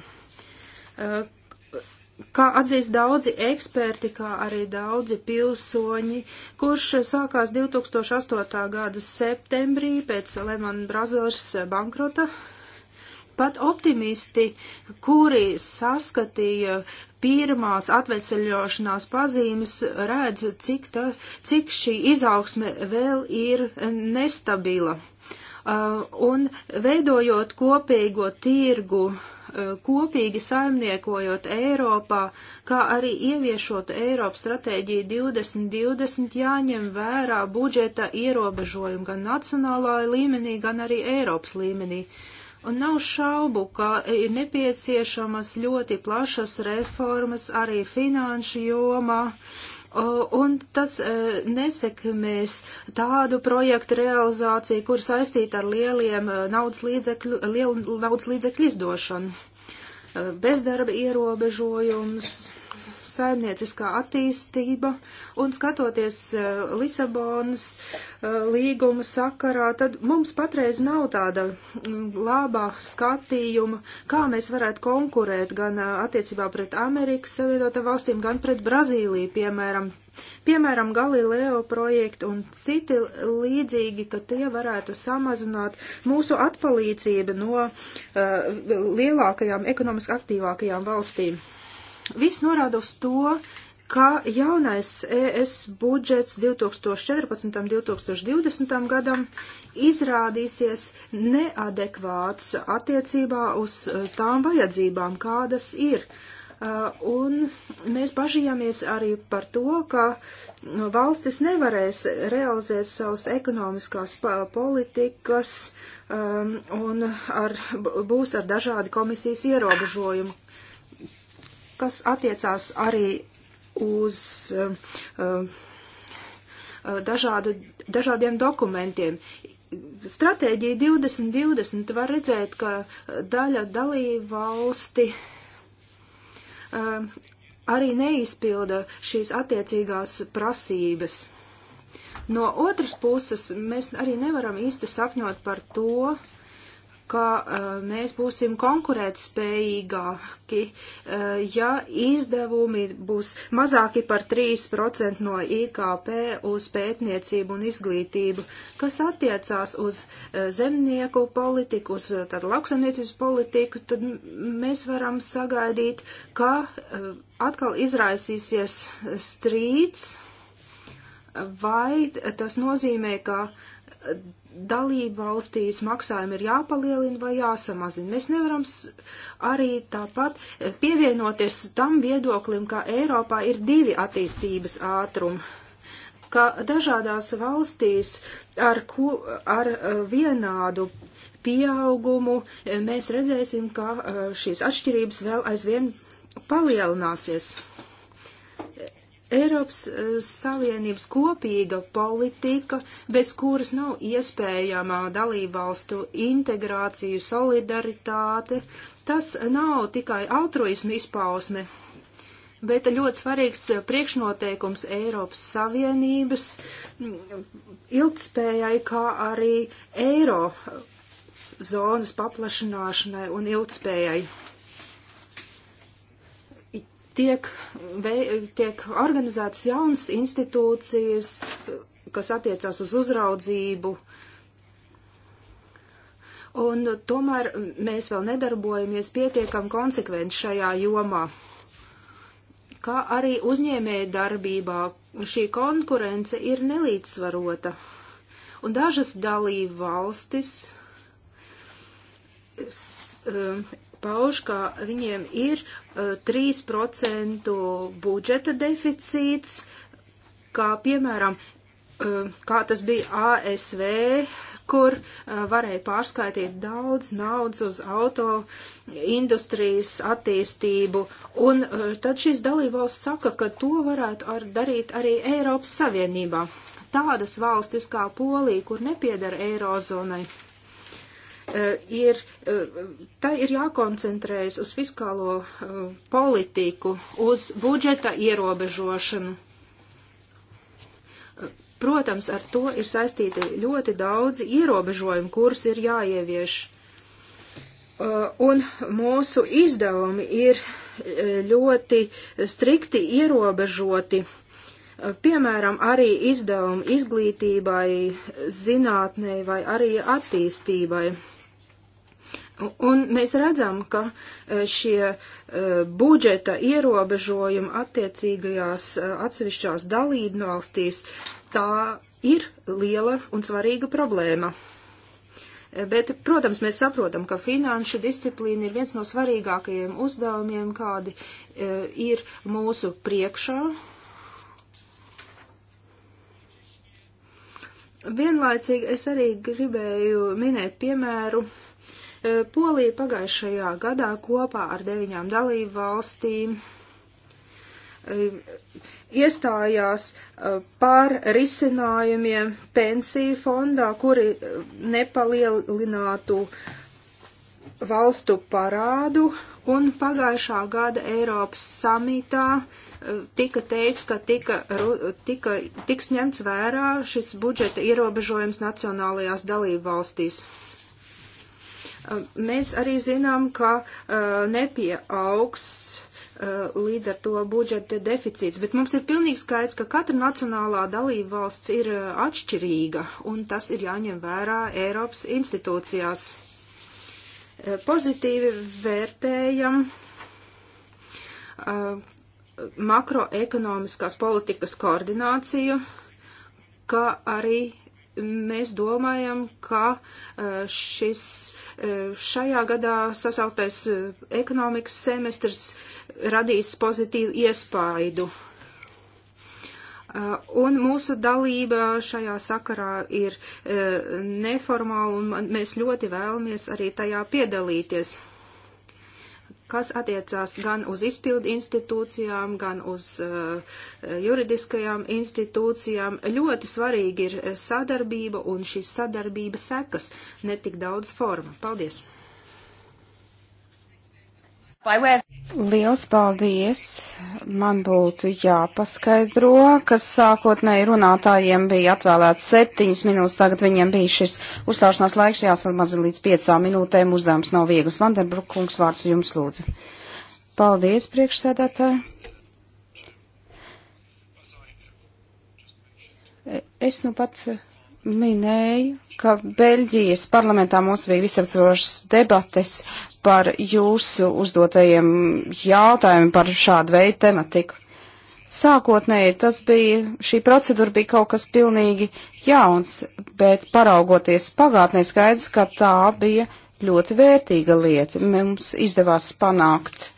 Kā atzīst daudzi eksperti, kā arī daudzi pilsoņi, kurš sākās 2008. gada septembrī pēc Lehman Brothers bankrota, pat optimisti, kuri saskatīja pirmās atveseļošanās pazīmes redz, cik, ta, cik šī izaugsme vēl ir nestabila. Uh, un veidojot kopīgo tirgu, uh, kopīgi saimniekojot Eiropā, kā arī ieviešot Eiropas stratēģiju 2020, jāņem vērā budžeta ierobežojumi gan nacionālā līmenī, gan arī Eiropas līmenī. Uh, Un nav šaubu, ka ir nepieciešamas ļoti plašas reformas arī finanšu jomā. Un tas e, nesekmēs tādu projektu realizāciju, kur saistīta ar lieliem e, naudas līdzekļu, lielu naudas līdzekļu izdošanu. E, bezdarba ierobežojums saimnieciskā attīstība, un skatoties eh, Lisabonas eh, līguma sakarā, tad mums patreiz nav tāda mm, labā skatījuma, kā mēs varētu konkurēt gan eh, attiecībā pret Amerikas Savienotām valstīm, gan pret Brazīliju, piemēram. Piemēram, Galileo projekti un citi līdzīgi, ka tie varētu samazināt mūsu atpalīdzību no uh, lielākajām ekonomiski aktīvākajām valstīm. Viss norāda uz to, ka jaunais ES budžets 2014. un 2020. gadam izrādīsies neadekvāts attiecībā uz e, tām vajadzībām, kādas ir. E, un mēs bažījāmies arī par to, ka valstis nevarēs realizēt savas ekonomiskās politikas e, un ar, būs ar dažādi komisijas ierobežojumi kas attiecās arī uz uh, dažādu, dažādiem dokumentiem. Stratēģija 2020 var redzēt, ka daļa dalību valsti uh, eh, arī neizpilda šīs attiecīgās prasības. No otras puses, mēs arī nevaram īsti sapņot par to, ka uh, mēs būsim konkurētspējīgāki, uh, ja izdevumi būs mazāki par 3% no IKP uz pētniecību un izglītību, kas attiecās uz uh, zemnieku politiku, uz tad, lauksaimniecības politiku, tad mēs varam sagaidīt, ka uh, atkal izraisīsies strīds, vai tas nozīmē, ka dalību valstīs maksājumi ir jāpalielina vai jāsamazina. Mēs nevaram arī tāpat pievienoties tam viedoklim, ka Eiropā ir divi attīstības ātrumi ka dažādās valstīs ar, ku, ar e, vienādu pieaugumu e, mēs redzēsim, ka e, šīs atšķirības vēl aizvien palielināsies. Eiropas eh, Savienības kopīga politika, bez kuras nav iespējama dalībvalstu integrācija, solidaritāte, tas nav tikai altruismu izpausme, bet ļoti svarīgs eh, priekšnoteikums Eiropas Savienības mm, ilgspējai, kā arī eiro eh, zonas paplašināšanai un ilgspējai tiek, vei, tiek organizētas jaunas institūcijas, kas attiecās uz uzraudzību. Un tomēr mēs vēl nedarbojamies pietiekam konsekventi šajā jomā. Kā arī uzņēmēja darbībā šī konkurence ir nelīdzsvarota. Un dažas dalība valstis um, pauž, ka viņiem ir uh, 3% budžeta deficīts, kā piemēram, uh, kā tas bija ASV, kur uh, varēja pārskaitīt daudz naudas uz auto industrijas attīstību. Un uh, tad šīs dalībvalsts saka, ka to varētu ar darīt arī Eiropas Savienībā. Tādas valstis kā Polija, kur nepiedara Eirozonai, Eh, ir, eh, tā ir jākoncentrējas uz fiskālo eh, politiku, uz budžeta ierobežošanu. Protams, ar to ir saistīti ļoti daudzi ierobežojumi, kurus ir jāievieš. Un mūsu izdevumi ir ļoti strikti ierobežoti. Piemēram, arī izdevumi izglītībai, zinātnei vai arī attīstībai. Un mēs redzam, ka e, šie e, budžeta ierobežojumi attiecīgajās e, atsevišķās dalību valstīs, tā ir liela un svarīga problēma. Bet, protams, mēs saprotam, ka finanšu disciplīna ir viens no svarīgākajiem uzdevumiem, kādi ir mūsu priekšā. Vienlaicīgi es arī gribēju minēt piemēru Eh, Polija pagājušajā gadā kopā ar deviņām dalību valstīm eh, iestājās eh, par risinājumiem pensiju fondā, kuri nepalielinātu valstu parādu, un pagājušā gada Eiropas samitā tika teikts, ka tika, tika, tiks ņemts vērā šis budžeta ierobežojums nacionālajās dalību valstīs. Mēs arī zinām, ka nepieaugs līdz ar to budžeta deficīts, bet mums ir pilnīgi skaidrs, ka katra nacionālā dalība valsts ir atšķirīga, un tas ir jāņem vērā Eiropas institūcijās. Pozitīvi vērtējam makroekonomiskās politikas koordināciju, kā arī mēs domājam, ka e, šis e, šajā gadā sasauktais e, ekonomikas semestrs radīs pozitīvu iespaidu. Un mūsu dalība šajā sakarā ir neformāla, un mēs ļoti vēlamies arī tajā piedalīties kas attiecās gan uz izpildu institūcijām, gan uz uh, juridiskajām institūcijām. Ļoti svarīgi ir eh, sadarbība un šīs sadarbības sekas, ne tik daudz forma. Paldies! Liels paldies! Man būtu jāpaskaidro, ka sākotnēji runātājiem bija atvēlēts septiņas minūtes, tagad viņiem bija šis uzstāšanās laiks jāsamazina līdz piecām minūtēm. Uzdevums nav viegls. Vanderbrukungs vārds jums lūdzu. Paldies, priekšsēdētāji! Es nu pat minēja, ka Beļģijas parlamentā mums bija visaptvarošas debates par jūsu uzdotajiem jautājumiem par šādu veidu tematiku. Sākotnēji tas bija, šī procedūra bija kaut kas pilnīgi jauns, bet paraugoties pagātnē skaidrs, ka tā bija ļoti vērtīga lieta. Mums izdevās panākt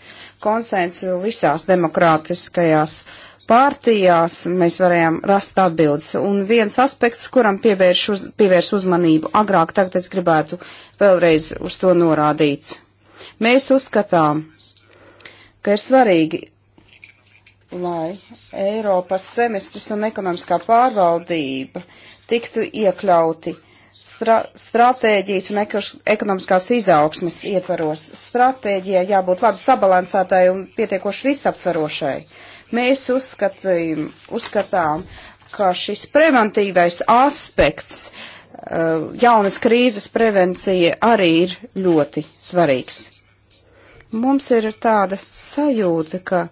konsensu visās demokrātiskajās uh, pārtījās mēs varējām rast atbildes. Un viens aspekts, kuram pievērš, uz, pievērš uzmanību agrāk, tagad es gribētu vēlreiz uz to norādīt. Mēs uzskatām, ka ir svarīgi, lai Eiropas semestris un ekonomiskā pārvaldība tiktu iekļauti stra stratēģijas un ekonomiskās izaugsmes ietvaros. Stratēģijai jābūt labi sabalansētai un pietiekoši visaptverošai Mēs uzskatījām, uzskatām, ka šis preventīvais aspekts, uh, jaunas krīzes prevencija arī ir ļoti svarīgs. Mums ir tāda sajūta, ka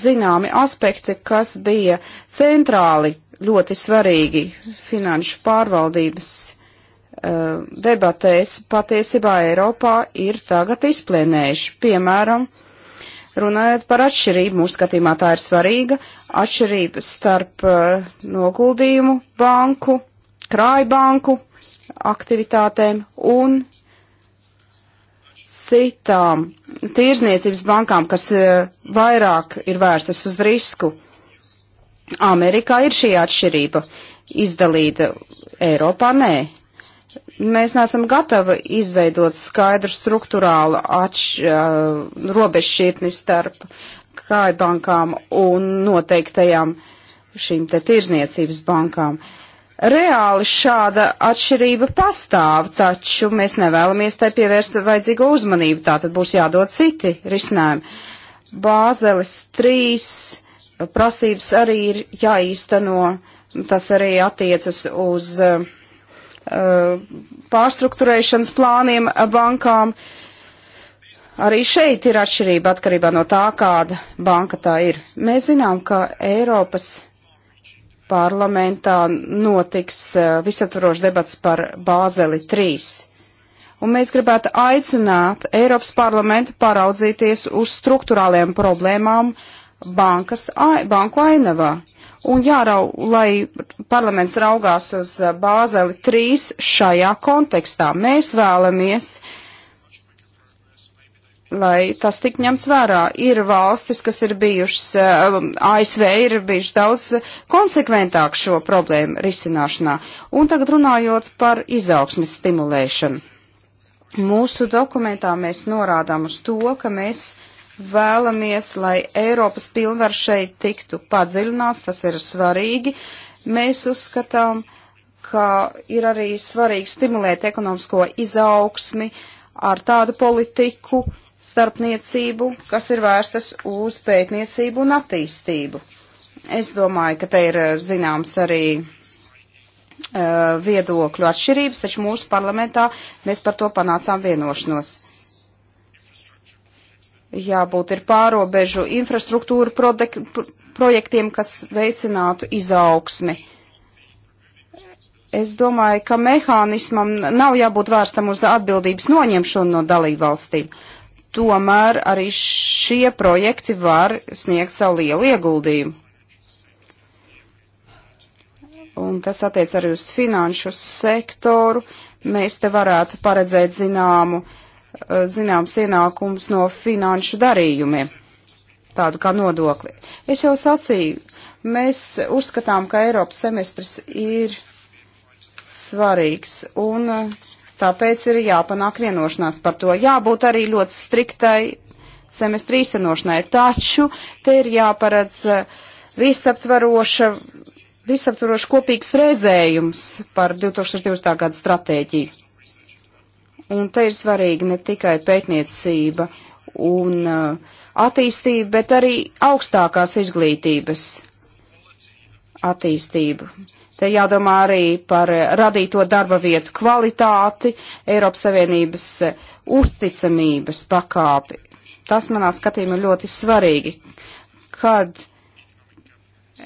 zināmi aspekti, kas bija centrāli ļoti svarīgi finanšu pārvaldības uh, debatēs, patiesībā Eiropā ir tagad izplēnējuši. Piemēram, uh, Runājot par atšķirību, mūsu skatījumā tā ir svarīga atšķirība starp uh, noguldījumu banku, krājbanku aktivitātēm un citām tirzniecības bankām, kas uh, vairāk ir vērstas uz risku. Amerikā ir šī atšķirība izdalīta, Eiropā nē mēs neesam gatavi izveidot skaidru struktūrālu atš, uh, robežšķirtni starp krājbankām un noteiktajām šīm te tirzniecības bankām. Reāli šāda atšķirība pastāv, taču mēs nevēlamies tai pievērst vajadzīgo uzmanību, tātad būs jādod citi risinājumi. Bāzeles 3 prasības arī ir jāīsteno, tas arī attiecas uz uh, Uh, pārstruktūrēšanas plāniem uh, bankām. Arī šeit ir atšķirība atkarībā no tā, kāda banka tā ir. Mēs zinām, ka Eiropas parlamentā notiks uh, visaptvarošs debats par Bāzeli 3. Un mēs gribētu aicināt Eiropas parlamentu paraudzīties uz struktūrāliem problēmām bankas, banku ainavā un jārau, lai parlaments raugās uz eh, Bāzeli 3 šajā kontekstā. Mēs vēlamies, lai tas tik ņemts vērā. Ir valstis, kas ir bijušas, eh, ASV ir bijušas daudz konsekventāk šo problēmu risināšanā. Un tagad runājot par izaugsmes stimulēšanu. Mūsu dokumentā mēs norādām uz to, ka mēs vēlamies, lai Eiropas pilnvar šeit tiktu padziļināts, tas ir svarīgi. Mēs uzskatām, ka ir arī svarīgi stimulēt ekonomisko izaugsmi ar tādu politiku, starpniecību, kas ir vērstas uz pētniecību un attīstību. Es domāju, ka te ir eh, zināms arī uh, viedokļu atšķirības, taču mūsu parlamentā mēs par to panācām vienošanos jābūt ir pārobežu infrastruktūra projektiem, kas veicinātu izaugsmi. Es domāju, ka mehānismam nav jābūt vērstam uz atbildības noņemšanu no dalībvalstīm. Tomēr arī šie projekti var sniegt savu lielu ieguldījumu. Un tas attiec arī uz finanšu sektoru. Mēs te varētu paredzēt zināmu uh, Eh, zināms ienākums no finanšu darījumiem, tādu kā nodokli. Es jau sacīju, mēs uzskatām, ka Eiropas semestris ir svarīgs un eh, tāpēc ir jāpanāk vienošanās par to. Jābūt arī ļoti striktai semestri īstenošanai, taču te ir jāparedz eh, visaptvaroša, visaptvaroša kopīgs rēzējums par 2020. gada stratēģiju. Un te ir svarīgi ne tikai pētniecība un uh, attīstība, bet arī augstākās izglītības attīstību. Te jādomā arī par uh, radīto darba vietu kvalitāti, Eiropas Savienības uh, uzticamības pakāpi. Tas manā skatījumā ļoti svarīgi, kad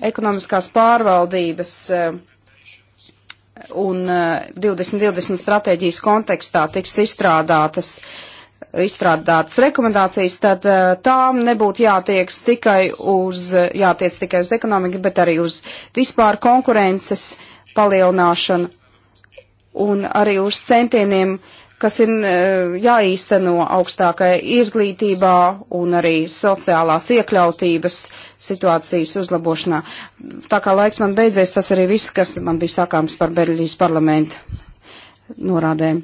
ekonomiskās pārvaldības un 2020 e, stratēģijas kontekstā tiks izstrādātas, izstrādātas rekomendācijas, tad e, tām nebūtu jātiek tikai uz, jātiec tikai uz ekonomiku, bet arī uz vispār konkurences palielināšanu un arī uz centieniem uh, kas ir e, jāīsteno augstākajai izglītībā un arī sociālās iekļautības situācijas uzlabošanā. Tā kā laiks man beidzies, tas arī viss, kas man bija sakāms par Beļģijas parlamentu norādēm.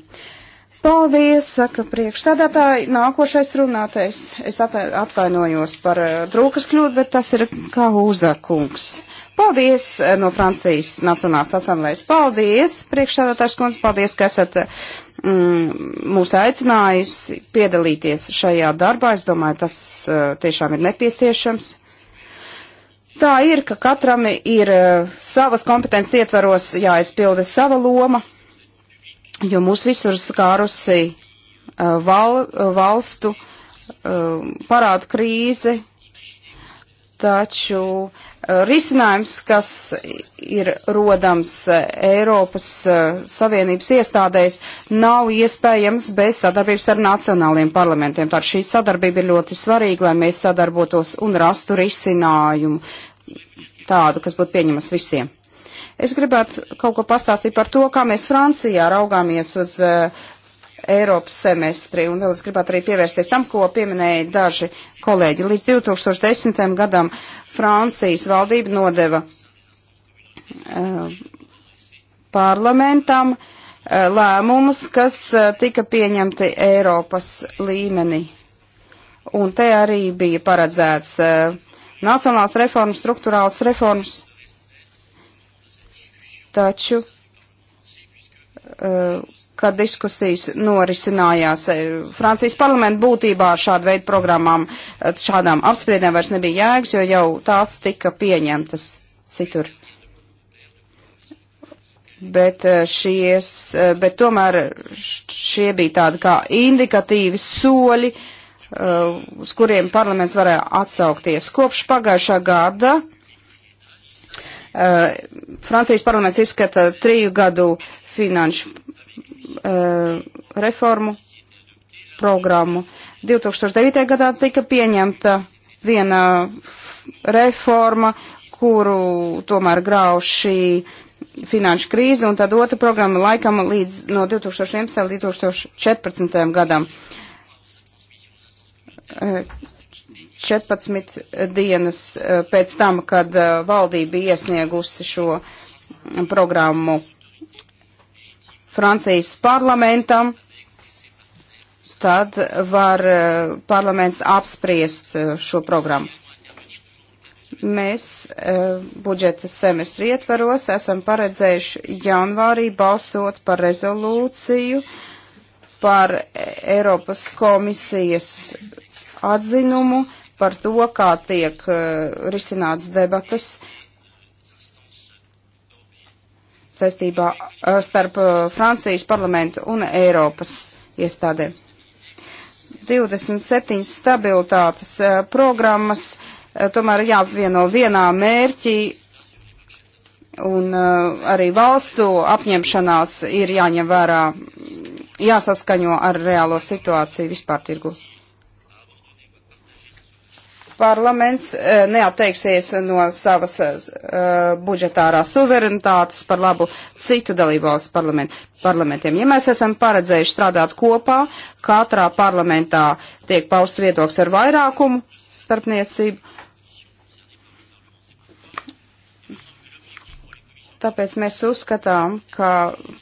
Paldies, saka priekšstādātāji. Nākošais runātais. Es atvainojos par e, drūkas kļūdu, bet tas ir kā uzakungs. Paldies eh, no Francijas Nacionālās asamblējas. Paldies, priekšsādātājs kundze, paldies, ka esat mm, mūs aicinājusi piedalīties šajā darbā. Es domāju, tas uh, tiešām ir nepieciešams. Tā ir, ka katram ir uh, savas kompetences ietvaros jāizpilda sava loma, jo mūs visur skārusi uh, val, valstu uh, parādu krīze, Taču eh, risinājums, kas ir rodams eh, Eiropas eh, Savienības iestādēs, nav iespējams bez sadarbības ar nacionāliem parlamentiem. Tātad šī sadarbība ir ļoti svarīga, lai mēs sadarbotos un rastu risinājumu tādu, kas būtu pieņemams visiem. Es gribētu kaut ko pastāstīt par to, kā mēs Francijā raugāmies uz Eiropas semestri, un vēl es gribētu arī pievērsties tam, ko pieminēja daži kolēģi. Līdz 2010. gadam Francijas valdība nodeva uh, parlamentam uh, lēmumus, kas uh, tika pieņemti Eiropas līmenī. Un te arī bija paredzēts nacionālās reformas, struktūrāls reformas. Taču kad diskusijas norisinājās e, Francijas parlamentu būtībā ar šādu veidu programmām, e, šādām apspriedēm vairs nebija jēgas, jo jau tās tika pieņemtas citur. Bet, e, šies, bet tomēr šie bija tādi kā indikatīvi soļi, uz kuriem parlaments varēja atsaukties. Kopš pagājušā gada Francijas parlaments izskata triju gadu finanšu Eh, reformu programmu. 2009. gadā tika pieņemta viena reforma, kuru tomēr grauj šī finanšu krīze, un tad otra programma laikam līdz no 2011. līdz 2014. gadam. 14 eh, dienas eh, pēc tam, kad valdība iesniegusi šo programmu Francijas parlamentam, tad var eh, parlaments apspriest eh, šo programmu. Mēs eh, budžeta semestri ietveros esam paredzējuši janvārī balsot par rezolūciju par Eiropas komisijas atzinumu par to, kā tiek risināts debatas saistībā uh, starp uh, Francijas parlamentu un Eiropas iestādēm. 27 stabilitātes uh, programmas tomēr jāapvieno vienā mērķī un arī valstu apņemšanās ir jāņem vērā, jāsaskaņo ar reālo situāciju vispār tirgu parlaments eh, neatteiksies no savas uh, budžetārās suverenitātes par labu citu dalībvalsts parlament, parlamentiem. Ja mēs esam paredzējuši strādāt kopā, katrā parlamentā tiek pausts viedoklis ar vairākumu starpniecību. Tāpēc mēs uzskatām, ka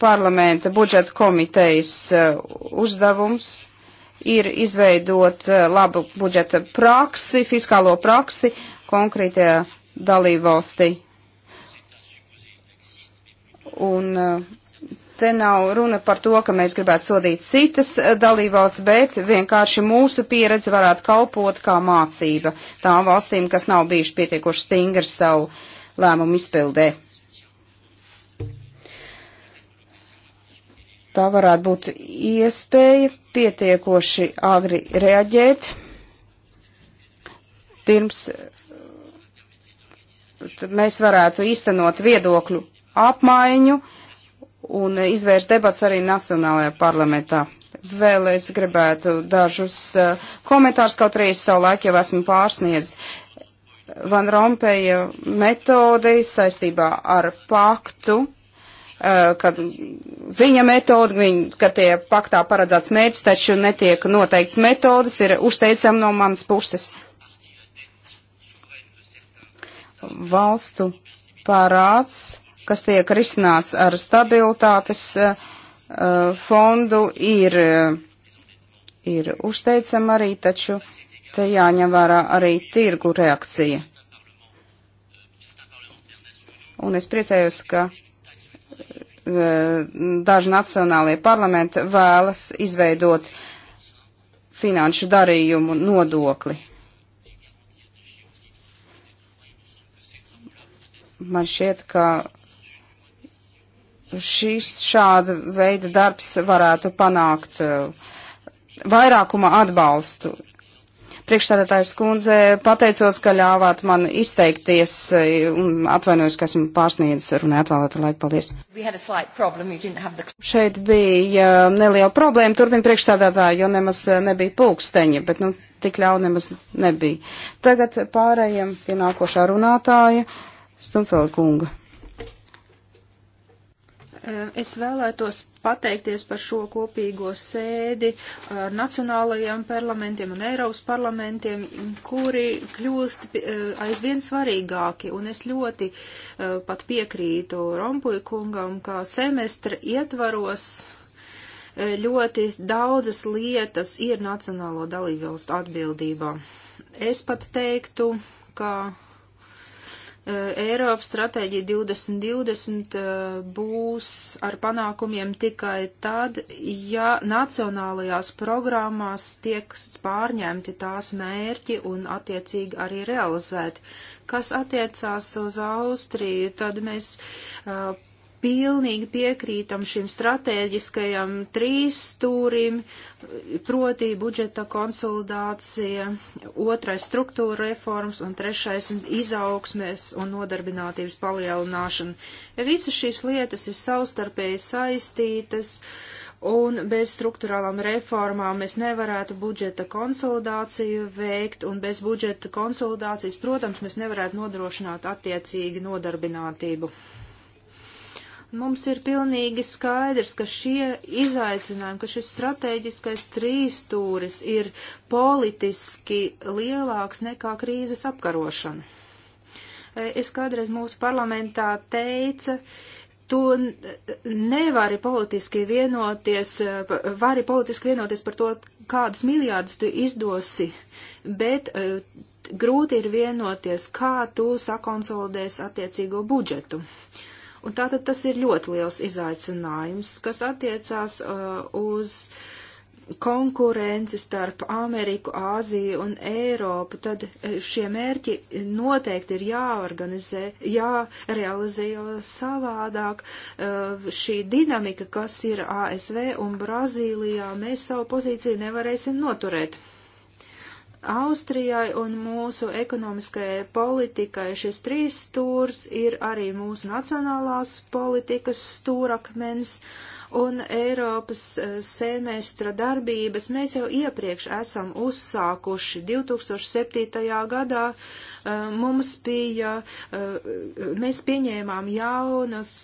parlamenta budžeta komitejas uh, uzdevums ir izveidot eh, labu budžeta praksi, fiskālo praksi konkrētajā dalībvalstī. Un eh, te nav runa par to, ka mēs gribētu sodīt citas eh, dalībvalsts, bet vienkārši mūsu pieredze varētu kalpot kā mācība tām valstīm, kas nav bijuši pietiekoši stingri savu lēmumu izpildē. Tā varētu būt iespēja pietiekoši agri reaģēt pirms mēs varētu īstenot viedokļu apmaiņu un izvērst debats arī Nacionālajā parlamentā. Vēl es gribētu dažus komentārus, kaut arī es savu laiku jau esmu pārsniedzis. Van Rompēja metodi saistībā ar paktu Eh, kad viņa metodi, viņa, kad tie paktā paredzēts mērķis, taču netiek noteikts metodas, ir uzteicam no manas puses. Valstu parāds, kas tiek risināts ar stabilitātes uh, fondu, ir, ir uzteicam arī, taču te jāņem vērā arī tirgu reakcija. Un es priecājos, ka Eh, daži nacionālie parlamenti vēlas izveidot finanšu darījumu nodokli. Man šķiet, ka šis šāda veida darbs varētu panākt eh, vairākuma atbalstu priekšstādātājs kundze, pateicos, ka ļāvāt man izteikties un atvainojos, ka esmu pārsniedzis runā atvēlēta laika. Paldies. The... Šeit bija um, neliela problēma, turpin priekšstādātāji, jo nemaz uh, nebija pulksteņa, bet nu, tik ļauna nemaz nebija. Tagad pārējiem pie nākošā runātāja Stumfeld kunga. Eh, es vēlētos pateikties par šo kopīgo sēdi ar nacionālajiem parlamentiem un Eiropas parlamentiem, kuri kļūst eh, aizvien svarīgāki. Un es ļoti eh, pat piekrītu Rompuja kungam, ka semestra ietvaros ļoti daudzas lietas ir nacionālo dalībvalstu atbildībā. Es pat teiktu, ka Eh, Eiropas stratēģija 2020 eh, būs ar panākumiem tikai tad, ja nacionālajās programmās tiek pārņemti tās mērķi un attiecīgi arī realizēti. Kas attiecās uz Austriju, tad mēs eh, pilnīgi piekrītam šim strateģiskajam trīsstūrim, proti budžeta konsolidācija, otrais struktūra reformas un trešais izaugsmēs un nodarbinātības palielināšana. Ja visas šīs lietas ir savstarpēji saistītas, un bez struktūrālām reformām mēs nevarētu budžeta konsolidāciju veikt, un bez budžeta konsolidācijas, protams, mēs nevarētu nodrošināt attiecīgi nodarbinātību. Mums ir pilnīgi skaidrs, ka šie izaicinājumi, ka šis strateģiskais trīstūris ir politiski lielāks nekā krīzes apkarošana. E, es kādreiz mūsu parlamentā teica, tu nevari politiski vienoties, e, vari politiski vienoties par to, kādus miljārdus tu izdosi, bet e, grūti ir vienoties, kā tu sakonsolidēsi attiecīgo budžetu. Uh, Un tātad tas ir ļoti liels izaicinājums, kas attiecās uh, uz konkurenci starp Ameriku, Āziju un Eiropu, tad eh, šie mērķi noteikti ir jāorganizē, jārealizē, jo savādāk uh, šī dinamika, kas ir ASV un Brazīlijā, mēs savu pozīciju nevarēsim noturēt. Austrijai un mūsu ekonomiskajai politikai šis trīs stūrs ir arī mūsu nacionālās politikas stūrakmens un Eiropas e, semestra darbības. Mēs jau iepriekš esam uzsākuši 2007. gadā. E, mums bija, e, mēs pieņēmām jaunas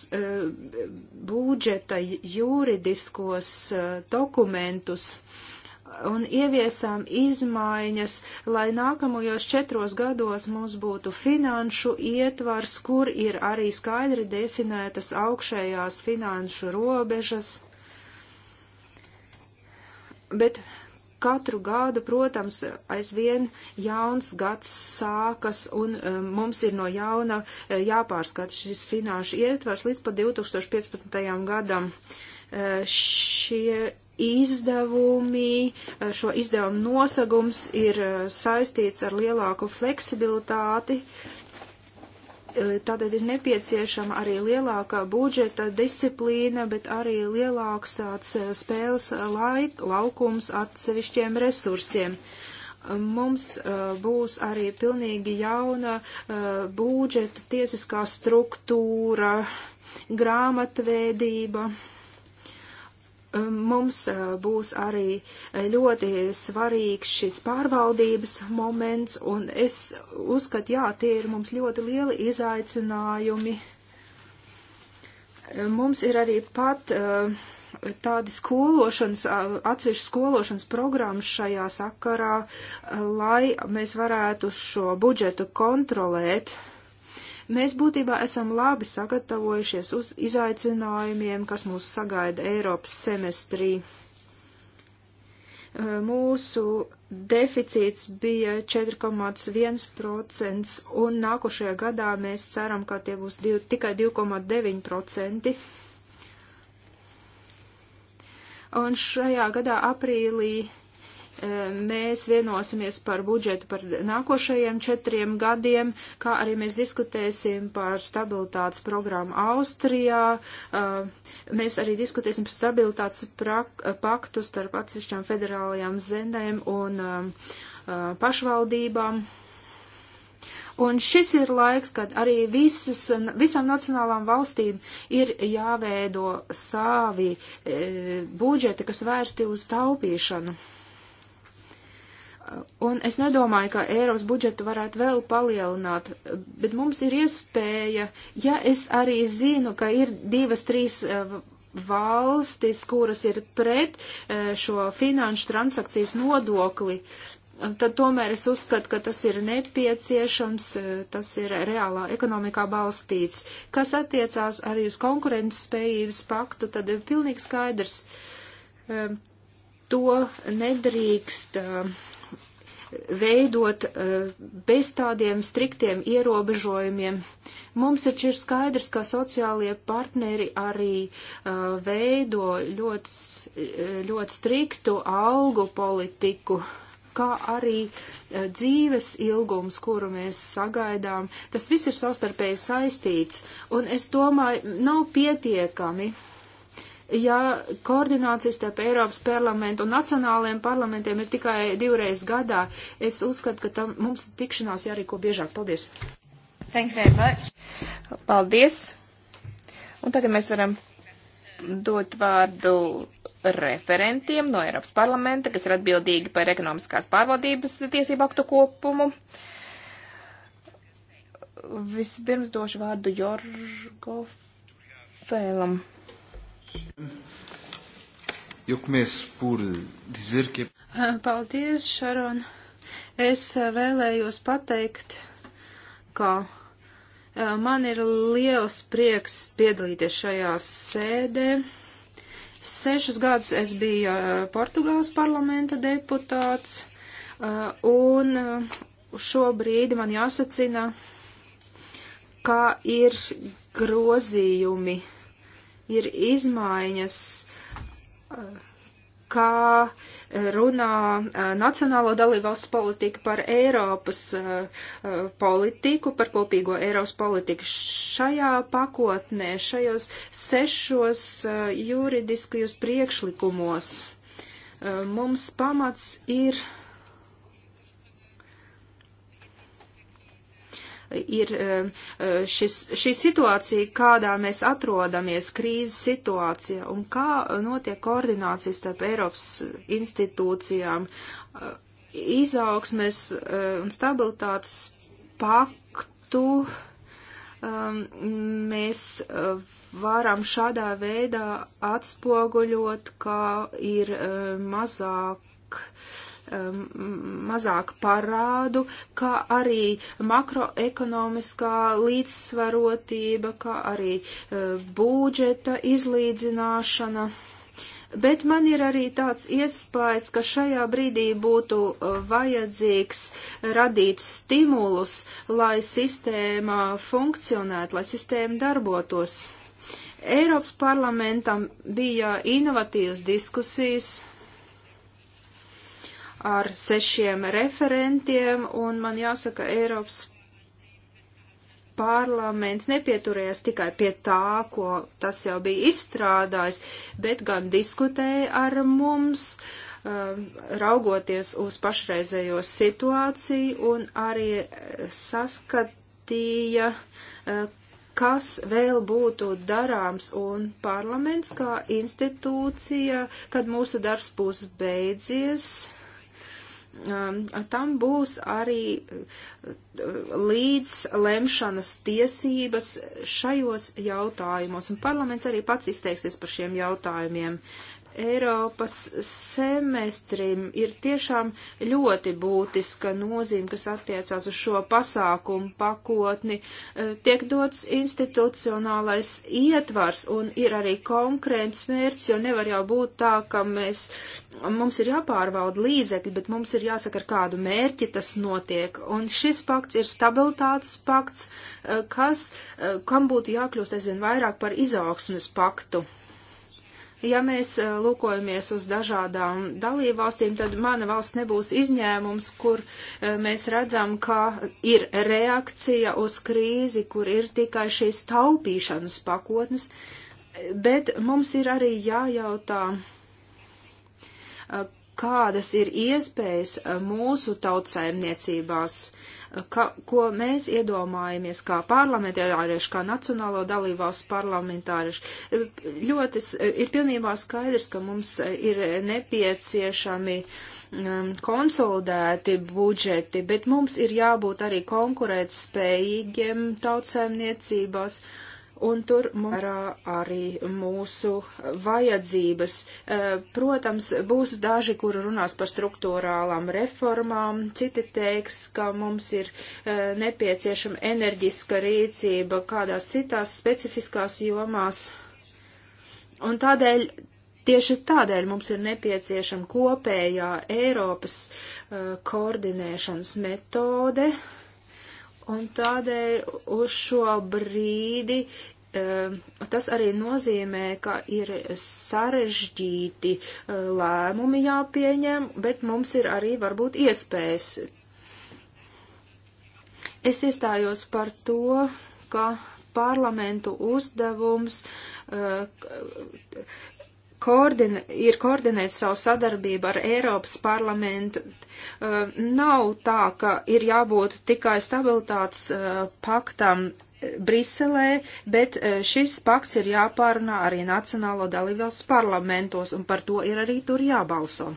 budžeta juridiskos dokumentus un ieviesām izmaiņas, lai nākamajos četros gados mums būtu finanšu ietvars, kur ir arī skaidri definētas augšējās finanšu robežas. Bet katru gadu, protams, aizvien jauns gads sākas un um, mums ir no jauna e, jāpārskata šis finanšu ietvars līdz pat 2015. gadam. Uh, Šie izdevumi, šo izdevumu nosagums ir e, saistīts ar lielāku fleksibilitāti, e, tādēļ ir nepieciešama arī lielākā budžeta disciplīna, bet arī lielāks tāds e, spēles laik, laukums atsevišķiem resursiem. Mums uh, būs arī pilnīgi jauna uh, budžeta tiesiskā struktūra, grāmatvēdība. Uh, Um, mums uh, būs arī uh, ļoti svarīgs šis pārvaldības moments, un es uzskatu, jā, tie ir mums ļoti lieli izaicinājumi. Uh, mums ir arī pat tādi skološanas, atsevišķi skološanas programmas šajā sakarā, lai mēs varētu šo budžetu kontrolēt. Mēs būtībā esam labi sagatavojušies uz izaicinājumiem, kas mūs sagaida Eiropas semestrī. Mūsu deficīts bija 4,1% un nākošajā gadā mēs ceram, ka tie būs div, tikai 2,9%. Un šajā gadā aprīlī Ehm, mēs vienosimies par budžetu par nākošajiem četriem gadiem, kā arī mēs diskutēsim par stabilitātes programmu Austrijā. Ehm, mēs arī diskutēsim par stabilitātes paktu starp atsevišķām federālajām zemēm un ehm, pašvaldībām. Un šis ir laiks, kad arī visas, visām nacionālām valstīm ir jāveido savi e, budžeti, kas vērsti uz taupīšanu. E, Un es nedomāju, ka Eiropas budžetu varētu vēl palielināt, bet mums ir iespēja, ja es arī zinu, ka ir divas, trīs eh, valstis, kuras ir pret eh, šo finanšu transakcijas nodokli, tad tomēr es uzskatu, ka tas ir nepieciešams, eh, tas ir reālā ekonomikā balstīts. Kas attiecās arī uz konkurences spējības paktu, tad ir pilnīgi skaidrs. To nedrīkst uh, veidot e, bez tādiem striktiem ierobežojumiem. Mums taču ir skaidrs, ka sociālie partneri arī e, veido ļoti, e, ļoti striktu algu politiku kā arī dzīves ilgums, kuru mēs sagaidām. Tas viss ir savstarpēji saistīts, un es domāju, nav pietiekami ja koordinācijas starp Eiropas parlamentu un nacionālajiem parlamentiem ir tikai divreiz gadā, es uzskatu, ka tam mums tikšanās jārīko biežāk. Paldies! Thank you very much! Paldies! Un tagad mēs varam dot vārdu referentiem no Eiropas parlamenta, kas ir atbildīgi par ekonomiskās pārvaldības tiesību aktu kopumu. Vispirms došu vārdu Jorgo Fēlam. Paldies, Šaron. Es eh, vēlējos pateikt, ka eh, man ir liels prieks piedalīties šajā sēdē. Sešus gadus es biju eh, Portugāles parlamenta deputāts, un šobrīd man jāsacina, kā ir grozījumi ir izmaiņas, eh, kā eh, runā eh, Nacionālo dalībvalstu politika par Eiropas politiku, par kopīgo Eiropas politiku. Šajā pakotnē, šajos sešos juridiskajos priekšlikumos mums pamats ir ir e, e, šis, šī situācija, kādā mēs atrodamies, krīzes situācija, un kā notiek koordinācija starp Eiropas institūcijām, e, izaugsmes un stabilitātes paktu. Mēs varam šādā veidā atspoguļot, kā ir mazāk Um, mazāk parādu, kā arī makroekonomiskā līdzsvarotība, kā arī uh, budžeta izlīdzināšana. Bet man ir arī tāds iespējas, ka šajā brīdī būtu uh, vajadzīgs radīt stimulus, lai sistēma funkcionētu, lai sistēma darbotos. Eiropas parlamentam bija inovatīvas diskusijas ar sešiem referentiem, un man jāsaka, Eiropas parlaments nepieturējās tikai pie tā, ko tas jau bija izstrādājis, bet gan diskutēja ar mums, um, raugoties uz pašreizējo situāciju un arī saskatīja, uh, kas vēl būtu darāms un parlaments kā institūcija, kad mūsu darbs būs beidzies Um, tam būs arī uh, līdz lemšanas tiesības šajos jautājumos, un parlaments arī pats izteiksies par šiem jautājumiem. Eiropas semestrim ir tiešām ļoti būtiska nozīme, kas attiecās uz šo pasākumu pakotni. E, tiek dots institucionālais ietvars un ir arī konkrēts mērķis, jo nevar jau būt tā, ka mēs, mums ir jāpārvalda līdzekļi, bet mums ir jāsaka, ar kādu mērķi tas notiek. Un šis pakts ir stabilitātes pakts, e, kas, e, kam būtu jākļūst aizvien vairāk par izaugsmes paktu. Ja mēs eh, lūkojamies uz dažādām dalībvalstīm, tad mana valsts nebūs izņēmums, kur eh, mēs redzam, ka ir reakcija uz krīzi, kur ir tikai šīs taupīšanas pakotnes, bet mums ir arī jājautā, eh, kādas ir iespējas mūsu tautsaimniecībās uh, ka, ko mēs iedomājamies kā parlamentārieši, kā nacionālo dalībvalstu parlamentārieši. Ļoti ir pilnībā skaidrs, ka mums ir nepieciešami um, konsolidēti budžeti, bet mums ir jābūt arī konkurētspējīgiem tautsēmniecībās. spējīgiem un tur mums arī mūsu vajadzības. E, protams, būs daži, kuri runās par struktūrālām reformām, citi teiks, ka mums ir e, nepieciešama enerģiska rīcība kādās citās specifiskās jomās. Un tādēļ, tieši tādēļ mums ir nepieciešama kopējā Eiropas e, koordinēšanas metode, un tādēļ uz šo brīdi eh, tas arī nozīmē, ka ir sarežģīti eh, lēmumi jāpieņem, bet mums ir arī varbūt iespējas. Es iestājos par to, ka parlamentu uzdevums eh, koordin, ir koordinēt savu sadarbību ar Eiropas parlamentu. Uh, nav tā, ka ir jābūt tikai stabilitātes uh, paktam eh, Briselē, bet eh, šis pakts ir jāpārunā arī Nacionālo dalībvalstu parlamentos, un par to ir arī tur jābalso.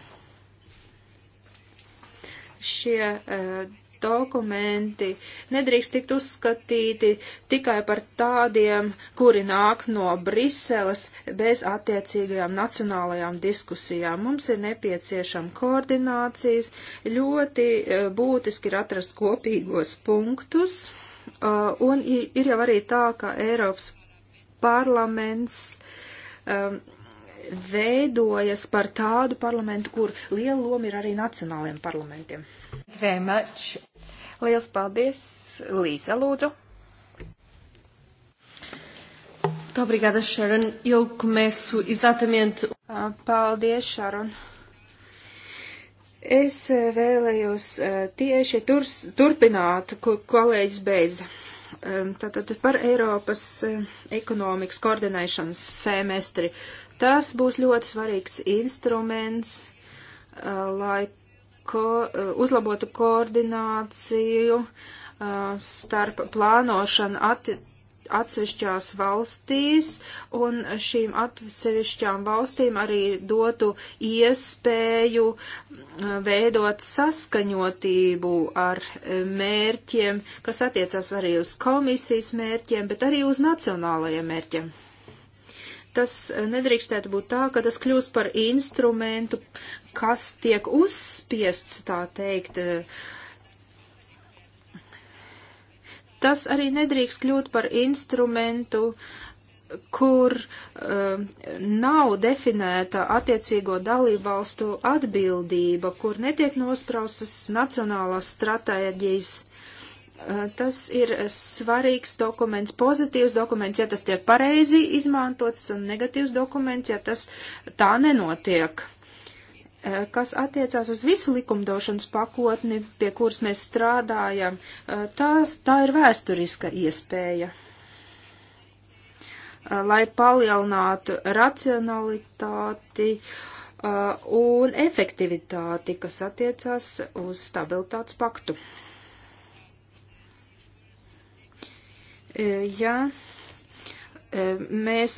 Šie uh, dokumenti nedrīkst tikt uzskatīti tikai par tādiem, kuri nāk no Briseles bez attiecīgajām nacionālajām diskusijām. Mums ir nepieciešama koordinācijas, ļoti e, būtiski ir atrast kopīgos punktus, e, un ir jau arī tā, ka Eiropas parlaments e, veidojas par tādu parlamentu, kur liela loma ir arī nacionālajiem parlamentiem. Very much. Liels paldies, Līza Lūdzu. Obrigada, Sharon. Eu começo exatamente. Ah, paldies, Sharon. Es eh, vēlējos eh, tieši turs, turpināt, ko kolēģis beidza. Ehm, tātad par Eiropas eh, ekonomikas koordinēšanas semestri. Tas būs ļoti svarīgs instruments, lai ko, eh, uzlabotu koordināciju eh, starp plānošanu atti atsevišķās valstīs, un šīm atsevišķām valstīm arī dotu iespēju eh, veidot saskaņotību ar mērķiem, kas attiecas arī uz komisijas mērķiem, bet arī uz nacionālajiem mērķiem. Tas nedrīkstētu būt tā, ka tas kļūst par instrumentu, kas tiek uzspiests, tā teikt. Tas arī nedrīkst kļūt par instrumentu, kur uh, nav definēta attiecīgo dalībvalstu atbildība, kur netiek nospraustas nacionālās stratēģijas uh, tas ir svarīgs dokuments, pozitīvs dokuments, ja tas tiek pareizi izmantots, un negatīvs dokuments, ja tas tā nenotiek. Eh, kas attiecās uz visu likumdošanas pakotni, pie kuras mēs strādājam, eh, tās, tā ir vēsturiska iespēja, eh, lai palielinātu racionalitāti un efektivitāti, kas attiecās uz stabilitātes paktu. Ja mēs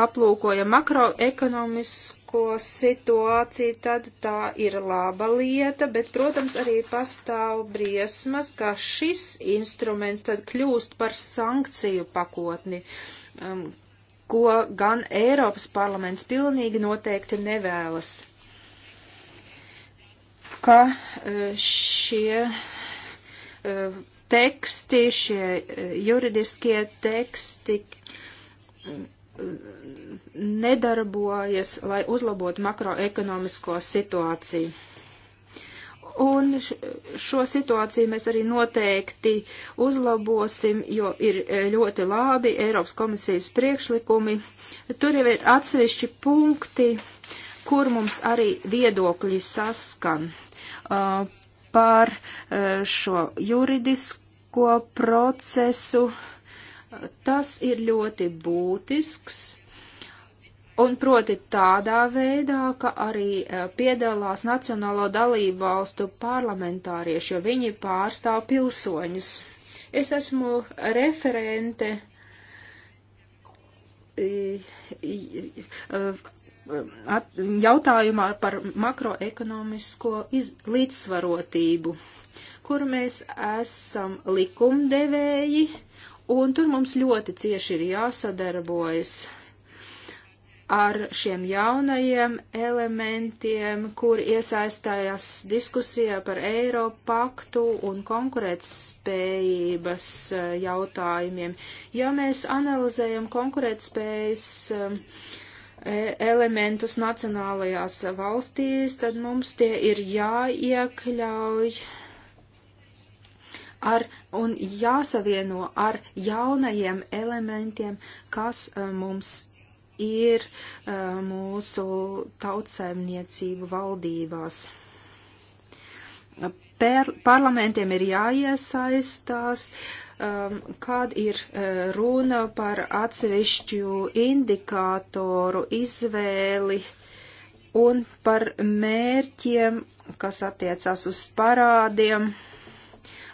aplūkojam makroekonomisko situāciju, tad tā ir laba lieta, bet, protams, arī pastāv briesmas, ka šis instruments tad kļūst par sankciju pakotni, um, ko gan Eiropas parlaments pilnīgi noteikti nevēlas. Ka uh, šie uh, teksti, šie uh, juridiskie teksti, uh, nedarbojas, lai uzlabotu makroekonomisko situāciju. Un šo situāciju mēs arī noteikti uzlabosim, jo ir e, ļoti labi Eiropas komisijas priekšlikumi. Tur jau ir atsevišķi punkti, kur mums arī viedokļi saskan uh, par uh, šo juridisko procesu. Uh, Tas ir ļoti būtisks. Un proti tādā veidā, ka arī e, piedalās Nacionālo dalību valstu parlamentārieši, jo viņi pārstāv pilsoņus. Es esmu referente e, e, jautājumā par makroekonomisko iz, līdzsvarotību, kur mēs esam likumdevēji, uh, un tur mums ļoti cieši ir jāsadarbojas ar šiem jaunajiem elementiem, kur iesaistājās diskusijā par Eiropaktu un konkurētspējības eh, jautājumiem. Ja mēs analizējam konkurētspējas eh, e, elementus nacionālajās valstīs, tad mums tie ir jāiekļauj ar, un jāsavieno ar jaunajiem elementiem, kas eh, mums ir eh, mūsu tautsaimniecību valdībās. Per, parlamentiem ir jāiesaistās, um, kad ir runa par atsevišķu indikātoru izvēli un par mērķiem, kas attiecas uz parādiem. Uh,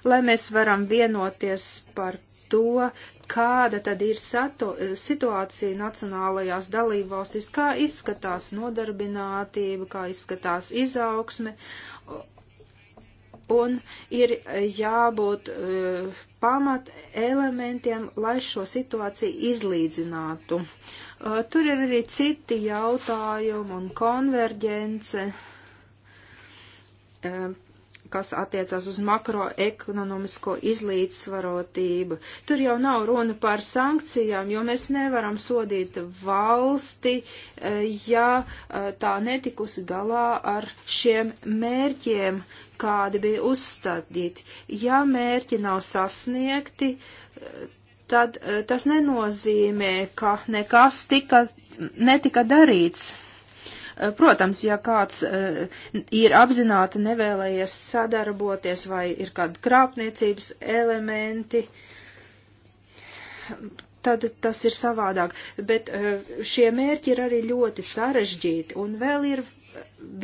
lai mēs varam vienoties par to, kāda tad ir sato, situācija nacionālajās dalībvalstīs, kā izskatās nodarbinātība, kā izskatās izaugsme. Un ir jābūt uh, pamat elementiem, lai šo situāciju izlīdzinātu. Uh, tur ir arī citi jautājumi un konverģence. Uh, kas attiecās uz makroekonomisko izlīdzsvarotību. Tur jau nav runa par sankcijām, jo mēs nevaram sodīt valsti, e, ja e, tā netikusi galā ar šiem mērķiem, kādi bija uzstādīti. Ja mērķi nav sasniegti, e, tad tas nenozīmē, ka nekas tika, netika darīts Protams, ja kāds e, ir apzināti nevēlējies sadarboties vai ir kādi krāpniecības elementi, tad tas ir savādāk. Bet e, šie mērķi ir arī ļoti sarežģīti un vēl ir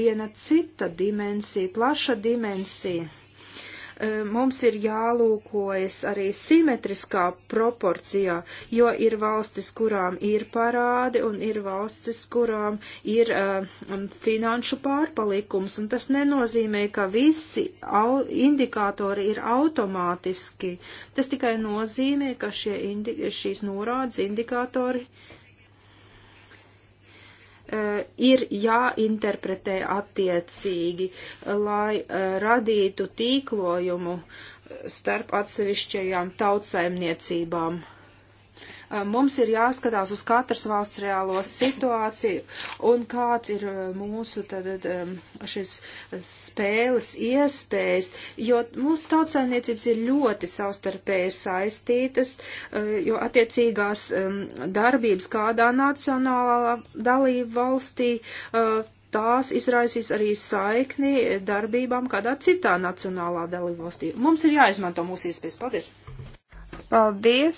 viena cita dimensija, plaša dimensija E, mums ir jālūkojas arī simetriskā proporcijā, jo ir valstis, kurām ir parādi un ir valstis, kurām ir uh, finanšu pārpalikums, un tas nenozīmē, ka visi indikātori ir automātiski. Tas tikai nozīmē, ka šie indi šīs norādes indikātori uh, Eh, ir jāinterpretē attiecīgi, lai eh, radītu tīklojumu eh, starp atsevišķajām tautsaimniecībām. Eh, mums ir jāskatās uz katras valsts reālo situāciju un kāds ir eh, mūsu tad, eh, šis spēles iespējas, jo mūsu tautsēmniecības ir ļoti savstarpēji saistītas, jo attiecīgās ehm, darbības kādā nacionālā dalība valstī tās izraisīs arī saikni darbībām kādā citā nacionālā dalībvalstī. Mums ir jāizmanto mūsu iespējas. Paldies! Paldies,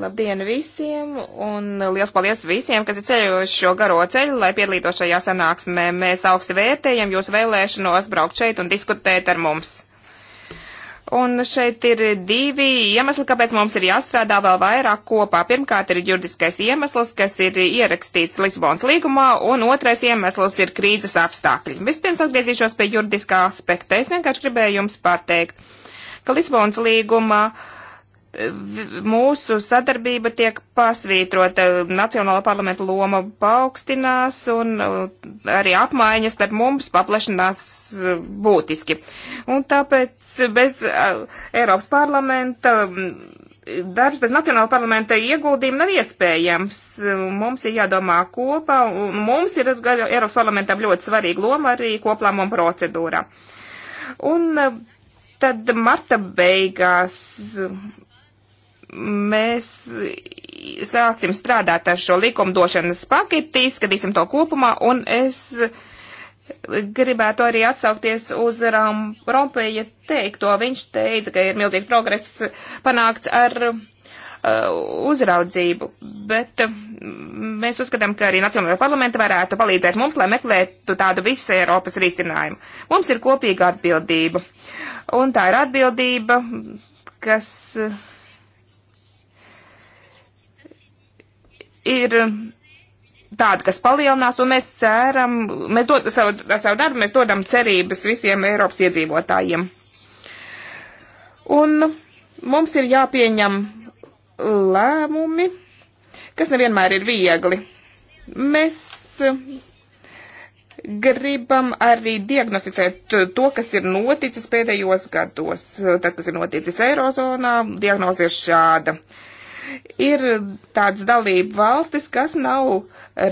labdien visiem, un liels paldies visiem, kas ir ceļojuši šo garo ceļu, lai piedalītos šajā sanāksmē. Mēs augsti vērtējam jūsu vēlēšanos braukt šeit un diskutēt ar mums. Un šeit ir divi iemesli, kāpēc mums ir jāstrādā vēl vairāk kopā. Pirmkārt ir juridiskais iemesls, kas ir ierakstīts Lisbonas līgumā, un otrais iemesls ir krīzes apstākļi. Vispirms atgriezīšos pie juridiskā aspekta. Es vienkārši gribēju jums pateikt, ka Lisbonas līgumā uh, mūsu sadarbība tiek pasvītrota, Nacionāla parlamenta loma paaugstinās un uh, arī apmaiņas starp mums paplašinās uh, būtiski. Un tāpēc bez uh, Eiropas parlamenta um, darbs bez Nacionāla parlamenta ieguldījuma nav iespējams. Mums ir jādomā kopā, un mums ir Eiropas parlamentam ļoti svarīga loma arī koplāmuma procedūrā. Un tad marta beigās mēs sāksim strādāt ar šo likumdošanas paketi, izskatīsim to kopumā, un es gribētu arī atsaukties uz Rompēja teikto. Viņš teica, ka ir milzīgs progress panākts ar uh, uzraudzību, bet uh, mēs uzskatām, ka arī Nacionālajā parlamenta varētu palīdzēt mums, lai meklētu tādu visu Eiropas risinājumu. Mums ir kopīga atbildība, un tā ir atbildība, kas uh, ir um, tāda, kas palielinās, un mēs ceram, mēs dod, savu, savu darbu mēs dodam cerības visiem Eiropas iedzīvotājiem. Un mums ir jāpieņem lēmumi, kas nevienmēr ir viegli. Mēs um, gribam arī diagnosticēt to, kas ir noticis pēdējos gados. Tas, kas ir noticis Eirozonā, diagnoze ir šāda. Uh, ir tādas dalība valstis, kas nav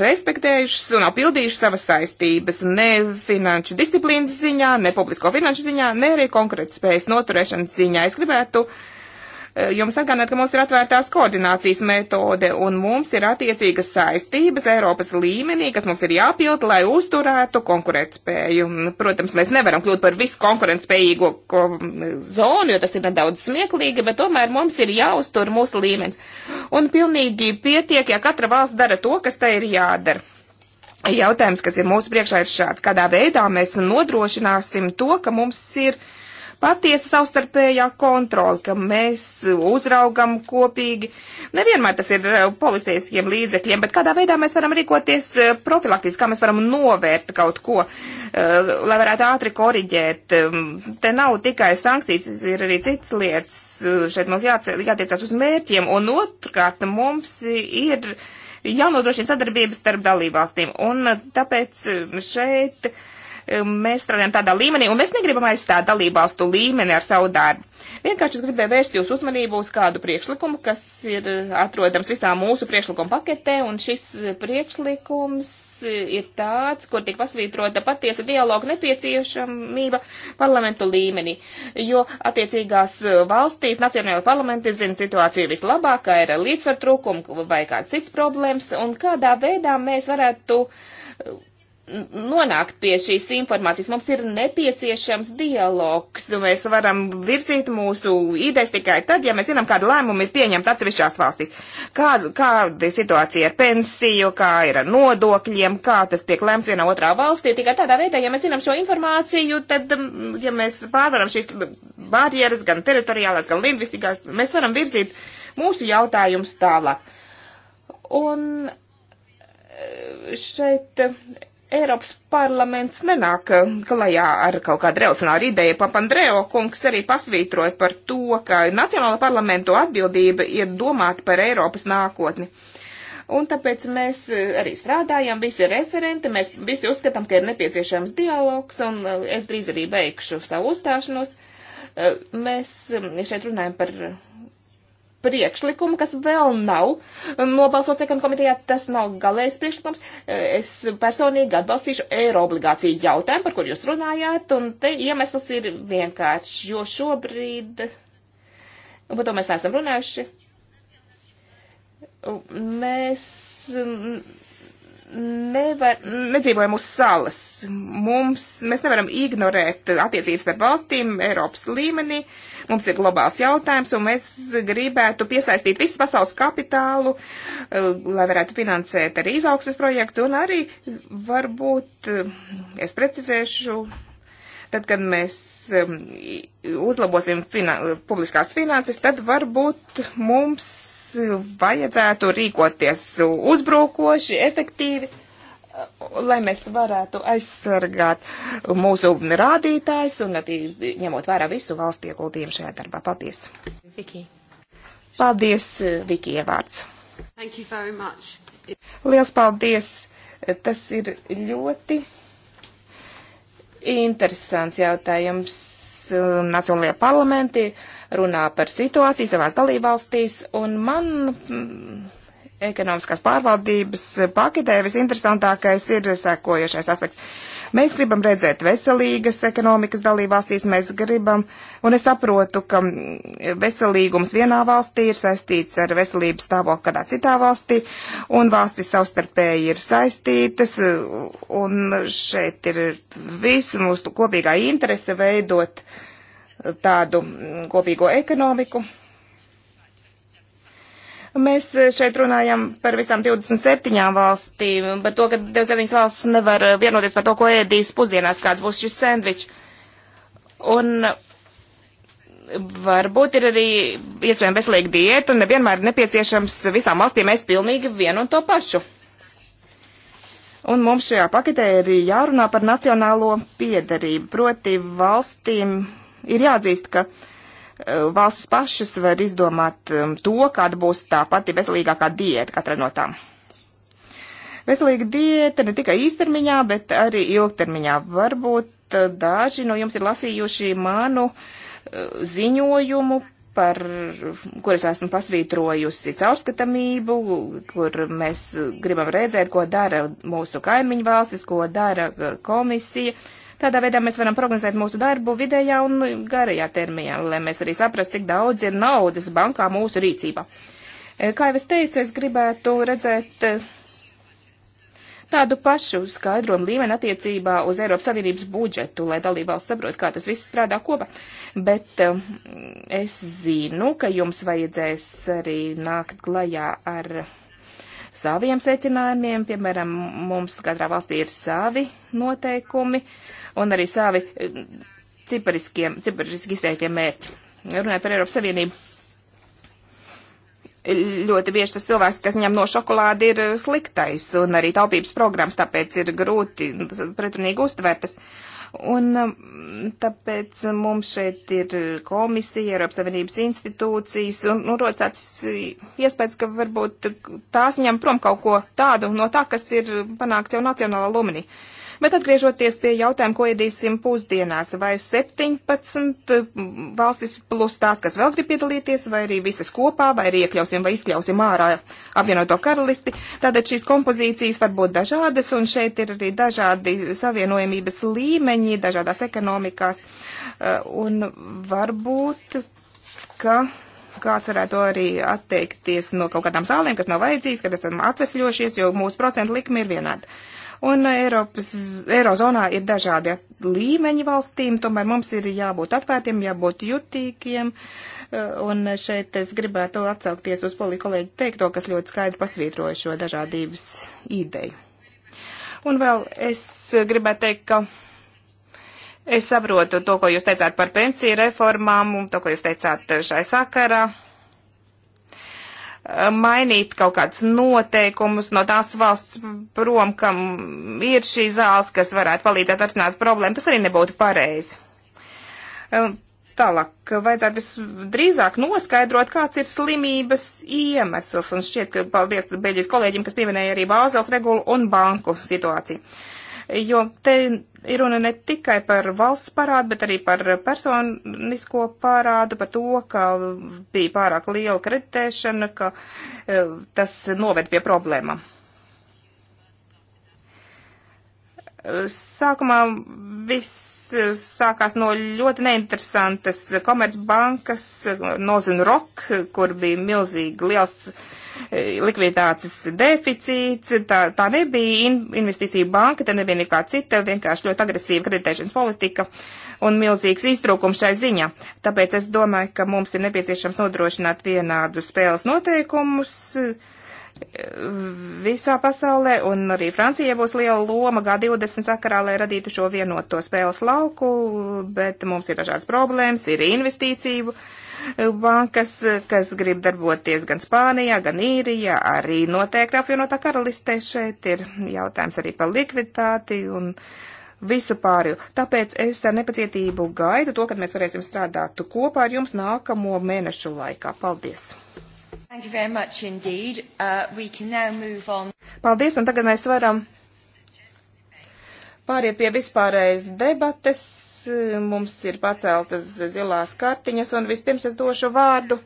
respektējušas un nav pildījušas savas saistības ne finanšu disciplīnas ziņā, ne publisko finanšu ziņā, ne arī konkrētas spējas noturēšanas ziņā. Es gribētu uh, Eh, jums atgādināt, ka mums ir atvērtās koordinācijas metode un mums ir attiecīgas saistības Eiropas līmenī, kas mums ir jāpild, lai uzturētu konkurētspēju. Protams, mēs nevaram kļūt par visu konkurētspējīgo zonu, jo tas ir nedaudz smieklīgi, bet tomēr mums ir jāuztur mūsu līmenis. Un pilnīgi pietiek, ja katra valsts dara to, kas tai ir jādara. Jautājums, kas ir mūsu priekšā, ir šāds, kādā veidā mēs nodrošināsim to, ka mums ir uh, patiesa savstarpējā kontrola, ka mēs uzraugam kopīgi. Nevienmēr tas ir eh, policijas līdzekļiem, bet kādā veidā mēs varam rīkoties eh, profilaktiski, kā mēs varam novērst kaut ko, eh, lai varētu ātri koriģēt. Ehm, te nav tikai sankcijas, ir arī citas lietas. Šeit mums jātiecās uz mērķiem, un otrkārt mums ir jānodrošina sadarbības starp dalībvalstīm. Un tāpēc šeit. Uh, Mēs strādājam tādā līmenī, un mēs negribam aizstāt dalībvalstu līmeni ar savu darbu. Vienkārši es gribēju vērst jūsu uzmanību uz kādu priekšlikumu, kas ir atrodams visā mūsu priekšlikuma paketē, un šis priekšlikums ir tāds, kur tiek pasvītrota patiesa dialoga nepieciešamība parlamentu līmenī, jo attiecīgās valstīs nacionālajā parlamenti zina situāciju vislabāk, kā ir līdzsvar trūkumi vai kāds cits problēmas, un kādā veidā mēs varētu nonākt pie šīs informācijas. Mums ir nepieciešams dialogs. Nu, mēs varam virzīt mūsu idejas tikai tad, ja mēs zinām, kāda lēmuma ir pieņemta atsevišķās valstīs. Kā, kāda ir situācija ar pensiju, kā ir ar nodokļiem, kā tas tiek lēmts vienā otrā valstī. Tikai tādā veidā, ja mēs zinām šo informāciju, tad, mm, ja mēs pārvaram šīs barjeras, gan teritoriālās, gan lingvistiskās, mēs varam virzīt mūsu jautājumus tālāk. Un e, šeit Eiropas parlaments nenāk klajā eh, ar kaut kādu revolucionāru ideju. Papandreo kungs arī pasvītroja par to, ka Nacionāla parlamentu atbildība ir domāt par Eiropas nākotni. Un tāpēc mēs eh, arī strādājam, visi referenti, mēs visi uzskatām, ka ir nepieciešams dialogs, un eh, es drīz arī beigšu savu uzstāšanos. Mēs šeit runājam par priekšlikumu, kas vēl nav um, nobalsots ekonomikas komitejā. Tas nav galējs priekšlikums. E, es personīgi atbalstīšu eiro obligāciju jautājumu, par kur jūs runājāt, un te iemesls ir vienkāršs, jo šobrīd, un par to mēs neesam runājuši, mēs nevar, nedzīvojam uz salas. Mums, mēs nevaram ignorēt attiecības ar valstīm Eiropas līmenī. Mums ir globāls jautājums, un mēs gribētu piesaistīt visu pasaules kapitālu, eh, lai varētu finansēt arī izaugsmes projekts, un arī varbūt eh, es precizēšu. Tad, kad mēs eh, uzlabosim finan publiskās finanses, tad varbūt mums vajadzētu rīkoties uzbrukoši, efektīvi, lai mēs varētu aizsargāt mūsu rādītājs un ņemot vērā visu valsts ieguldījumu šajā darbā. Paldies! Viki. Paldies, Viki, ievārds! Liels paldies! Tas ir ļoti interesants jautājums. Nacionālajie parlamenti runā par situāciju savās dalībvalstīs, un man mm, ekonomiskās pārvaldības paketē visinteresantākais ir sekojošais aspekts. Mēs gribam redzēt veselīgas ekonomikas dalībvalstīs, mēs gribam, un es saprotu, ka mm, veselīgums vienā valstī ir saistīts ar veselības stāvokli kādā citā valstī, un valstis savstarpēji ir saistītas, un šeit ir visu mūsu kopīgā interese veidot uh, tādu mm, kopīgo ekonomiku. Mēs šeit runājam par visām 27 valstīm, par to, ka 27 valsts nevar vienoties par to, ko ēdīs pusdienās, kāds būs šis sendvičs. Un varbūt ir arī iespējama veselīga diēta un nevienmēr ir nepieciešams visām valstīm ēst pilnīgi vienu un to pašu. Un mums šajā paketē ir jārunā par nacionālo piedarību, proti valstīm ir jāatzīst, ka e, valstis pašas var izdomāt e, to, kāda būs tā pati veselīgākā diēta katra no tām. Veselīga diēta ne tikai īstermiņā, bet arī ilgtermiņā. Varbūt e, daži no jums ir lasījuši manu ziņojumu, par, kur es esmu pasvītrojusi caurskatamību, kur mēs gribam redzēt, ko dara mūsu kaimiņu valstis, ko dara komisija. Uh, Tādā veidā mēs varam prognozēt mūsu darbu vidējā un garajā termiņā, lai mēs arī saprastu, cik daudz ir naudas bankā mūsu rīcībā. E, kā jau es teicu, es gribētu redzēt e, tādu pašu skaidrojumu līmeni attiecībā uz Eiropas Savienības budžetu, lai dalībvalsts saprot, kā tas viss strādā kopā. Bet e, es zinu, ka jums vajadzēs arī nākt klajā ar saviem secinājumiem. Piemēram, mums katrā valstī ir savi noteikumi. Uh, un arī savi eh, cipariskiem, cipariski izteiktie mērķi. Runājot par Eiropas Savienību, ļoti bieži tas cilvēks, kas ņem no šokolādi, ir eh, sliktais, un arī taupības programmas tāpēc ir grūti pretrunīgi uztvērtas. Un mm, tāpēc mums šeit ir komisija, Eiropas Savienības institūcijas, un nu, rodas tāds eh, iespējas, ka varbūt tās ņem prom kaut ko tādu no tā, kas ir panākts jau nacionālā lumenī. Uh, Bet atgriežoties pie jautājuma, ko ēdīsim pusdienās, vai 17 eh, valstis plus tās, kas vēl grib piedalīties, vai arī visas kopā, vai arī iekļausim vai izkļausim ārā apvienoto karalisti. Tātad šīs kompozīcijas var būt dažādas, un šeit ir arī dažādi savienojamības līmeņi dažādās ekonomikās. Eh, un varbūt, ka kāds varētu arī atteikties no kaut kādām zālēm, kas nav vajadzīgas, kad esam atvesļojušies, jo mūsu procentu likme ir vienāda. Un Eiropas, Eirozonā ir dažādi līmeņi valstīm, tomēr mums ir jābūt atvērtiem, jābūt jutīgiem. Un šeit es gribētu atsaukties uz polikolēģi teikto, kas ļoti skaidri pasvītroja šo dažādības ideju. Un vēl es gribētu teikt, ka. Es saprotu to, ko jūs teicāt par pensiju reformām un to, ko jūs teicāt šai sakarā. Eh, mainīt kaut kādus noteikumus no tās valsts prom, kam ir šī zāles, kas varētu palīdzēt atrisināt problēmu. Tas arī nebūtu pareizi. Eh, Tālāk, vajadzētu visdrīzāk noskaidrot, kāds ir slimības iemesls, un šķiet, ka paldies Beļģijas kolēģim, kas pieminēja arī bāzels regulu un banku situāciju. Uh, jo te ir runa ne tikai par valsts parādu, bet arī par personisko parādu, par to, ka bija pārāk liela kreditēšana, ka e, tas noved pie problēmām. Sākumā viss sākās no ļoti neinteresantas Komercbankas Nozun Rock, kur bija milzīgi liels uh, likviditātes deficīts, tā, tā nebija investīcija banka, tā nebija nekā cita, vienkārši ļoti agresīva kreditēšana politika un milzīgs iztrūkums šai ziņā. Tāpēc es domāju, ka mums ir nepieciešams nodrošināt vienādu spēles noteikumus eh, visā pasaulē, un arī Francija būs liela loma G20 sakarā, lai radītu šo vienoto spēles lauku, bet mums ir dažādas problēmas, ir investīciju bankas, kas grib darboties gan Spānijā, gan Īrijā, arī noteikti apvienotā karalistē šeit ir jautājums arī par likviditāti un visu pārējo. Tāpēc es ar nepacietību gaidu to, kad mēs varēsim strādāt kopā ar jums nākamo mēnešu laikā. Paldies! Thank you very much indeed. Uh, we can now move on. Paldies, un tagad mēs varam pāriet pie vispārējas debates. Mums ir paceltas zilās kartiņas, un vispirms es došu vārdu.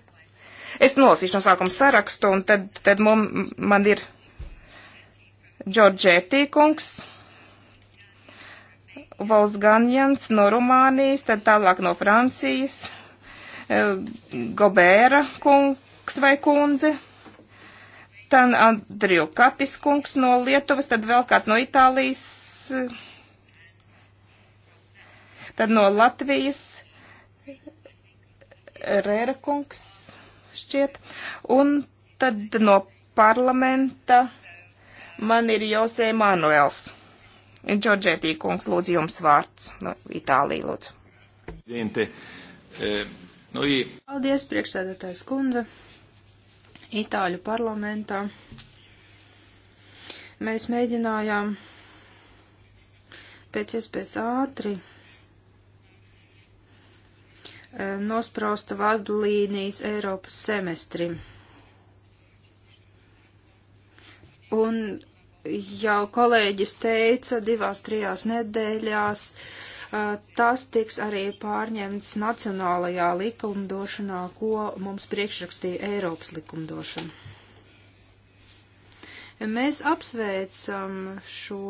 Es nolasīšu no sākuma sarakstu, un tad, tad mum, man ir Džordžētī kungs, Volsganjans no Rumānijas, tad tālāk no Francijas, e, Gobēra kungs vai kundze, tad Andriju Katis kungs no Lietuvas, tad vēl kāds no Itālijas Tad no Latvijas Rēra kungs šķiet. Un tad no parlamenta man ir Jose Manuels. Džordžētī kungs, lūdzu jums vārds. No Itālija, lūdzu. Diente, eh, no i... Paldies, priekšsēdētājs kundze. Itāļu parlamentā mēs mēģinājām pēc iespējas ātri Um, nosprausta vadlīnijas Eiropas semestrim. Un jau kolēģis teica, divās, trijās nedēļās uh, tas tiks arī pārņemts nacionālajā likumdošanā, ko mums priekšrakstīja Eiropas likumdošana. Mēs apsveicam šo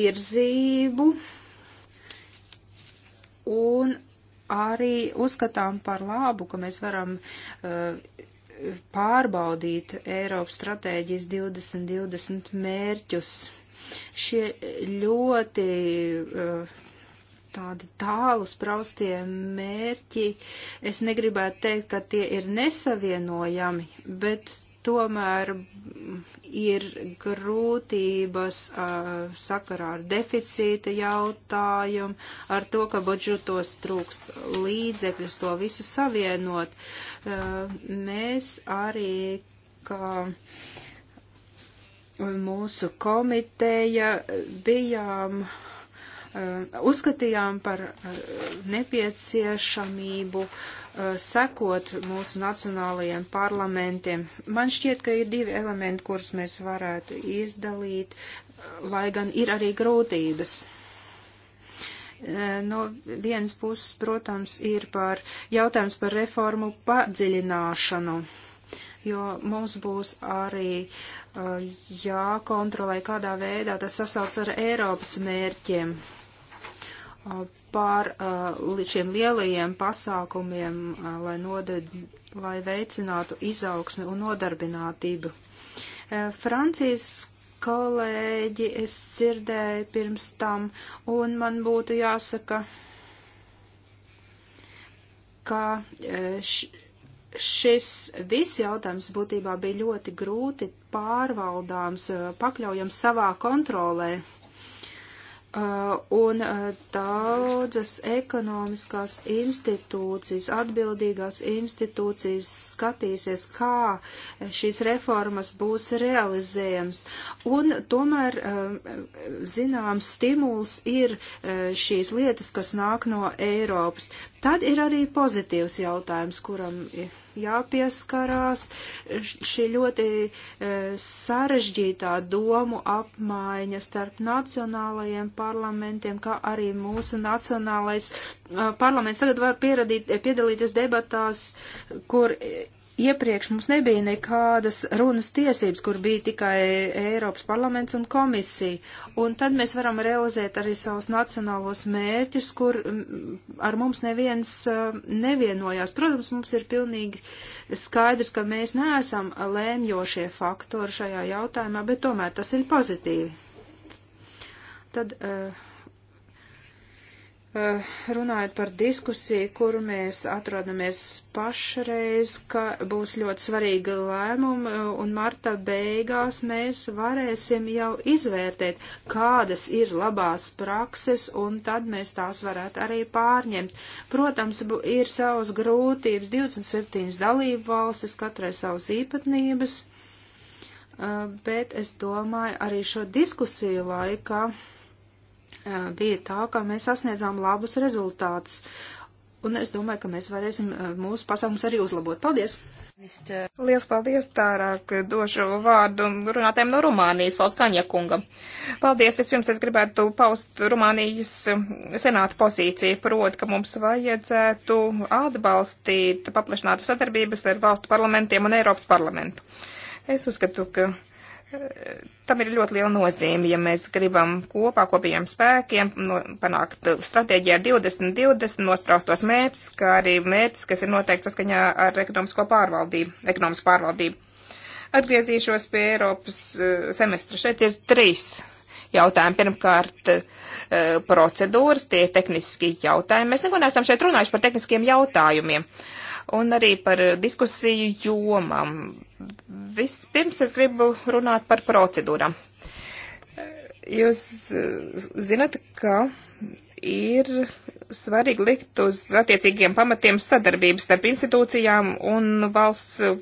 virzību, un arī uzskatām par labu, ka mēs varam uh, pārbaudīt Eiropas stratēģijas 2020 mērķus. Šie ļoti uh, tādi tālu spraustie mērķi, es negribētu teikt, ka tie ir nesavienojami, bet tomēr ir grūtības uh, sakarā ar deficīta jautājumu, ar to, ka budžetos trūkst līdzekļus to visu savienot. Uh, mēs arī, kā mūsu komiteja, bijām uh, uzskatījām par uh, nepieciešamību uh, Uh, sekot mūsu nacionālajiem parlamentiem. Man šķiet, ka ir divi elementi, kurus mēs varētu izdalīt, uh, lai gan ir arī grūtības. Uh, no vienas puses, protams, ir par jautājums par reformu padziļināšanu, jo mums būs arī jākontrolē, kādā veidā tas sasauc ar Eiropas mērķiem par uh, šiem lielajiem pasākumiem, uh, lai, nodod, lai veicinātu izaugsmi un nodarbinātību. Uh, Francijas kolēģi es dzirdēju pirms tam, un man būtu jāsaka, ka uh, š, šis viss jautājums būtībā bija ļoti grūti pārvaldāms, uh, pakļaujams savā kontrolē. Uh, Uh, un uh, daudzas ekonomiskās institūcijas, atbildīgās institūcijas skatīsies, kā šīs reformas būs realizējams. Un tomēr, uh, zināms, stimuls ir šīs lietas, kas nāk no Eiropas. Tad ir arī pozitīvs jautājums, kuram jāpieskarās šī ļoti e, sarežģītā domu apmaiņa starp nacionālajiem parlamentiem, kā arī mūsu nacionālais e, parlaments tagad var pieradīt, piedalīties debatās, kur Iepriekš mums nebija nekādas runas tiesības, kur bija tikai Eiropas parlaments un komisija. Un tad mēs varam realizēt arī savus nacionālos mērķus, kur ar mums neviens uh, nevienojās. Protams, mums ir pilnīgi skaidrs, ka mēs neesam lēmjošie faktori šajā jautājumā, bet tomēr tas ir pozitīvi. Tad uh, Eh, runājot par diskusiju, kur mēs atrodamies pašreiz, ka būs ļoti svarīga lēmuma, eh, un marta beigās mēs varēsim jau izvērtēt, kādas ir labās prakses, un tad mēs tās varētu arī pārņemt. Protams, ir savas grūtības, 27 dalību valstis, katrai savas īpatnības, eh, bet es domāju, arī šo diskusiju laikā bija tā, ka mēs sasniedzām labus rezultātus. Un es domāju, ka mēs varēsim mūsu pasākums arī uzlabot. Paldies! Lielas paldies! Tārāk došu vārdu runātēm no Rumānijas valsts kaņakungam. Paldies! Vispirms es gribētu paust Rumānijas senāta pozīciju, proti, ka mums vajadzētu atbalstīt paplašinātu sadarbības ar valstu parlamentiem un Eiropas parlamentu. Es uzskatu, ka tam ir ļoti liela nozīme, ja mēs gribam kopā, kopējiem spēkiem no, panākt stratēģijā 2020 nospraustos mērķus, kā arī mērķus, kas ir noteikti saskaņā ar ekonomisko pārvaldību, ekonomisku pārvaldību. Atgriezīšos pie Eiropas eh, semestra. Šeit ir trīs jautājumi. Pirmkārt, eh, procedūras, tie tehniski jautājumi. Mēs neko neesam šeit runājuši par tehniskiem jautājumiem. Uh, un arī par diskusiju jomām. Vispirms es gribu runāt par procedūram. Jūs zinat, ka ir svarīgi likt uz attiecīgiem pamatiem sadarbības starp institūcijām un valsts uh,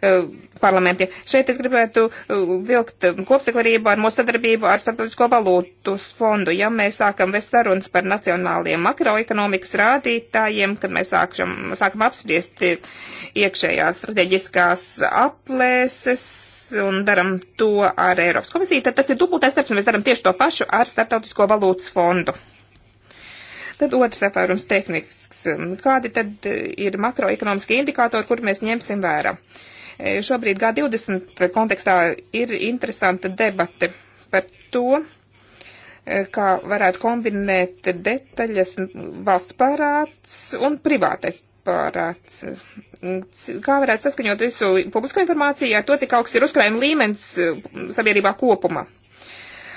eh, parlamentiem. Šeit es gribētu uh, vilkt kopsakarību ar mūsu sadarbību ar Starptautisko valūtus fondu. Ja mēs sākam vest sarunas par nacionāliem makroekonomikas rādītājiem, kad mēs sākam, sākam apspriest iekšējās strateģiskās aplēses, un darām to ar Eiropas komisiju, tad tas ir dubultais darbs, un mēs darām tieši to pašu ar Starptautisko valūtas fondu. Tad otrs apvērums tehnisks. Mm, kādi tad eh, ir makroekonomiski indikātori, kur mēs ņemsim vērā? E, šobrīd G20 kontekstā ir interesanta debate par to, e, kā varētu kombinēt detaļas valsts pārāds un privātais pārāds. Mm, kā varētu saskaņot visu publisko informāciju ar to, cik augsts ir uzkrājuma līmenis e, sabiedrībā kopumā?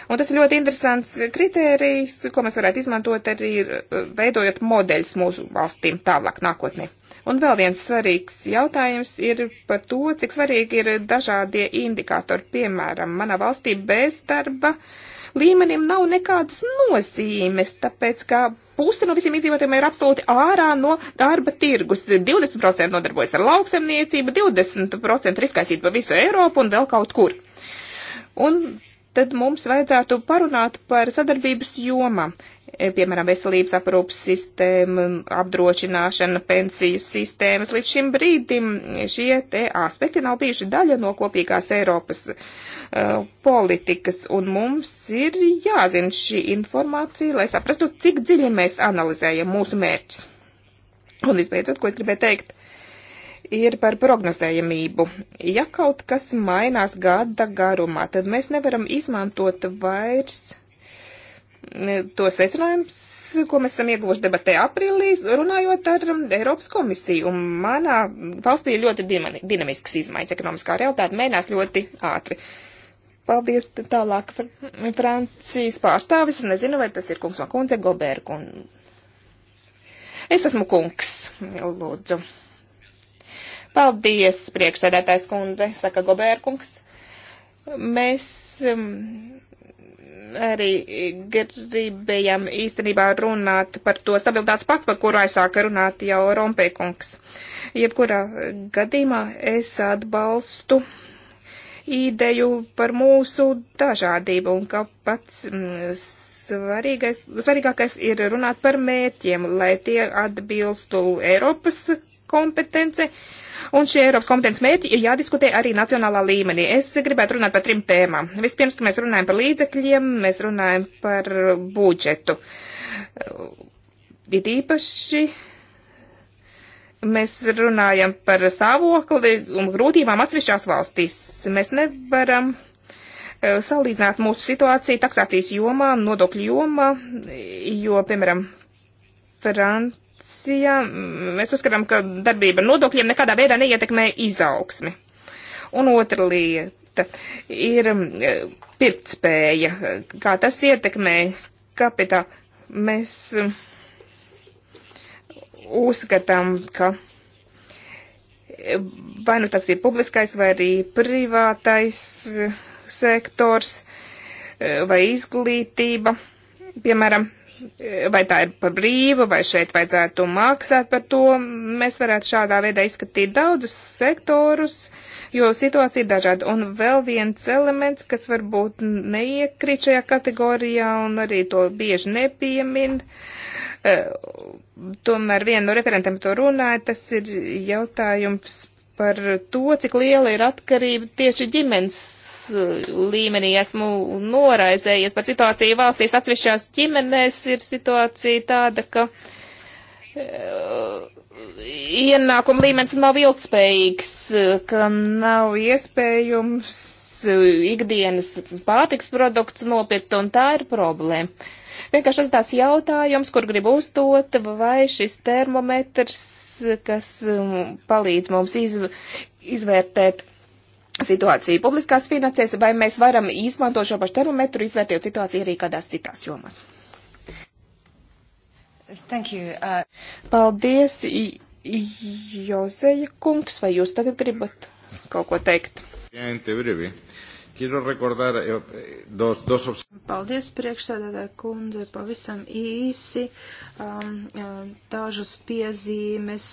Un tas ir ļoti interesants kritērijs, ko mēs varētu izmantot arī eh, veidojot modeļus mūsu valstīm tālāk nākotnē. Un vēl viens svarīgs jautājums ir par to, cik svarīgi ir dažādie indikātori. Piemēram, manā valstī bezdarba līmenim nav nekādas nozīmes, tāpēc ka puse no visiem iedzīvotājiem ir absolūti ārā no darba tirgus. 20% nodarbojas ar lauksemniecību, 20% ir izkaisīti pa visu Eiropu un vēl kaut kur. Un tad mums vajadzētu parunāt par sadarbības jomām. E, piemēram, veselības aprūpas sistēma, apdrošināšana, pensiju sistēmas. Līdz šim brīdim šie te aspekti nav bijuši daļa no kopīgās Eiropas uh, politikas, un mums ir jāzina šī informācija, lai saprastu, cik dziļi mēs analizējam mūsu mērķus. Un visbeidzot, ko es gribēju teikt, ir par prognozējamību. Ja kaut kas mainās gada garumā, tad mēs nevaram izmantot vairs mm, to secinājums, ko mēs esam ieguvuši debatē aprīlī, runājot ar mm, Eiropas komisiju. Un manā valstī ir ļoti dinamisks izmaiņas, ekonomiskā realitāte mainās ļoti ātri. Paldies tālāk Francijas pārstāvis. Es nezinu, vai tas ir kungs vai kundze Goberg. Un... Es esmu kungs, lūdzu. Paldies, priekšsēdētājs kundze, saka Gobērkungs. Mēs um, arī gribējām īstenībā runāt par to stabilitātes paktu, par kuru aizsāka runāt jau Rompēkungs. Jebkurā gadījumā es atbalstu ideju par mūsu dažādību un ka pats mm, svarīgais, svarīgākais ir runāt par mērķiem, lai tie atbilstu Eiropas kompetenci, uh, Un šie Eiropas kompetences mērķi ir jādiskutē arī nacionālā līmenī. Es gribētu runāt par trim tēmām. Vispirms, ka mēs runājam par līdzekļiem, mēs runājam par budžetu. Ir īpaši mēs runājam par stāvokli un grūtībām atsevišķās valstīs. Mēs nevaram eh, salīdzināt mūsu situāciju taksācijas jomā, nodokļu jomā, jo, piemēram, Francija inflācija, mēs uzskatām, ka darbība ar nodokļiem nekādā veidā neietekmē izaugsmi. Un otra lieta ir mm, pirktspēja, kā tas ietekmē kapitālu. Mēs mm, uzskatām, ka vai nu tas ir publiskais vai arī privātais mm, sektors vai izglītība, piemēram, vai tā ir par brīvu, vai šeit vajadzētu maksāt par to. Mēs varētu šādā veidā izskatīt daudzus sektorus, jo situācija ir dažāda. Un vēl viens elements, kas varbūt neiekrīt šajā kategorijā un arī to bieži nepiemin, e, tomēr viena no referentiem to runāja, tas ir jautājums par to, cik liela ir atkarība tieši ģimenes līmenī esmu noraizējies par situāciju valstīs. Atsevišķās ģimenēs ir situācija tāda, ka eh, ienākuma līmenis nav ilgspējīgs, ka nav iespējams ikdienas pārtiks produkts nopirkt, un tā ir problēma. Vienkārši tas tāds jautājums, kur gribu uzdot, vai šis termometrs, kas mm, palīdz mums izv izvērtēt situāciju publiskās finansēs, vai mēs varam izmantot šo pašu termometru, izvērtējot situāciju arī kādās citās jomās. Thank you. Uh... Paldies, Jozeja kungs, vai jūs tagad gribat kaut ko teikt? Eh, Paldies, priekšsēdētāja kundze, pavisam īsi um, um dažas piezīmes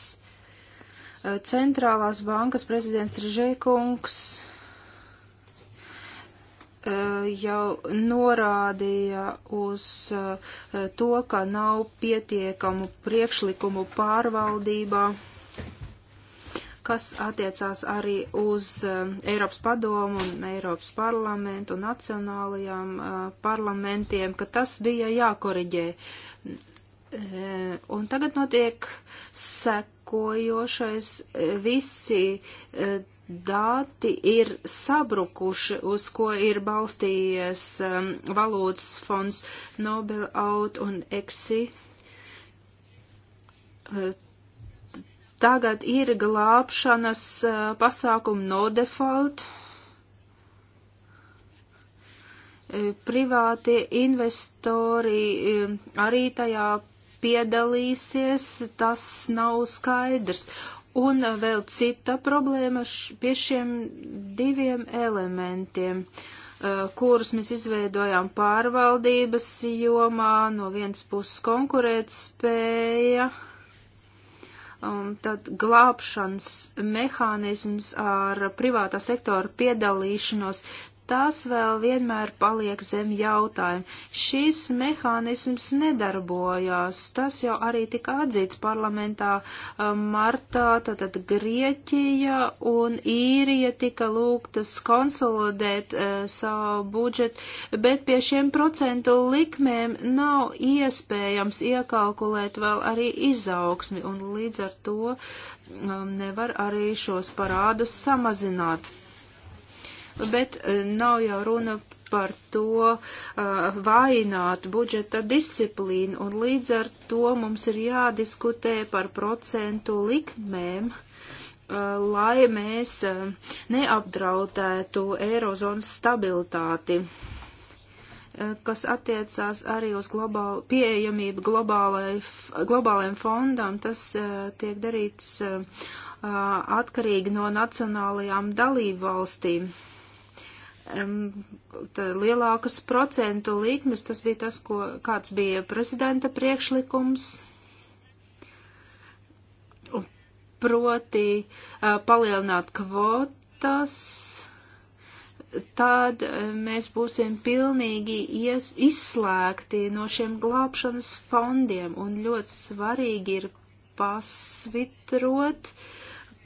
Centrālās bankas prezidents Trižēkungs eh, jau norādīja uz eh, to, ka nav pietiekamu priekšlikumu pārvaldībā, kas attiecās arī uz eh, Eiropas padomu un Eiropas parlamentu un nacionālajām parlamentiem, ka tas bija jākoriģē. Eh, un tagad notiek sekojošais. Eh, visi eh, dati ir sabrukuši, uz ko ir balstījies ehm, valūtas fonds Nobel Out un Exi. Tagad ir glābšanas pasākumu no default privātie investori arī tajā piedalīsies, tas nav skaidrs. Un vēl cita problēma pie šiem diviem elementiem, kurus mēs izveidojām pārvaldības jomā, no vienas puses konkurēt spēja, um, tad glābšanas mehānisms ar privātā sektora piedalīšanos, tas vēl vienmēr paliek zem jautājumu. Šis mehānisms nedarbojās, tas jau arī tika atzīts parlamentā um, martā, tātad Grieķija un Īrija tika lūgtas konsolidēt e, savu budžetu, bet pie šiem procentu likmēm nav iespējams iekalkulēt vēl arī izaugsmi un līdz ar to um, nevar arī šos parādus samazināt bet eh, nav jau runa par to uh, eh, vainot budžeta disciplīnu, un līdz ar to mums ir jādiskutē par procentu likmēm, uh, lai mēs uh, neapdraudētu eirozonas stabilitāti kas attiecās arī uz globālu, pieejamību globālai, globālajiem fondam, tas tiek darīts atkarīgi no nacionālajām dalību valstīm lielākas procentu likmes, tas bija tas, ko, kāds bija prezidenta priekšlikums, proti palielināt kvotas, tad mēs būsim pilnīgi ies, izslēgti no šiem glābšanas fondiem, un ļoti svarīgi ir pasvitrot uh,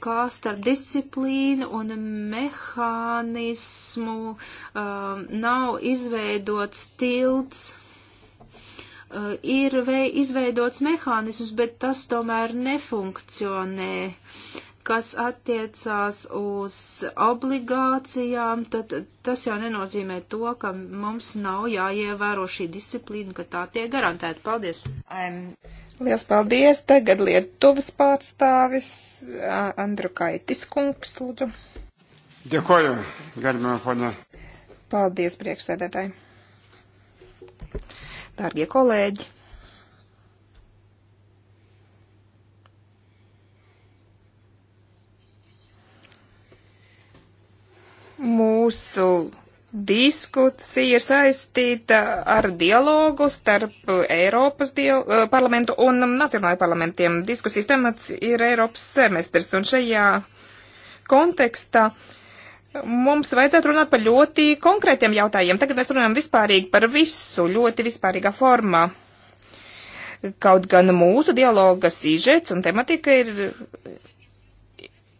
kā starp disciplīnu un mehānismu um, nav izveidots tilts. Uh, ir vei, izveidots mehānisms, bet tas tomēr nefunkcionē. Uh, kas attiecās uz obligācijām, tad tas jau nenozīmē to, ka mums nav jāievēro šī disciplīna, ka tā tiek garantēta. Paldies! Um. Liels paldies. Tagad Lietuvas pārstāvis Andru Kaitis kungs, lūdzu. Dēkoju, garbamā fonā. Paldies, priekšsēdētāji. Dārgie kolēģi. Mūsu diskusija ir saistīta ar dialogu starp Eiropas dial eh, parlamentu un nacionālajiem parlamentiem. Diskusijas temats ir Eiropas semestrs, un šajā kontekstā mums vajadzētu runāt par ļoti konkrētiem jautājumiem. Tagad mēs runājam vispārīgi par visu, ļoti vispārīgā formā. Kaut gan mūsu dialoga sižets un tematika ir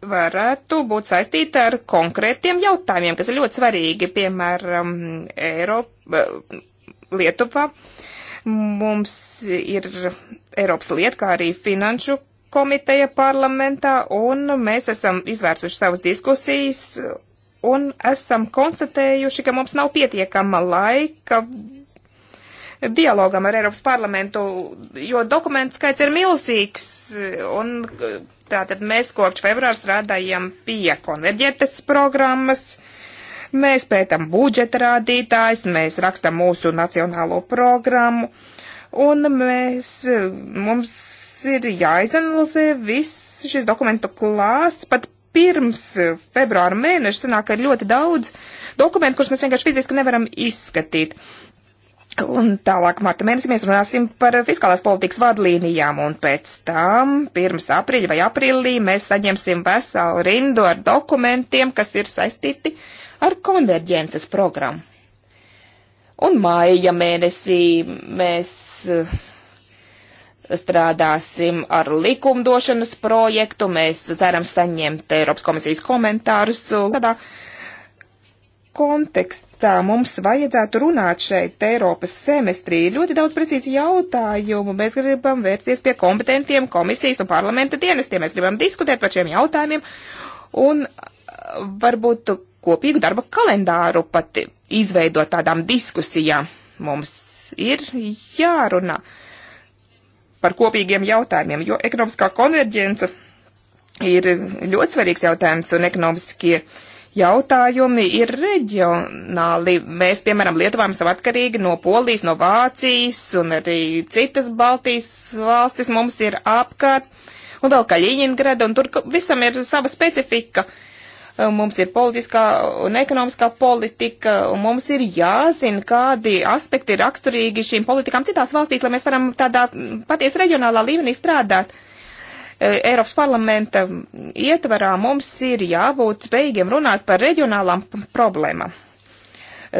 varētu būt saistīta ar konkrētiem jautājumiem, kas ir ļoti svarīgi, piemēram, Eiropa, Lietuvā. Mums ir Eiropas lieta, kā arī finanšu komiteja parlamentā, un mēs esam izvērsuši savas diskusijas un esam konstatējuši, ka mums nav pietiekama laika dialogam ar Eiropas parlamentu, jo dokumentu skaits ir milzīgs, un tātad mēs kopš februāra strādājam pie konverģētas programmas, mēs pētam budžeta rādītājs, mēs rakstam mūsu nacionālo programmu, un mēs, mums ir jāizanalizē viss šis dokumentu klāsts, pat pirms februāra mēneša sanāk, ka ir ļoti daudz dokumentu, kurus mēs vienkārši fiziski nevaram izskatīt. Un tālāk marta mēnesī mēs runāsim par fiskālās politikas vadlīnijām, un pēc tam, pirms aprīļa vai aprīlī, mēs saņemsim veselu rindu ar dokumentiem, kas ir saistīti ar konverģences programmu. Un māja mēnesī mēs eh, strādāsim ar likumdošanas projektu, mēs ceram saņemt Eiropas komisijas komentārus. Eh, tādā, uh, kontekstā mums vajadzētu runāt šeit Eiropas semestrī. Ļoti daudz precīzi jautājumu. Mēs gribam vērsties pie kompetentiem komisijas un parlamenta dienestiem. Mēs gribam diskutēt par šiem jautājumiem un uh, varbūt kopīgu darba kalendāru pat izveidot tādām diskusijām. Mums ir jārunā par kopīgiem jautājumiem, jo ekonomiskā konverģence ir ļoti svarīgs jautājums un ekonomiskie uh, jautājumi ir reģionāli. Mēs, piemēram, Lietuvā esam atkarīgi no Polijas, no Vācijas un arī citas Baltijas valstis mums ir apkārt. Un vēl Kaļiņingrada, un tur visam ir sava specifika. Um, mums ir politiskā un ekonomiskā politika, un mums ir jāzina, kādi aspekti ir raksturīgi šīm politikām citās valstīs, lai mēs varam tādā patiesi reģionālā līmenī strādāt. Uh, Eiropas parlamenta ietvarā mums ir jābūt spējīgiem runāt par reģionālām problēmām.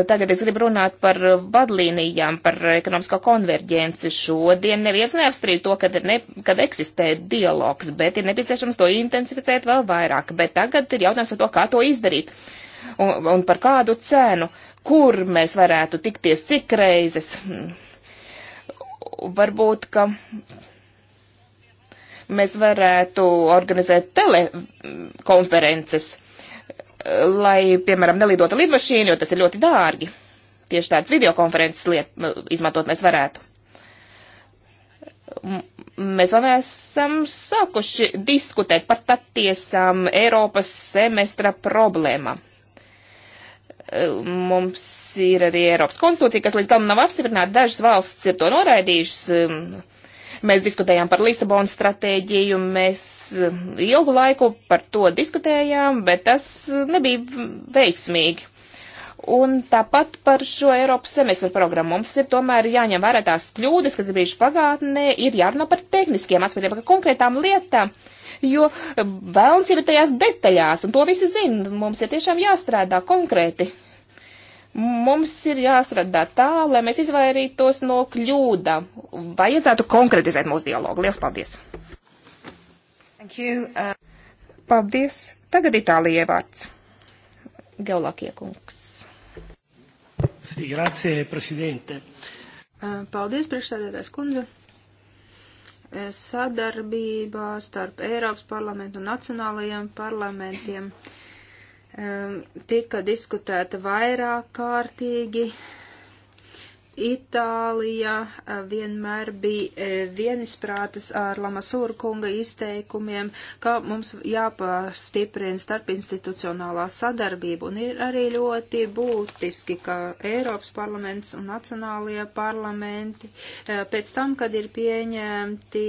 Tagad es gribu runāt par vadlīnijām, par ekonomisko konverģenci. Šodien neviens neapstrīd to, kad, ne, kad eksistē dialogs, bet ir nepieciešams to intensificēt vēl vairāk. Bet tagad ir jautājums par to, kā to izdarīt un, un par kādu cenu, kur mēs varētu tikties cik reizes. Varbūt, ka mēs varētu organizēt telekonferences, lai, piemēram, nelidota lidmašīna, jo tas ir ļoti dārgi. Tieši tādas videokonferences liet, nu, izmantot mēs varētu. M mēs vēl neesam sākuši diskutēt par patiesām Eiropas semestra problēmām. Mums ir arī Eiropas konstitūcija, kas līdz tam nav apstiprināta. Dažas valsts ir to noraidījušas Mēs diskutējām par Lisabonas stratēģiju, mēs eh, ilgu laiku par to diskutējām, bet tas eh, nebija veiksmīgi. Un tāpat par šo Eiropas semestra programmu mums ir tomēr jāņem vērā tās kļūdas, kas ir bijušas pagātnē, ir jārunā par tehniskiem aspektiem, par konkrētām lietām, jo vēlns ir tajās detaļās, un to visi zina. Mums ir tiešām jāstrādā konkrēti Mums ir jāsradā tā, lai mēs izvairītos no kļūdām. Vajadzētu konkretizēt mūsu dialogu. Lielas paldies! Thank you, uh... Paldies! Tagad Itālijai vārds. Geolākie kungs. Sī, grazie, prezidente. Uh, paldies, priekšsēdētājs kundze uh, sadarbībā starp Eiropas parlamentu un nacionālajiem parlamentiem tika diskutēta vairāk kārtīgi. Itālija eh, vienmēr bija eh, vienisprātas ar Lamasūra kunga izteikumiem, ka mums jāpastiprina starpinstitucionālā sadarbība, un ir arī ļoti būtiski, ka Eiropas parlaments un nacionālajie parlamenti eh, pēc tam, kad ir pieņemti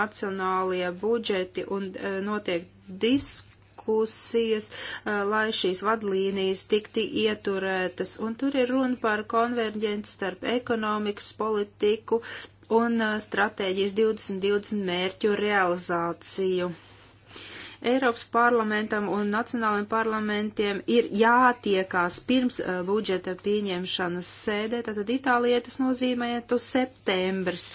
nacionālajie budžeti un notiek diskusija, diskusijas, eh, lai šīs vadlīnijas tikti ieturētas. Un tur ir runa par konverģenci starp ekonomikas politiku un eh, stratēģijas 2020 mērķu realizāciju. Eiropas parlamentam un nacionālajiem parlamentiem ir jātiekās pirms uh, budžeta pieņemšanas sēdē, tātad Itālijai tas nozīmē tu septembrs.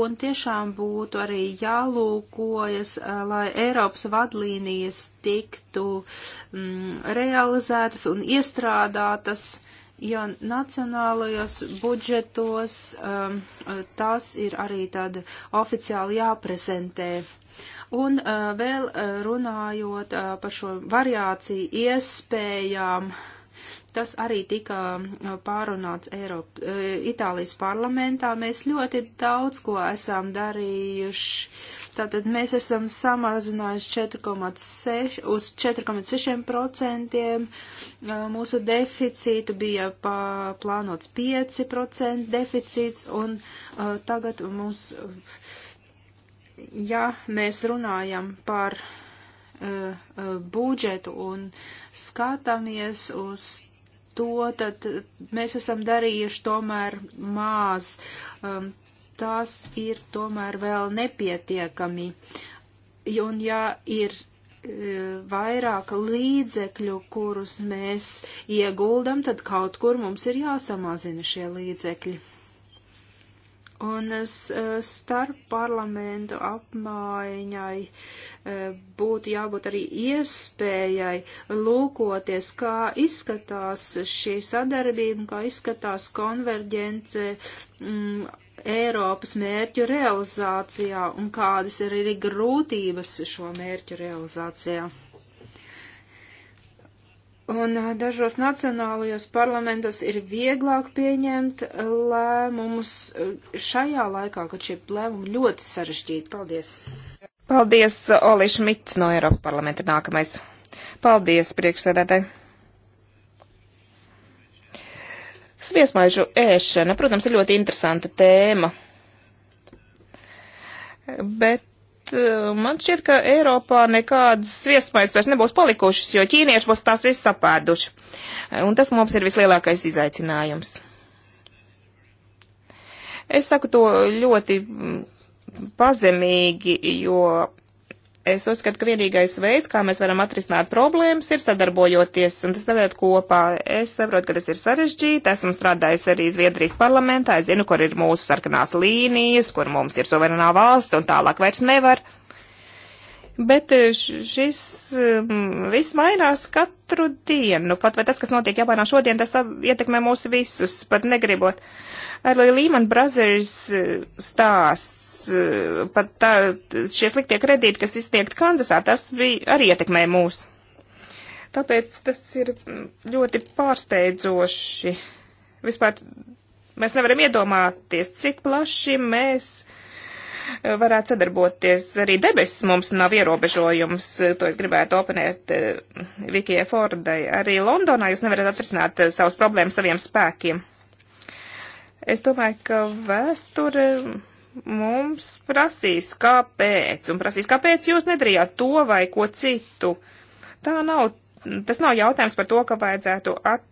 Un tiešām būtu arī jālūkojas, uh, lai Eiropas vadlīnijas tiktu mm, realizētas un iestrādātas jo nacionālajos budžetos um, uh, tas ir arī tāda oficiāli jāprezentē. Un uh, vēl uh, runājot uh, par šo variāciju iespējām, tas arī tika uh, pārunāts Eiropa, uh, Itālijas parlamentā. Mēs ļoti daudz ko esam darījuši. Tātad mēs esam samazinājuši 4,6 uz 4,6% uh, mūsu deficītu bija plānots 5% deficīts un tagad mums. Uh, ja mēs runājam par uh, budžetu un skatāmies uz to, tad mēs esam darījuši tomēr maz. Um, e, tās ir tomēr vēl nepietiekami. Un ja ir vairāk līdzekļu, kurus mēs ieguldam, tad kaut kur mums ir jāsamazina šie līdzekļi. Un e, starp parlamentu apmaiņai e, būtu jābūt arī iespējai lūkoties, kā izskatās šī sadarbība, kā izskatās konverģence m, mm, Eiropas mērķu realizācijā un kādas ir arī grūtības šo mērķu realizācijā. Un dažos nacionālajos parlamentos ir vieglāk pieņemt lēmumus šajā laikā, kad šie lēmumi ļoti sarežģīti. Paldies! Paldies, Oli Šmits no Eiropas parlamenta nākamais. Paldies, priekšsēdētāji! Sviesmaižu ēšana, protams, ir ļoti interesanta tēma, bet Eh, man šķiet, ka Eiropā nekādas sviestmaiņas vairs nebūs palikušas, jo ķīnieši būs tās viss apēduši. Eh, un tas mums ir vislielākais izaicinājums. Es saku to ļoti mm, pazemīgi, jo es uzskatu, ka vienīgais veids, kā mēs varam atrisināt problēmas, ir sadarbojoties un strādāt kopā. Es saprotu, ka tas ir sarežģīti. Esmu strādājis arī Zviedrijas parlamentā. Es zinu, kur ir mūsu sarkanās līnijas, kur mums ir suverenā valsts un tālāk vairs nevar. Bet eh, šis um, viss mainās katru dienu. Nu, pat vai tas, kas notiek Japānā šodien, tas ietekmē mūs visus, pat negribot. Arī Lehman Brothers eh, stāsts Eh, pat tā, šie sliktie kredīti, kas izsniegt Kanzasā, tas bija arī ietekmē mūs. Tāpēc tas ir ļoti pārsteidzoši. Vispār mēs nevaram iedomāties, cik plaši mēs eh, varētu sadarboties. Arī debesis mums nav ierobežojums, to es gribētu oponēt eh, Vikijai Fordai. Arī Londonā jūs nevarat atrisināt savus problēmas saviem spēkiem. Es domāju, ka vēsture mums prasīs, kāpēc, un prasīs, kāpēc jūs nedarījāt to vai ko citu. Tā nav, tas nav jautājums par to, ka vajadzētu at,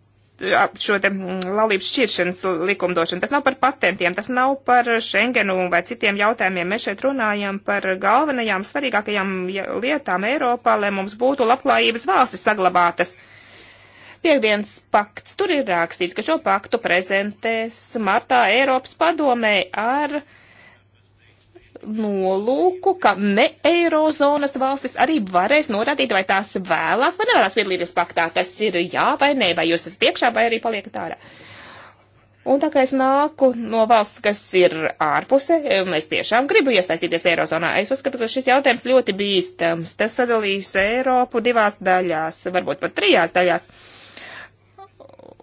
at šo te mm, laulības šķiršanas likumdošanu. Tas nav par patentiem, tas nav par Schengenu vai citiem jautājumiem. Mēs šeit runājam par galvenajām, svarīgākajām lietām Eiropā, lai mums būtu labklājības valstis saglabātas. Piekdienas pakts. Tur ir rakstīts, ka šo paktu prezentēs martā Eiropas padomē ar uh, nolūku, ka ne eirozonas valstis arī varēs norādīt, vai tās vēlās vai nevēlas piedalīties paktā. Tas ir jā vai nē, vai jūs esat iekšā vai arī paliekat ārā. Un tā kā es nāku no valsts, kas ir ārpuse, un es tiešām gribu iesaistīties Eirozonā, es uzskatu, ka šis jautājums ļoti bīstams. Tas sadalīs Eiropu divās daļās, varbūt pat trijās daļās.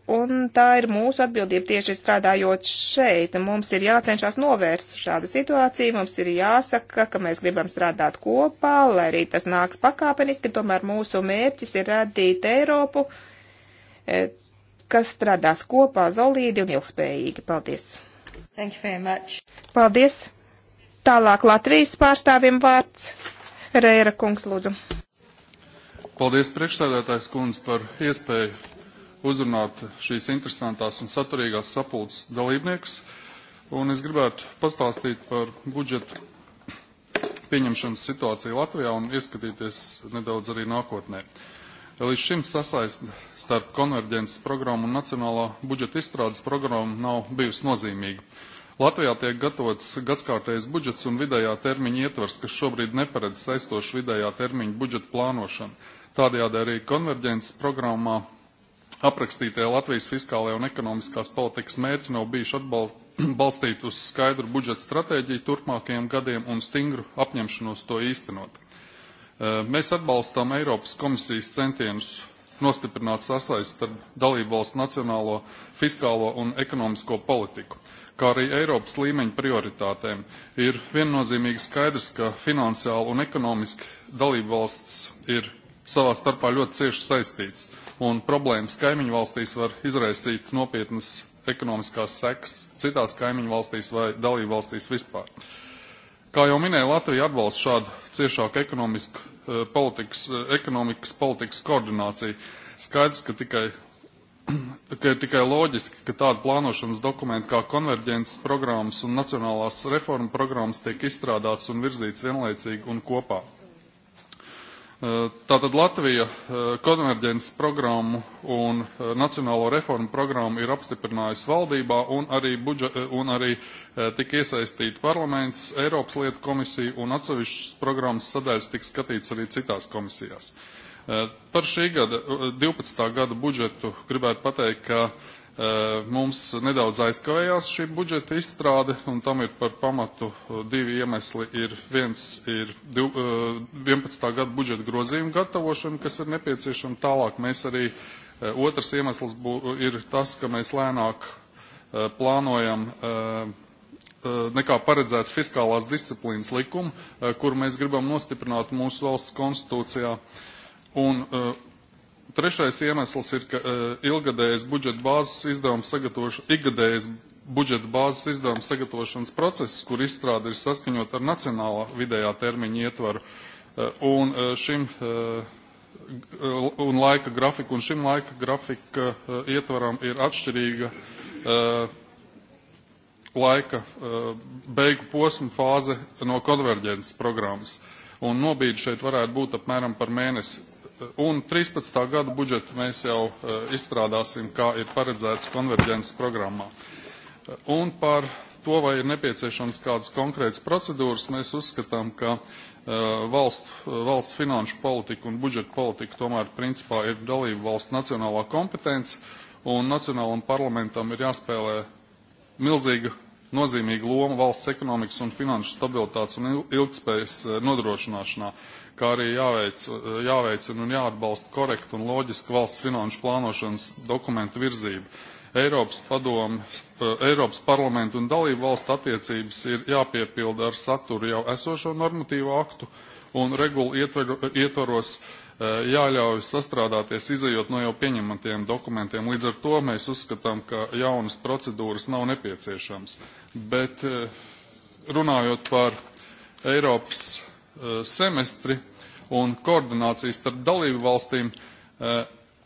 Un tā ir mūsu atbildība tieši strādājot šeit. Mums ir jācenšas novērst šādu situāciju, mums ir jāsaka, ka mēs gribam strādāt kopā, lai arī tas nāks pakāpeniski, tomēr mūsu mērķis ir radīt Eiropu, e, kas strādās kopā zolīdi un ilgspējīgi. Paldies! Thank you very much. Paldies! Tālāk Latvijas pārstāvjiem vārds. Reira kungs, lūdzu. Paldies priekšsēdētājs kundz par iespēju uzrunāt šīs interesantās un saturīgās sapulces dalībniekus. Un es gribētu pastāstīt par budžetu pieņemšanas situāciju Latvijā un ieskatīties nedaudz arī nākotnē. Līdz šim sasaist starp konverģences programmu un nacionālā budžeta izstrādes programmu nav bijusi nozīmīga. Latvijā tiek gatavots gadskārtējs budžets un vidējā termiņa ietvers, kas šobrīd neparedz saistošu vidējā termiņa budžeta plānošanu. Tādējādi arī konverģences programmā aprakstītie Latvijas fiskālajā un ekonomiskās politikas mērķi nav bijuši [CLEARS THROAT] balstīti uz skaidru budžeta stratēģiju turpmākajiem gadiem un stingru apņemšanos to īstenot. Mēs atbalstām Eiropas komisijas centienus nostiprināt sasaist starp dalību valstu nacionālo fiskālo un ekonomisko politiku, kā arī Eiropas līmeņa prioritātēm. Ir viennozīmīgi skaidrs, ka finansiāli un ekonomiski dalību valsts ir savā starpā ļoti cieši saistīts un problēmas kaimiņu valstīs var izraisīt nopietnas ekonomiskās sekas citās kaimiņu valstīs vai dalību valstīs vispār. Kā jau minēja, Latvija atbalsta šādu ciešāku ekonomisku, eh, politikas, eh, ekonomikas politikas koordināciju. Skaidrs, ka tikai [CLEARS THROAT] ka ir tikai loģiski, ka tādi plānošanas dokumenti kā konverģences programmas un nacionālās reforma programmas tiek izstrādāts un virzīts vienlaicīgi un kopā. Eh, tātad Latvija eh, konverģences programmu un eh, nacionālo reformu programmu ir apstiprinājusi valdībā un arī, budža, un arī tika iesaistīta parlaments, Eiropas lietu komisija un atsevišķas programmas sadaļas tika skatīts arī citās komisijās. Par šī gada 12. gada budžetu gribētu pateikt, ka Mums nedaudz aizkavējās šī budžeta izstrāde, un tam ir par pamatu divi iemesli. Ir viens ir 11. gada budžeta grozījuma gatavošana, kas ir nepieciešama tālāk. Mēs arī otrs iemesls bū, ir tas, ka mēs lēnāk plānojam nekā paredzēts fiskālās disciplīnas likumu, kuru mēs gribam nostiprināt mūsu valsts konstitūcijā. Un uh, Trešais iemesls ir, ka eh, ilgadējas budžeta bāzes izdevuma sagatavošana, ikgadējas budžeta bāzes izdevuma sagatavošanas process, kur izstrāde ir saskaņot ar nacionālā vidējā termiņa ietvaru, eh, un eh, šim un laika grafiku, un šim laika grafika ietvaram ir atšķirīga laika beigu posma fāze no konverģences programmas. Un nobīdi šeit varētu būt apmēram par mēnesi un 13. gada budžetu mēs jau eh, izstrādāsim, kā ir paredzēts konverģences programmā. Eh, un par to, vai ir nepieciešams kādas konkrētas procedūras, mēs uzskatām, ka eh, valstu, valsts finanšu politika un budžeta politika tomēr principā ir dalību valsts nacionālā kompetence, un nacionālam parlamentam ir jāspēlē milzīga nozīmīga loma valsts ekonomikas un finanšu stabilitātes un ilgspējas nodrošināšanā. Uh, kā arī jāveic, jāveicina un jāatbalsta korekta un loģiska valsts finanšu plānošanas dokumentu virzība. Eiropas padomu, eh, Eiropas parlamentu un dalību valstu attiecības ir jāpiepilda ar saturu jau esošo normatīvo aktu un regulu ietvaros eh, jāļauj sastrādāties, izējot no jau pieņematiem dokumentiem. Līdz ar to mēs uzskatām, ka jaunas procedūras nav nepieciešams. Bet eh, runājot par Eiropas semestri, un koordinācijas starp dalību valstīm eh,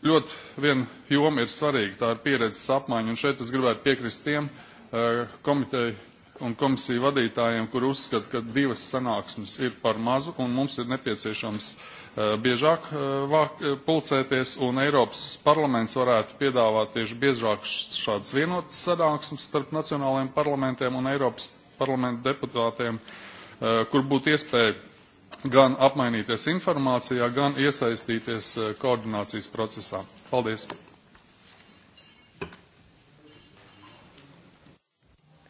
ļoti viena joma ir svarīga, tā ir pieredzes apmaiņa, un šeit es gribētu piekrist tiem eh, komiteju un komisiju vadītājiem, kur uzskata, ka divas sanāksmes ir par mazu un mums ir nepieciešams uh, biežāk uh, vāk, pulcēties un Eiropas parlaments varētu piedāvāt tieši biežāk šādas vienotas sanāksmes starp nacionālajiem parlamentiem un Eiropas parlamenta deputātiem, uh, kur būtu iespēja gan apmainīties informācijā, gan iesaistīties eh, koordinācijas procesā. Paldies!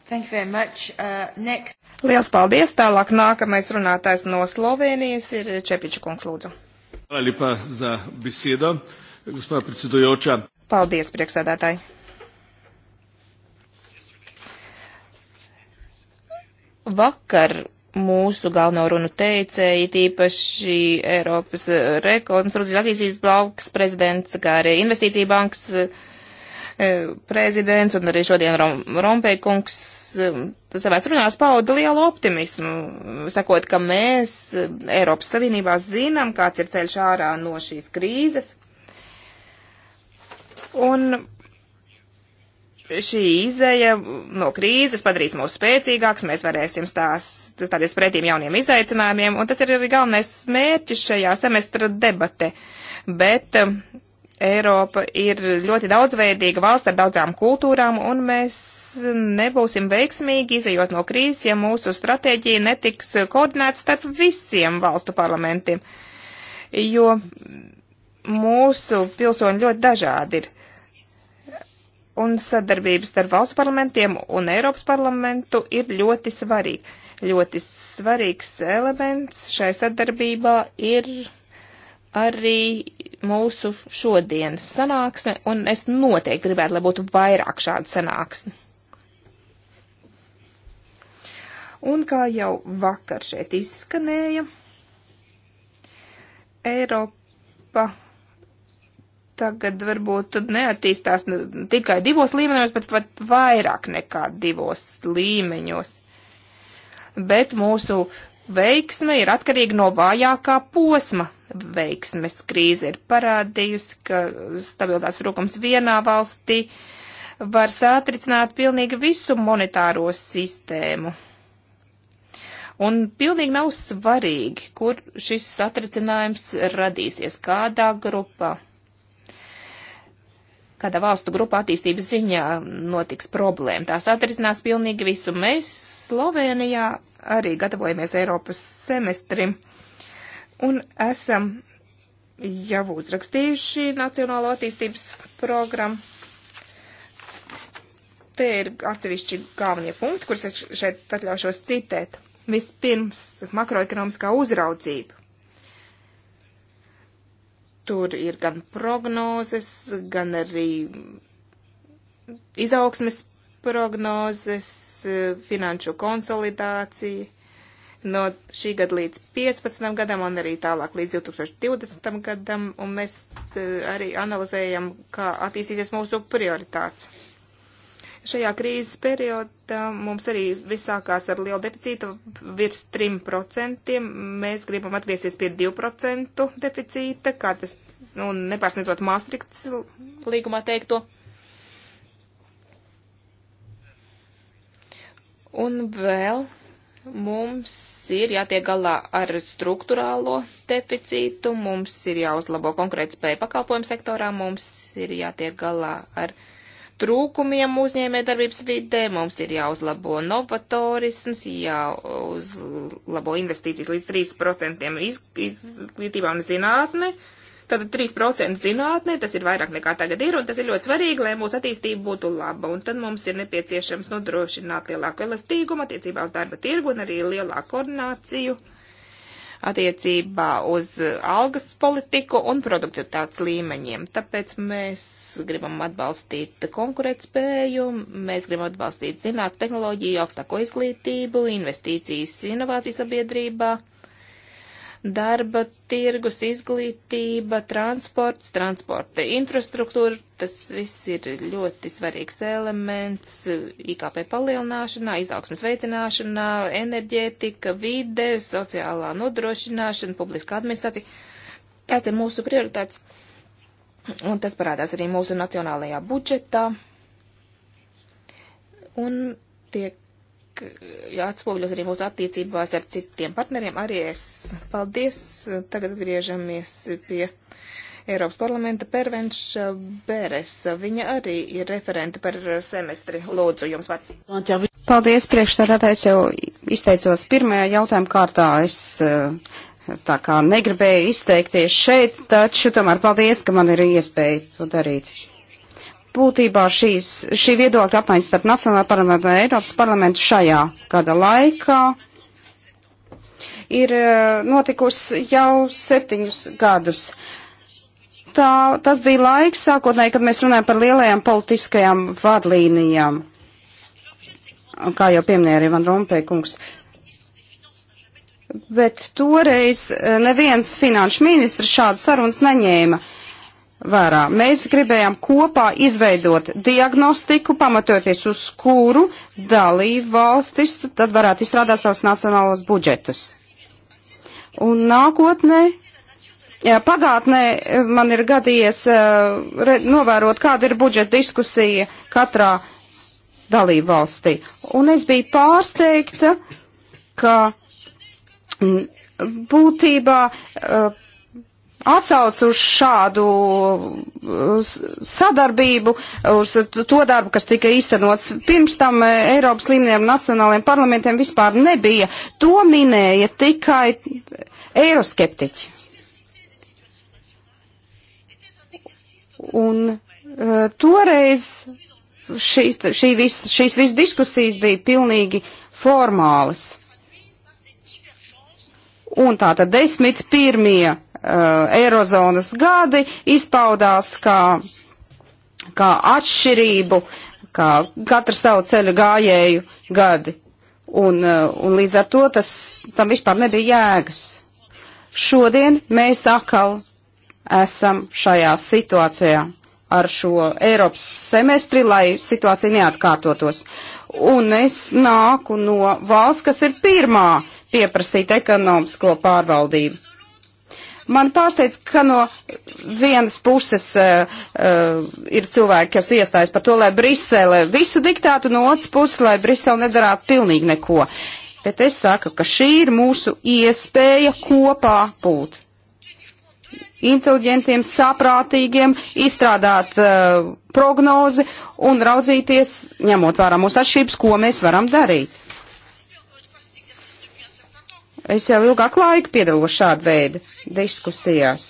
Thank you very much. Uh, next. Liels paldies! Tālāk nākamais runātājs no Slovenijas ir Čepiča kungs lūdzu. Hvala lepa za besedo, gospa predsedujoča. Paldies, priekšsēdētāji. Vakar mūsu galveno runu teicēji, tīpaši Eiropas eh, rekonstrukcijas attīstības bankas prezidents, kā arī investīcija bankas eh, prezidents un arī šodien Rom, Rompeikungs eh, savās runās pauda lielu optimismu, sakot, ka mēs Eiropas Savienībā zinām, kāds ir ceļš ārā no šīs krīzes. Un šī izēja no krīzes padarīs mūs spēcīgāks, mēs varēsim stās, stāties pretīm jauniem izaicinājumiem, un tas ir arī galvenais mērķis šajā semestra debate. Bet um, Eiropa ir ļoti daudzveidīga valsts ar daudzām kultūrām, un mēs nebūsim veiksmīgi izējot no krīzes, ja mūsu stratēģija netiks koordinēta starp visiem valstu parlamentiem, jo mūsu pilsoņi ļoti dažādi ir un sadarbības starp valstu parlamentiem un Eiropas parlamentu ir ļoti svarīga. Ļoti svarīgs elements šai sadarbībā ir arī mūsu šodienas sanāksme, un es noteikti gribētu, lai būtu vairāk šādu sanāksmi. Un kā jau vakar šeit izskanēja, Eiropa tagad varbūt neattīstās ne tikai divos līmeņos, bet pat vairāk nekā divos līmeņos. Bet mūsu veiksme ir atkarīga no vājākā posma. Veiksmes krīze ir parādījusi, ka stabilās rūkums vienā valstī var sātricināt pilnīgi visu monetāro sistēmu. Un pilnīgi nav svarīgi, kur šis satricinājums radīsies, kādā grupā kādā valstu grupa attīstības ziņā notiks problēma. Tās atrisinās pilnīgi visu. Mēs Slovenijā arī gatavojamies Eiropas semestrim un esam jau uzrakstījuši Nacionālo attīstības programmu. Te ir atsevišķi galvenie punkti, kurus es šeit atļaušos citēt. Vispirms makroekonomiskā uzraudzība. Tur ir gan prognozes, gan arī izaugsmes prognozes, finanšu konsolidācija no šī gada līdz 15 gadam un arī tālāk līdz 2020 gadam, un mēs eh, arī analizējam, kā attīstīsies mūsu prioritātes Šajā krīzes periodā mums arī viss sākās ar lielu deficītu virs 3%. Mēs gribam atgriezties pie 2% deficīta, kā tas, nu, nepārsniedzot Maastrichts līgumā teikto. Un vēl mums ir jātiek galā ar struktūrālo deficītu, mums ir jāuzlabo konkrēta spēja pakalpojumu sektorā, mums ir jātiek galā ar trūkumiem uzņēmē darbības vidē, mums ir jāuzlabo novatorisms, jāuzlabo investīcijas līdz 3% izglītībā un zinātne. Tātad 3% zinātnē, tas ir vairāk nekā tagad ir, un tas ir ļoti svarīgi, lai mūsu attīstība būtu laba. Un tad mums ir nepieciešams nodrošināt lielāku elastīgumu attiecībā uz darba tirgu un arī lielāku koordināciju attiecībā uz algas politiku un produktivitātes līmeņiem. Tāpēc mēs gribam atbalstīt konkurētspēju, mēs gribam atbalstīt zināt tehnoloģiju, augstāko izglītību, investīcijas inovācijas sabiedrībā darba tirgus, izglītība, transports, transporta infrastruktūra, tas viss ir ļoti svarīgs elements IKP palielināšanā, izaugsmas veicināšanā, enerģētika, vide, sociālā nodrošināšana, publiska administrācija. Tās ir mūsu prioritātes, un tas parādās arī mūsu nacionālajā budžetā. Un tiek jāatspoguļos arī mūsu attiecībās ar citiem partneriem. Arī es paldies. Tagad atgriežamies pie Eiropas parlamenta pervenša Beresa. Viņa arī ir referente par semestri. Lūdzu, jums vārds. Paldies, priekšsēdētājs jau izteicos pirmajā jautājuma kārtā. Es eh, tā kā negribēju izteikties šeit, taču tomēr paldies, ka man ir iespēja to darīt būtībā šīs, šī viedokļa apmaiņa starp Nacionālā parlamenta un Eiropas parlamentu šajā gada laikā ir eh, notikusi jau septiņus gadus. Tā, tas bija laiks sākotnēji, kad mēs runājam par lielajām politiskajām vadlīnijām, kā jau pieminēja arī Van Rompēkungs. Bet toreiz eh, neviens finanšu ministrs šādas sarunas neņēma. Uh, vērā. Mēs gribējām kopā izveidot diagnostiku, pamatoties uz kuru dalību valstis tad varētu izstrādāt savus nacionālos budžetus. Un nākotnē, jā, pagātnē man ir gadījies uh, re, novērot, kāda ir budžeta diskusija katrā dalību valstī. Un es biju pārsteigta, ka būtībā uh, atsauc uz šādu uh, sadarbību, uz to darbu, kas tika īstenots pirms tam uh, Eiropas līmeniem un nacionālajiem parlamentiem vispār nebija. To minēja tikai eiroskeptiķi. Un uh, toreiz šī, šī vis, šīs visas diskusijas bija pilnīgi formālas. Un tātad desmit pirmie Uh, Eirozonas gadi izpaudās kā, kā atšķirību, kā katra savu ceļu gājēju gadi. Un, uh, un līdz ar to tas, tam vispār nebija jēgas. Šodien mēs atkal esam šajā situācijā ar šo Eiropas semestri, lai situācija neatkārtotos. Un es nāku no valsts, kas ir pirmā pieprasīta ekonomisko pārvaldību Man pārsteidz, ka no vienas puses uh, uh, ir cilvēki, kas iestājas par to, lai Brisele visu diktātu, no otras puses, lai Brisele nedarātu pilnīgi neko. Bet es saku, ka šī ir mūsu iespēja kopā būt. Inteliģentiem, saprātīgiem, izstrādāt uh, prognozi un raudzīties, ņemot vērā mūsu atšķirības, ko mēs varam darīt. Es jau ilgāk laika piedalos šāda veida diskusijās.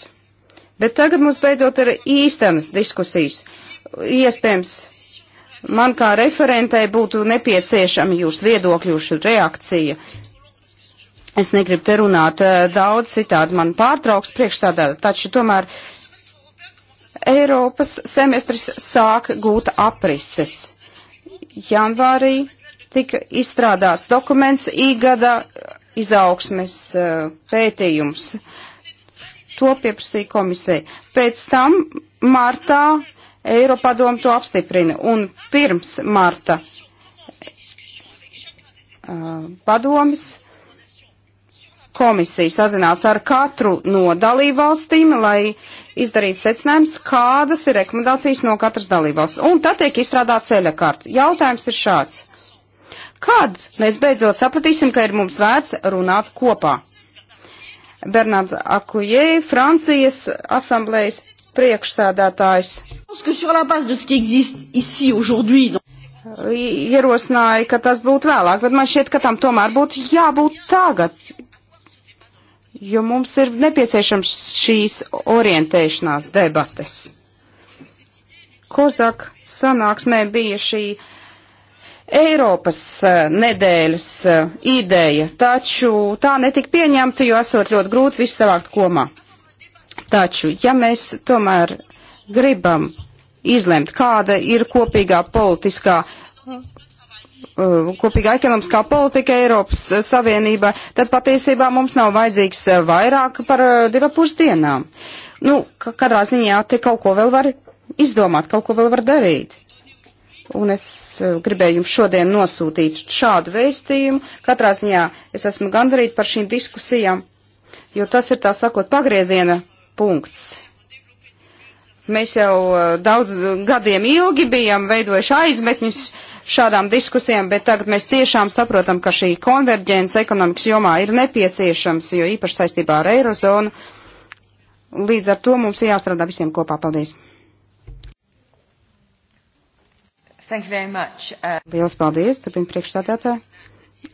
Bet tagad mums beidzot ir īstenas diskusijas. Iespējams, man kā referentei būtu nepieciešama jūsu viedokļu, jūsu reakcija. Es negribu te runāt eh, daudz, citādi man pārtrauks priekšstādā, taču tomēr Eiropas semestris sāk gūt aprises. Janvārī tika izstrādāts dokuments īgada izaugsmes eh, pētījums. To pieprasīja komisija. Pēc tam martā Eiropadoma to apstiprina un pirms marta eh, padomis komisija sazinās ar katru no dalībvalstīm, lai izdarītu secinājums, kādas ir rekomendācijas no katras dalībvalsts. Un tad tiek izstrādāta ceļa karta. Jautājums ir šāds. Kad mēs beidzot sapratīsim, ka ir mums vērts runāt kopā? Bernards Akujē, Francijas asamblējas priekšsēdētājs. Ierosināja, ka tas būtu vēlāk, bet man šķiet, ka tam tomēr būtu jābūt tagad, jo mums ir nepieciešams šīs orientēšanās debates. Kozak sanāksmē bija šī Eiropas eh, nedēļas eh, ideja, taču tā netika pieņemta, jo esot ļoti grūti visu savākt komā. Taču, ja mēs tomēr gribam izlemt, kāda ir kopīgā politiskā, eh, kopīgā ekonomiskā politika Eiropas Savienībā, tad patiesībā mums nav vajadzīgs vairāk par divapus dienām. Nu, katrā ziņā te kaut ko vēl var izdomāt, kaut ko vēl var darīt. Un es eh, gribēju jums šodien nosūtīt šādu vēstījumu. Katrā ziņā es esmu gandarīta par šīm diskusijām, jo tas ir tā sakot pagrieziena punkts. Mēs jau eh, daudz gadiem ilgi bijām veidojuši aizmetņus šādām diskusijām, bet tagad mēs tiešām saprotam, ka šī konverģence ekonomikas jomā ir nepieciešams, jo īpaši saistībā ar Eirozonu. Līdz ar to mums ir jāstrādā visiem kopā. Paldies! Uh... Lielas paldies, turpina priekšstādātāji.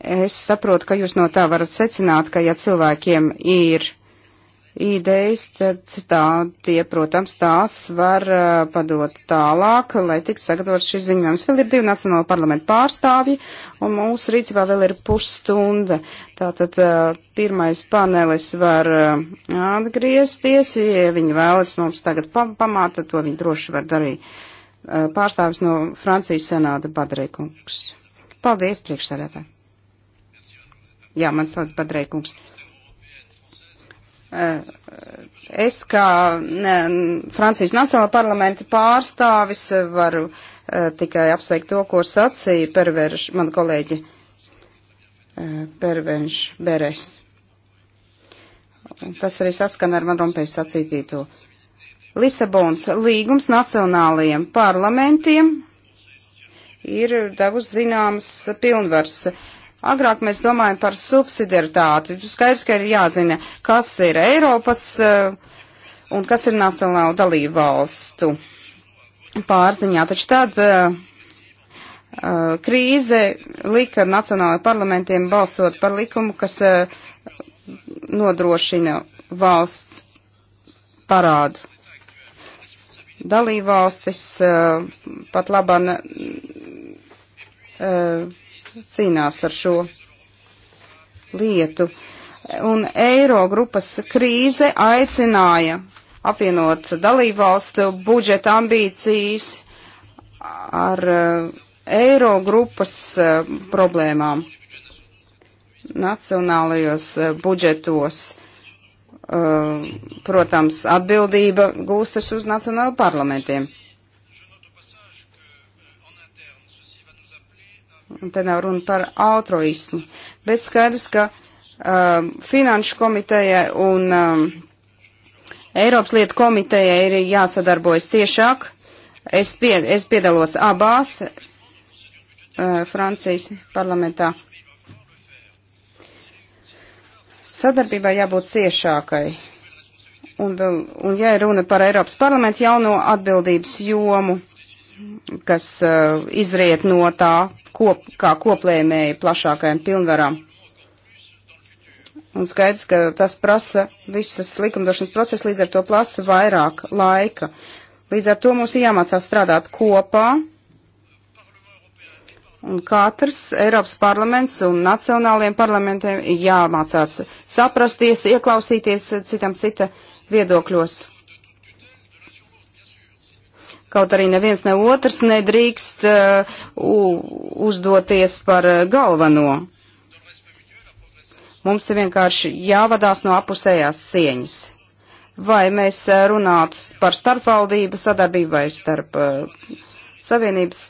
Es saprotu, ka jūs no tā varat secināt, ka ja cilvēkiem ir idejas, tad tā, tie, protams, tās var uh, padot tālāk, lai tik sagatavot šis ziņojums. Vēl ir divi nacionāla parlamenta pārstāvji, un mūsu rīcībā vēl ir pusstunda. Tātad uh, pirmais panelis var uh, atgriezties, ja viņi vēlas mums tagad pamāta, to viņi droši var darīt. Eh, pārstāvis no Francijas senāta Badreikungs. Paldies, priekšsēdētāji. Jā, man sauc Badreikungs. Eh, es kā Francijas Nacionāla parlamenta pārstāvis eh, varu tikai apsveikt to, ko sacīja perverš, man kolēģi pervenš Beres. Tas arī saskan ar man rompēju sacītīto. Lisabons līgums nacionālajiem parlamentiem ir devus zināmas pilnvars. Agrāk mēs domājam par subsidiaritāti. Skaidrs, ka ir jāzina, kas ir Eiropas eh, un kas ir nacionāla dalība valstu pārziņā. Taču tad uh, krīze lika nacionālajiem parlamentiem balsot par likumu, kas uh, nodrošina valsts parādu dalībvalstis uh, pat laban uh, cīnās ar šo lietu. Un eiro grupas krīze aicināja apvienot dalībvalstu budžeta ambīcijas ar uh, eiro grupas uh, problēmām nacionālajos budžetos. Uh, Uh, protams, atbildība gūstas uz nacionālu parlamentiem. Un te nav runa par altruismu, bet skaidrs, ka um, finanšu komitejai un um, Eiropas lietu komitejai ir jāsadarbojas ciešāk. Es, pie, es piedalos abās uh, Francijas parlamentā. Sadarbībai jābūt ciešākai. Un, vēl, un ja runa par Eiropas parlamentu jauno atbildības jomu, kas uh, izriet no tā, kop, kā koplēmēji plašākajām pilnvarām. Un skaidrs, ka tas prasa visas likumdošanas procesas, līdz ar to prasa vairāk laika. Līdz ar to mums ir jāmācās strādāt kopā, Un katrs Eiropas parlaments un nacionāliem parlamentiem jāmācās saprasties, ieklausīties citam cita viedokļos. Kaut arī neviens ne otrs nedrīkst uh, uzdoties par uh, galveno. Mums ir vienkārši jāvadās no apusējās cieņas. Vai mēs uh, runātu par starpvaldību sadarbību vai starp uh, savienības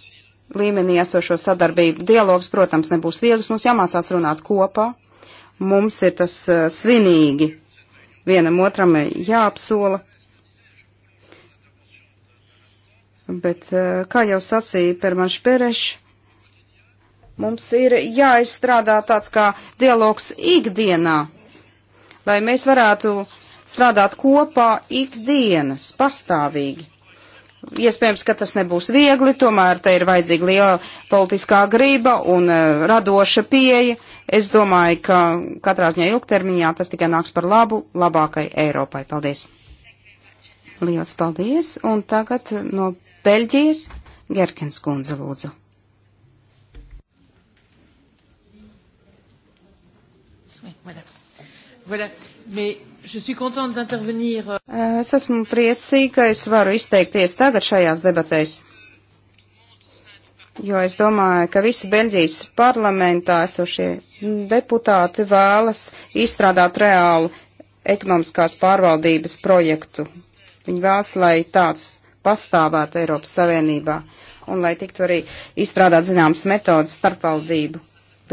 līmenī esošo sadarbību. Dialogs, protams, nebūs viegls, mums jāmācās runāt kopā, mums ir tas uh, svinīgi vienam otram jāapsola. Bet, uh, kā jau sacīja Permanš Pereš, mums ir jāizstrādā tāds kā dialogs ikdienā, lai mēs varētu strādāt kopā ikdienas, pastāvīgi. Iespējams, ka tas nebūs viegli, tomēr te ir vajadzīga liela politiskā grība un uh, radoša pieeja. Es domāju, ka katrā ziņā ilgtermiņā tas tikai nāks par labu labākai Eiropai. Paldies! Liels paldies! Un tagad no Beļģijas Gerkens kundze lūdzu. Voilà. Mais Eh, es esmu priecīga, ka es varu izteikties tagad šajās debatēs, jo es domāju, ka visi Beļģijas parlamentā esošie deputāti vēlas izstrādāt reālu ekonomiskās pārvaldības projektu. Viņi vēlas, lai tāds pastāvētu Eiropas Savienībā un lai tiktu arī izstrādāt zināmas metodas starpvaldību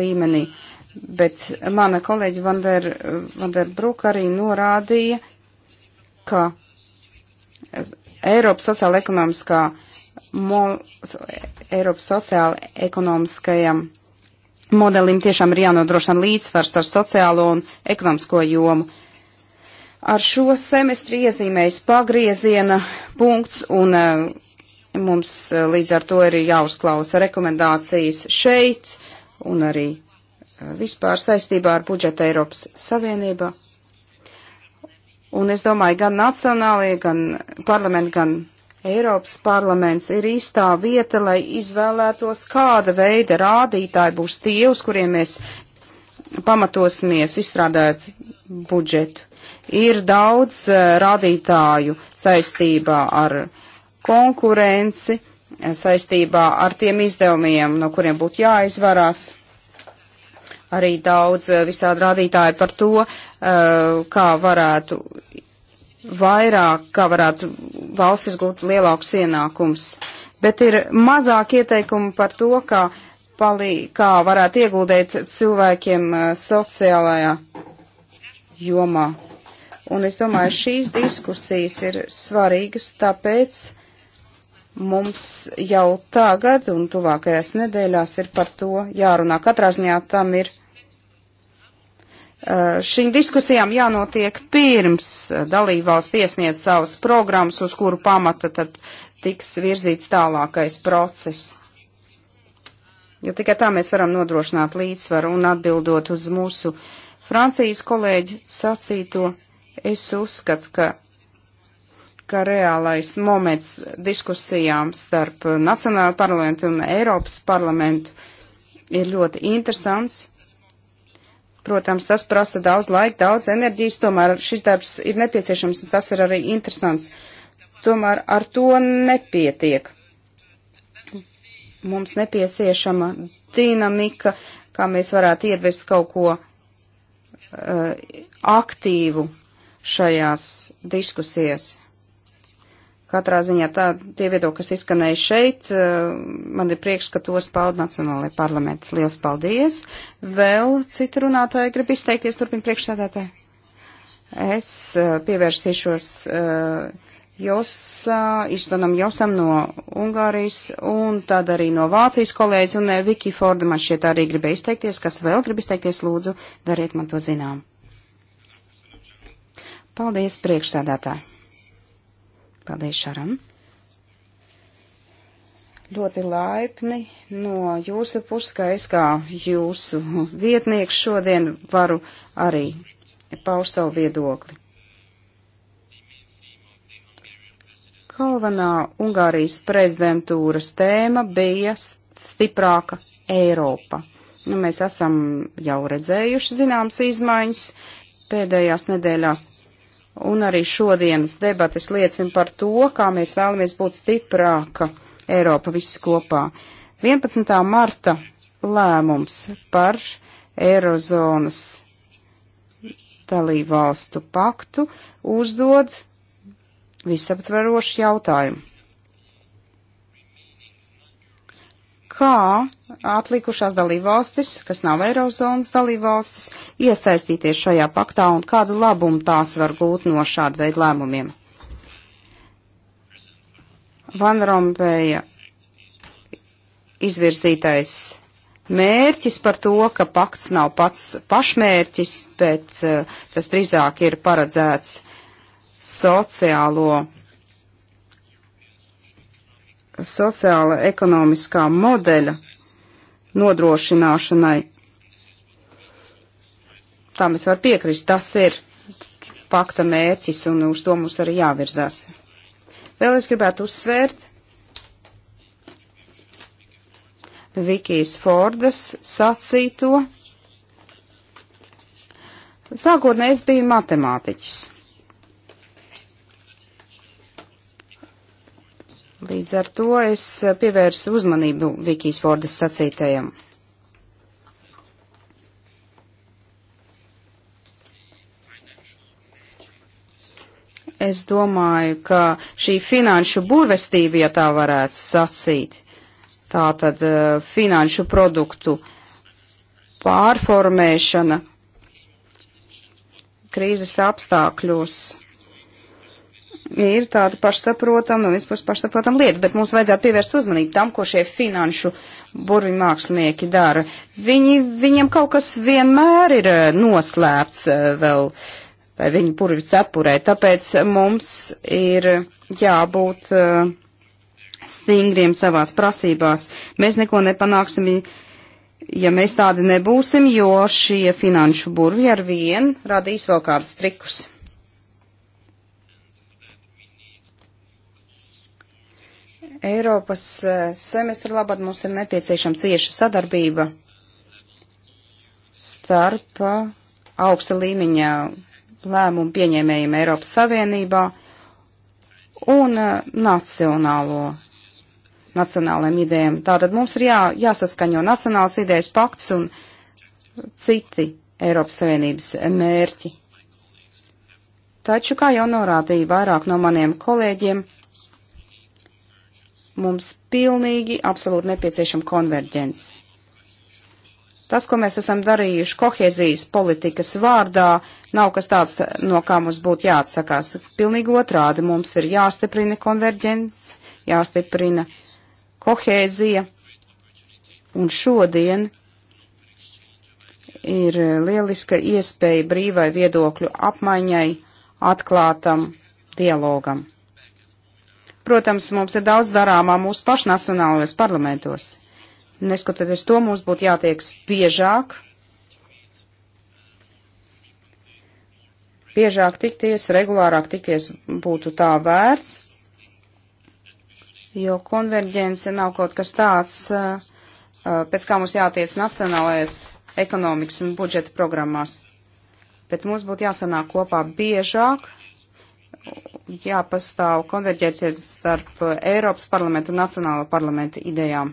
līmenī. Uh, bet mana kolēģi Vander, Vander Bruk arī norādīja, ka Eiropas sociāla ekonomiskā, mo, Eiropas sociāla ekonomiskajam modelim tiešām ir jānodrošina līdzsvars ar sociālo un ekonomisko jomu. Ar šo semestri iezīmējas pagrieziena punkts un eh, mums eh, līdz ar to ir jāuzklausa rekomendācijas šeit un arī Uh, vispār saistībā ar budžetu Eiropas Savienībā. Un es domāju, gan nacionālajie, gan parlamenti, gan Eiropas parlaments ir īstā vieta, lai izvēlētos, kāda veida rādītāji būs tie, uz kuriem mēs pamatosimies izstrādājot budžetu. Ir daudz uh, rādītāju saistībā ar konkurenci, saistībā ar tiem izdevumiem, no kuriem būtu jāizvarās arī daudz eh, visādi rādītāji par to, eh, kā varētu vairāk, kā varētu valstis gūt lielākus ienākums. Bet ir mazāk ieteikumu par to, kā, palī, kā varētu ieguldēt cilvēkiem eh, sociālajā jomā. Un es domāju, šīs diskusijas ir svarīgas, tāpēc mums jau tagad un tuvākajās nedēļās ir par to jārunā. Katrā ziņā tam ir Eh, šīm diskusijām jānotiek pirms eh, dalībvalsts iesniedz savas programmas, uz kuru pamata tad tiks virzīts tālākais process. Jo tikai tā mēs varam nodrošināt līdzsvaru un atbildot uz mūsu Francijas kolēģi sacīto, es uzskatu, ka, ka reālais moments diskusijām starp Nacionālo parlamentu un Eiropas parlamentu ir ļoti interesants Protams, tas prasa daudz laika, daudz enerģijas, tomēr šis darbs ir nepieciešams un tas ir arī interesants. Tomēr ar to nepietiek. Mums nepieciešama dinamika, kā mēs varētu iedvest kaut ko uh, aktīvu šajās diskusijās. Katrā ziņā tā, tie viedokļi, kas izskanēja šeit, eh, man ir prieks, ka tos pauda Nacionālajā parlamentā. Lielas paldies! Vēl citi runātāji grib izteikties turpin priekšsādātāji. Es eh, pievērsīšos eh, Josa, Ištvanam Josam no Ungārijas un tad arī no Vācijas kolēģis un Viki Forda man šeit arī gribēja izteikties. Kas vēl grib izteikties, lūdzu, dariet man to zinām. Paldies priekšsādātāji! Paldies, Šaram! Ļoti laipni no jūsu puses, kā es kā jūsu vietnieks šodien varu arī paust savu viedokli. Galvenā Ungārijas prezidentūras tēma bija stiprāka Eiropa. Nu, mēs esam jau redzējuši zināmas izmaiņas pēdējās nedēļās Un arī šodienas debates liecina par to, kā mēs vēlamies būt stiprāka Eiropa visi kopā. 11. marta lēmums par Eirozonas dalībvalstu paktu uzdod visaptverošu jautājumu. kā atlikušās dalībvalstis, kas nav Eirozonas dalībvalstis, iesaistīties šajā paktā un kādu labumu tās var gūt no šāda veida lēmumiem. Van Rompēja izvirzītais mērķis par to, ka pakts nav pats pašmērķis, bet uh, tas drīzāk ir paredzēts sociālo sociāla ekonomiskā modeļa nodrošināšanai. Tam es varu piekrist, tas ir pakta mērķis un uz to mums arī jāvirzās. Vēl es gribētu uzsvērt Vikijas Fordas sacīto. Sākotnēji es biju matemātiķis. Līdz ar to es eh, pievērsu uzmanību Vikijas Fordas sacītajam. Es domāju, ka šī finanšu burvestība, ja tā varētu sacīt, tā tad eh, finanšu produktu pārformēšana krīzes apstākļos ir tāda pašsaprotama, no vispār pašsaprotama lieta, bet mums vajadzētu pievērst uzmanību tam, ko šie finanšu burvju mākslinieki dara. Viņi, viņiem kaut kas vienmēr ir eh, noslēpts eh, vēl vai viņu burvju cepurē, tāpēc mums ir jābūt eh, stingriem savās prasībās. Mēs neko nepanāksim, ja mēs tādi nebūsim, jo šie finanšu burvi ar vien radīs vēl kādus trikus. Eiropas eh, semestra labad mums ir nepieciešama cieša sadarbība starp eh, augsta līmeņa lēmumu pieņēmējiem Eiropas Savienībā un eh, nacionālo, nacionālajiem idejām. Tātad mums ir jā, jāsaskaņo nacionāls idejas pakts un citi Eiropas Savienības mērķi. Taču, kā jau norādīja vairāk no maniem kolēģiem, Mums pilnīgi, absolūti nepieciešama konverģence. Tas, ko mēs esam darījuši kohēzijas politikas vārdā, nav kas tāds, no kā mums būtu jāatsakās. Pilnīgi otrādi mums ir jāstiprina konverģence, jāstiprina kohēzija. Un šodien ir lieliska iespēja brīvai viedokļu apmaiņai, atklātam dialogam. Protams, mums ir daudz darāmā mūsu pašnacionālajos parlamentos. Neskatoties to, mums būtu jātiek spiežāk, biežāk tikties, regulārāk tikties būtu tā vērts, jo konverģence nav kaut kas tāds, pēc kā mums jātiec nacionālais ekonomikas un budžeta programmās. Bet mums būtu jāsanāk kopā biežāk, jāpastāv konverģēties starp Eiropas parlamentu un Nacionālo parlamentu idejām.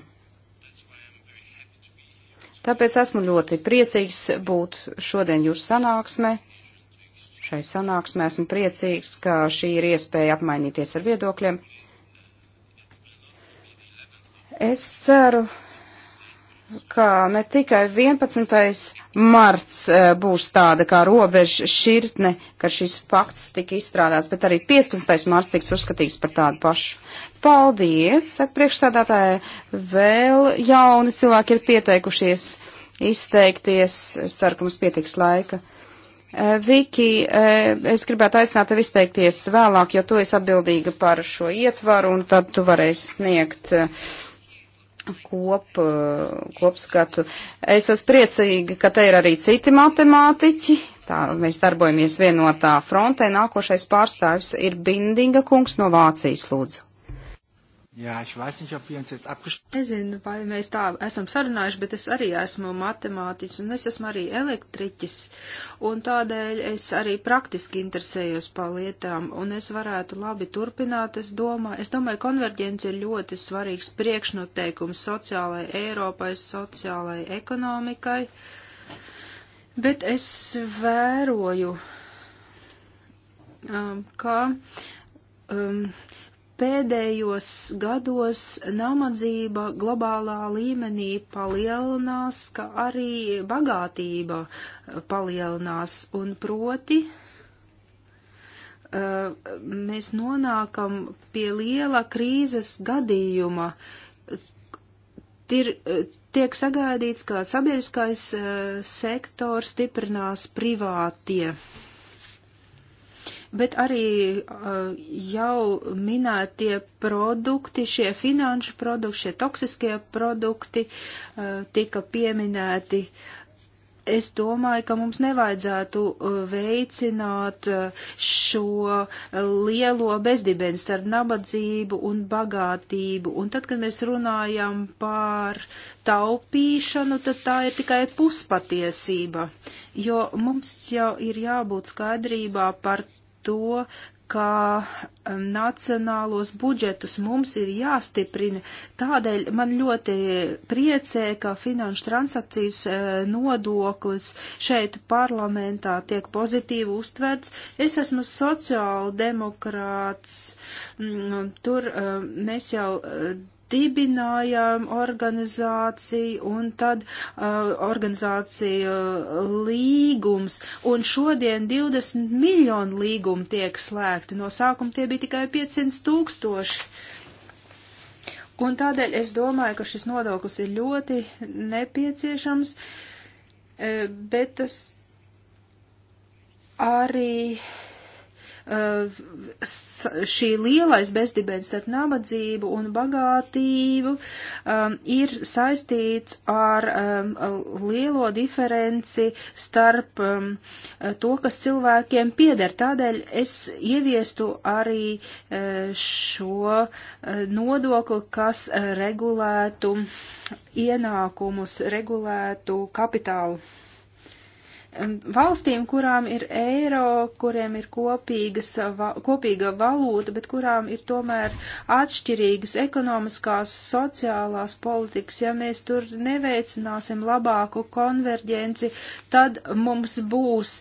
Tāpēc esmu ļoti priecīgs būt šodien jūsu sanāksmē. Šai sanāksmē esmu priecīgs, ka šī ir iespēja apmainīties ar viedokļiem. Es ceru, ka ne tikai 11. marts e, būs tāda kā robeža šķirtne, ka šis fakts tika izstrādāts, bet arī 15. marts tiks uzskatīts par tādu pašu. Paldies, saka priekšstādātāja, vēl jauni cilvēki ir pieteikušies izteikties, es ceru, ka mums pietiks laika. E, Viki, e, es gribētu aicināt tevi izteikties vēlāk, jo tu esi atbildīga par šo ietvaru, un tad tu varēsi sniegt uh, kop, eh, kopskatu. Es esmu priecīga, ka te ir arī citi matemātiķi. Tā, mēs darbojamies vienotā frontē. Nākošais pārstāvis ir Bindinga kungs no Vācijas, lūdzu. Jā, Nezinu, vai mēs tā esam sarunājuši, bet es arī esmu matemātiķis un es esmu arī elektriķis, un tādēļ es arī praktiski interesējos par lietām, un es varētu labi turpināt, es domāju, es domāju, konverģence ir ļoti svarīgs priekšnoteikums sociālai Eiropai, sociālai ekonomikai, bet es vēroju, um, ka. Um, Pēdējos gados nabadzība globālā līmenī palielinās, ka arī bagātība palielinās, un proti eh, mēs nonākam pie liela krīzes gadījuma. Tir, eh, tiek sagaidīts, ka sabiedriskais eh, sektors stiprinās privātie bet arī uh, jau minētie produkti, šie finanšu produkti, šie toksiskie produkti uh, tika pieminēti. Es domāju, ka mums nevajadzētu uh, veicināt uh, šo lielo bezdibeni starp nabadzību un bagātību. Un tad, kad mēs runājam par taupīšanu, tad tā ir tikai puspatiesība, jo mums jau ir jābūt skaidrībā par to, kā um, nacionālos budžetus mums ir jāstiprina. Tādēļ man ļoti priecē, ka finanšu transakcijas uh, nodoklis šeit parlamentā tiek pozitīvi uztverts. Es esmu sociāldemokrāts, mm, tur uh, mēs jau uh, dibinājām organizāciju un tad uh, organizācija uh, līgums. Un šodien 20 miljonu līgumu tiek slēgti. No sākuma tie bija tikai 500 tūkstoši. Un tādēļ es domāju, ka šis nodoklis ir ļoti nepieciešams, eh, bet tas arī Uh, šī lielais bezdibens starp nabadzību un bagātību um, ir saistīts ar um, lielo diferenci starp um, to, kas cilvēkiem pieder. Tādēļ es ieviestu arī uh, šo uh, nodokli, kas regulētu ienākumus, regulētu kapitālu Um, valstīm, kurām ir eiro, kuriem ir kopīgas, va, kopīga valūta, bet kurām ir tomēr atšķirīgas ekonomiskās, sociālās politikas, ja mēs tur neveicināsim labāku konverģenci, tad mums būs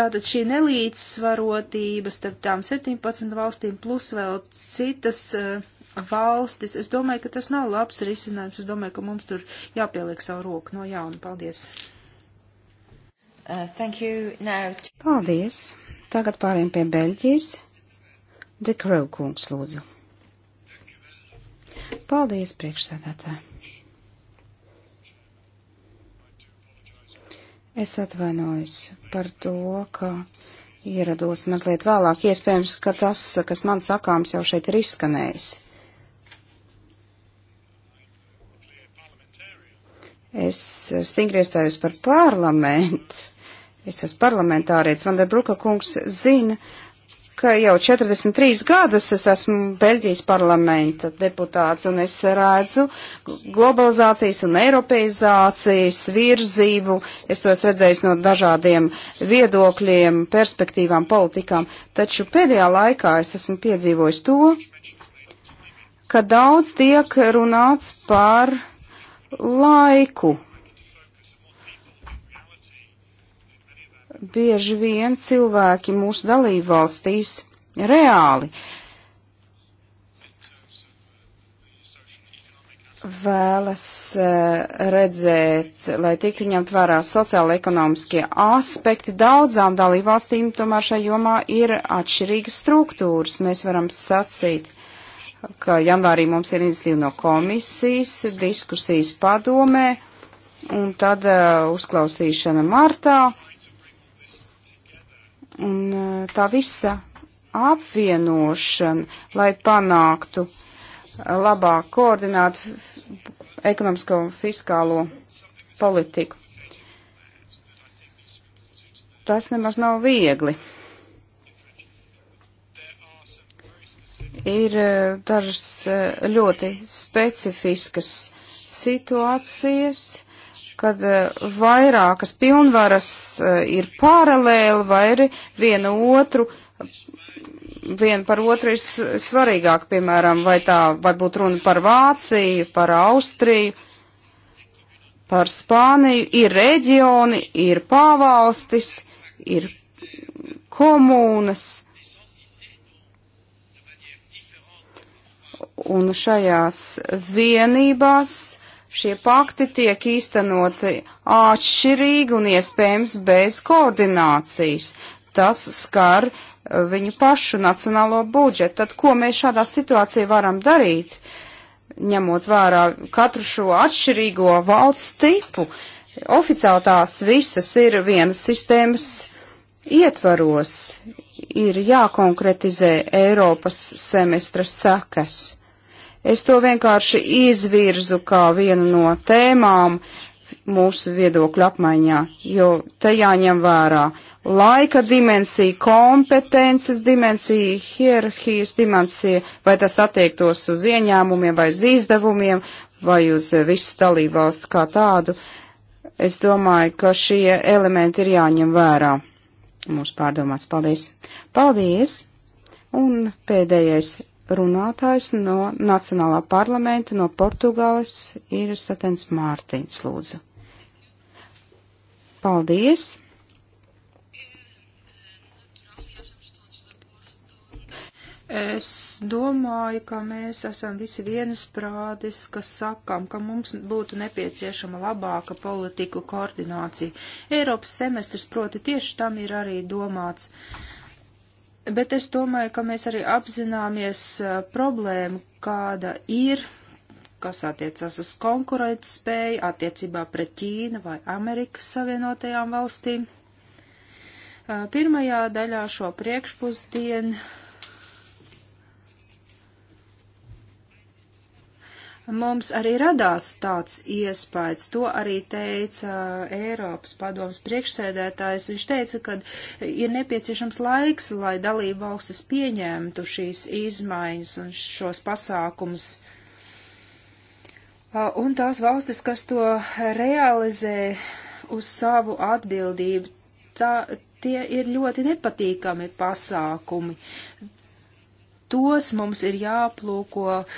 tātad šī nelīdzsvarotība starp tām 17 valstīm plus vēl citas uh, valstis. Es domāju, ka tas nav labs risinājums. Es domāju, ka mums tur jāpieliek savu roku no jauna. Paldies! Uh, Paldies. Tagad pāriem pie Beļģijas. De Krau kungs lūdzu. Paldies, priekšsēdētāji. Es atvainojos par to, ka ierados mazliet vēlāk. Iespējams, ka tas, kas man sakāms, jau šeit ir izskanējis. Es stingri iestājos par parlamentu, es esmu parlamentārietis, Van der Bruka kungs zina, ka jau 43 gadus es esmu Beļģijas parlamenta deputāts, un es redzu globalizācijas un eiropeizācijas virzību, es to esmu redzējis no dažādiem viedokļiem, perspektīvām, politikām, taču pēdējā laikā es esmu piedzīvojis to, ka daudz tiek runāts par laiku bieži vien cilvēki mūsu dalību valstīs reāli vēlas eh, redzēt, lai tiktu ņemt vērā sociāla ekonomiskie aspekti. Daudzām dalību valstīm tomēr šajā jomā ir atšķirīgas struktūras. Mēs varam sacīt, ka janvārī mums ir iniciatīva no komisijas, diskusijas padomē un tad uh, uzklausīšana martā. Un e, tā visa apvienošana, lai panāktu labāk koordinātu ekonomisko un fiskālo politiku. Tas nemaz nav viegli. Ir e, dažas e, ļoti specifiskas situācijas kad e, vairākas pilnvaras e, ir paralēli vai arī vienu otru, vienu par otru ir svarīgāk, piemēram, vai tā, vai būtu runa par Vāciju, par Austriju, par Spāniju, ir reģioni, ir pāvalstis, ir komūnas. Un šajās vienībās šie pakti tiek īstenoti atšķirīgi un iespējams bez koordinācijas. Tas skar eh, viņu pašu nacionālo budžetu. Tad ko mēs šādā situācijā varam darīt, ņemot vērā katru šo atšķirīgo valsts tipu? Oficiāli tās visas ir vienas sistēmas ietvaros, ir jākonkretizē Eiropas semestra sekas Es to vienkārši izvirzu kā vienu no tēmām mūsu viedokļu apmaiņā, jo te jāņem vērā laika dimensija, kompetences dimensija, hierarhijas dimensija, vai tas attiektos uz ieņēmumiem vai uz izdevumiem vai uz eh, visu dalībvalstu kā tādu. Es domāju, ka šie elementi ir jāņem vērā mūsu pārdomās. Paldies! Paldies! Un pēdējais runātājs no Nacionālā parlamenta, no Portugāles, ir Satens Mārtiņš Lūdzu. Paldies! Es domāju, ka mēs esam visi viensprādis, kas sakam, ka mums būtu nepieciešama labāka politiku koordinācija. Eiropas semestris proti tieši tam ir arī domāts. Uh, bet es domāju, ka mēs arī apzināmies problēmu, kāda ir, kas attiecas uz konkurētspēju attiecībā pret Ķīnu vai Amerikas Savienotajām valstīm. Pirmajā daļā šo priekšpusdienu Mums arī radās tāds iespējas, to arī teica Eiropas padomas priekšsēdētājs. Viņš teica, ka ir nepieciešams laiks, lai dalība valstis pieņemtu šīs izmaiņas un šos pasākums. Uh, un tās valstis, kas to realizē uz savu atbildību, tā, tie ir ļoti nepatīkami pasākumi tos mums ir jāplūko uh,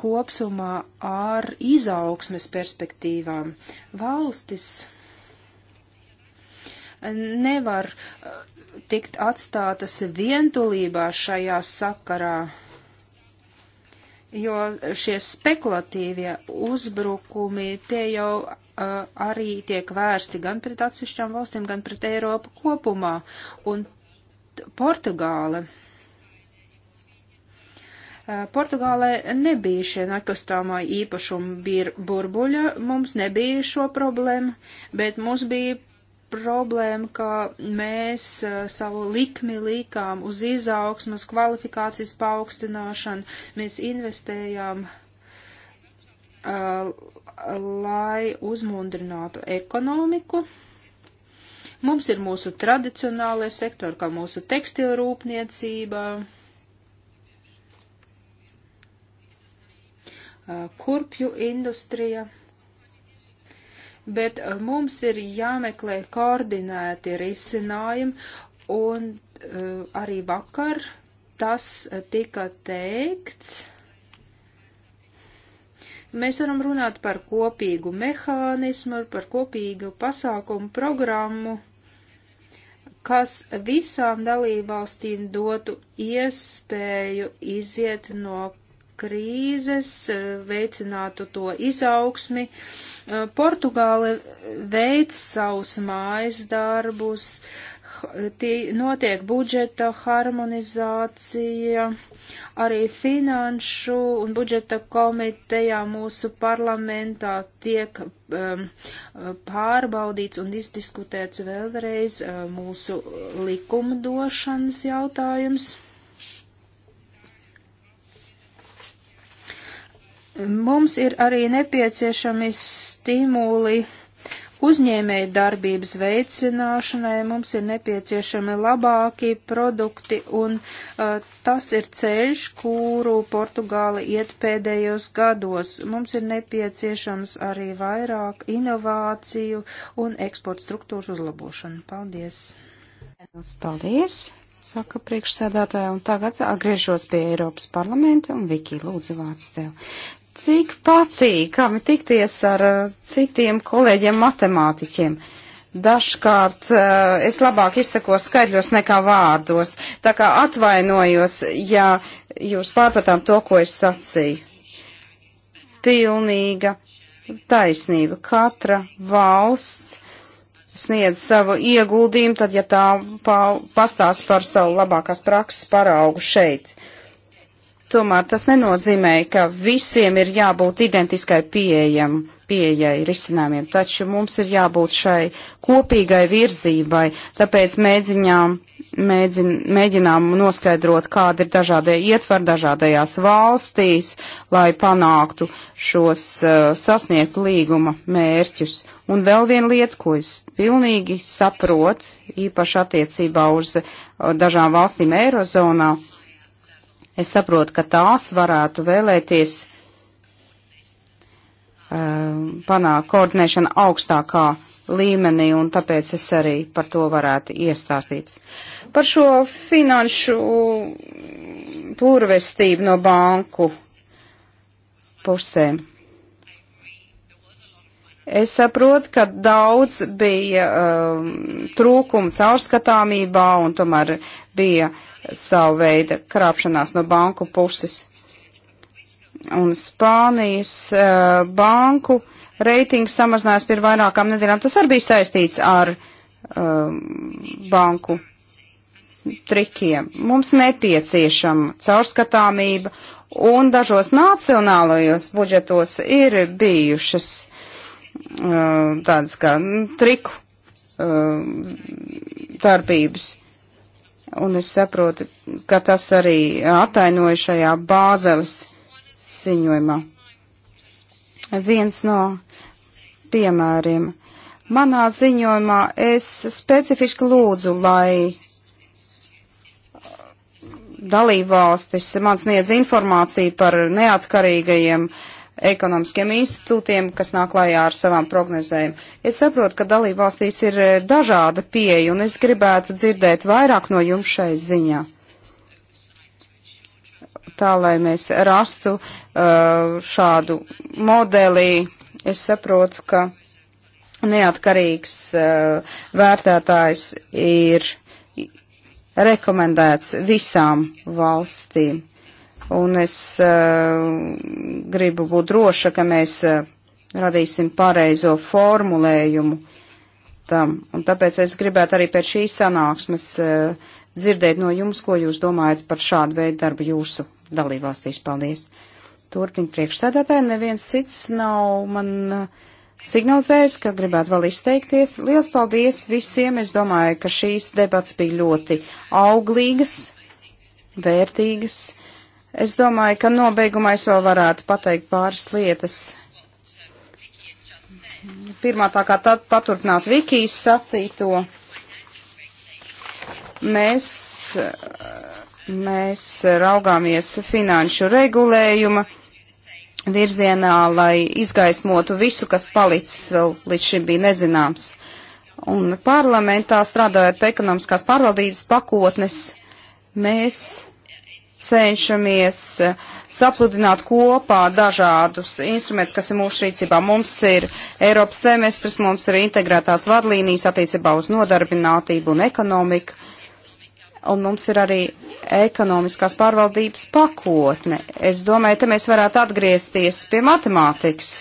kopsumā ar izaugsmes perspektīvām. Valstis nevar uh, tikt atstātas vientulībā šajā sakarā, jo šie spekulatīvie uzbrukumi tie jau uh, arī tiek vērsti gan pret atsevišķām valstīm, gan pret Eiropu kopumā. Un Portugāle Eh, Portugālē nebija šie nekustāmā īpašuma burbuļa, mums nebija šo problēmu, bet mums bija problēma, ka mēs eh, savu likmi likām uz izaugsmas, kvalifikācijas paaugstināšanu, mēs investējām, eh, lai uzmundrinātu ekonomiku. Mums ir mūsu tradicionālais sektori, kā mūsu tekstilrūpniecība, rūpniecība kurpju industrija, bet mums ir jāmeklē koordinēti risinājumi, un arī vakar tas tika teikts. Mēs varam runāt par kopīgu mehānismu, par kopīgu pasākumu programmu, kas visām dalībvalstīm dotu iespēju iziet no krīzes, eh, veicinātu to izaugsmi. Eh, Portugāle veic savus mājas darbus, tie notiek budžeta harmonizācija, arī finanšu un budžeta komitejā mūsu parlamentā tiek um, pārbaudīts un izdiskutēts vēlreiz uh, mūsu likumdošanas jautājums. Mums ir arī nepieciešami stimuli uzņēmēju darbības veicināšanai, mums ir nepieciešami labāki produkti, un uh, tas ir ceļš, kuru Portugāli iet pēdējos gados. Mums ir nepieciešams arī vairāk inovāciju un eksporta struktūras uzlabošanu. Paldies! Paldies! Saka priekšsēdētāja, un tagad atgriežos pie Eiropas parlamenta, un Viki, lūdzu, vārds tev tik patīkami tikties ar eh, citiem kolēģiem matemātiķiem. Dažkārt eh, es labāk izsakos skaidros nekā vārdos, tā kā atvainojos, ja jūs pārpratām to, ko es sacīju. Pilnīga taisnība. Katra valsts sniedz savu ieguldījumu, tad, ja tā pa, pastāst par savu labākās prakses paraugu šeit. Uh, Tomēr tas nenozīmē, ka visiem ir jābūt identiskai pieejam, pieejai risinājumiem, taču mums ir jābūt šai kopīgai virzībai, tāpēc mēģinām, mēģin, mēģinām noskaidrot, kāda ir dažādie ietvari dažādajās valstīs, lai panāktu šos uh, sasniegt līguma mērķus. Un vēl viena lieta, ko es pilnīgi saprotu, īpaši attiecībā uz uh, dažām valstīm Eirozonā Es saprotu, ka tās varētu vēlēties um, panākt koordinēšanu augstākā līmenī, un tāpēc es arī par to varētu iestāstīt. Par šo finanšu pūrvestību no banku pusēm. Es saprotu, ka daudz bija um, trūkumu caurskatāmībā un tomēr bija uh, savu veidu krāpšanās no banku puses. Un Spānijas uh, banku reitings samazinājās pirms vairākām nedēļām. Tas arī bija saistīts ar um, banku trikiem. Mums nepieciešama caurskatāmība, un dažos nacionālajos budžetos ir bijušas uh, tādas kā triku uh, darbības. Un es saprotu, ka tas arī atainoja šajā bāzeles ziņojumā. Viens no piemēriem. Manā ziņojumā es specifiski lūdzu, lai dalībvalstis man sniedz informāciju par neatkarīgajiem uh, ekonomiskiem institūtiem, kas nāk klājā ar savām prognozēm. Es saprotu, ka dalība valstīs ir eh, dažāda pieeja, un es gribētu dzirdēt vairāk no jums šai ziņā. Tā, lai mēs rastu eh, šādu modeli, es saprotu, ka neatkarīgs eh, vērtētājs ir rekomendēts visām valstīm un es uh, gribu būt droša, ka mēs uh, radīsim pareizo formulējumu tam. Un tāpēc es gribētu arī pēc šīs sanāksmes uh, dzirdēt no jums, ko jūs domājat par šādu veidu darbu jūsu dalībvalstīs. Paldies! Turpin priekšsēdētāji, neviens cits nav man signalizējis, ka gribētu vēl izteikties. Liels paldies visiem! Es domāju, ka šīs debats bija ļoti auglīgas, vērtīgas Es domāju, ka nobeigumā es vēl varētu pateikt pāris lietas. Pirmā tā kā tad paturpināt Vikijas sacīto. Mēs, mēs raugāmies finanšu regulējuma virzienā, lai izgaismotu visu, kas palicis vēl līdz šim bija nezināms. Un parlamentā strādājot pie ekonomiskās pārvaldības pakotnes, mēs cenšamies eh, sapludināt kopā dažādus instrumentus, kas ir mūsu rīcībā. Mums ir Eiropas semestris, mums ir integrētās vadlīnijas attiecībā uz nodarbinātību un ekonomiku. Un mums ir arī ekonomiskās pārvaldības pakotne. Es domāju, te mēs varētu atgriezties pie matemātikas.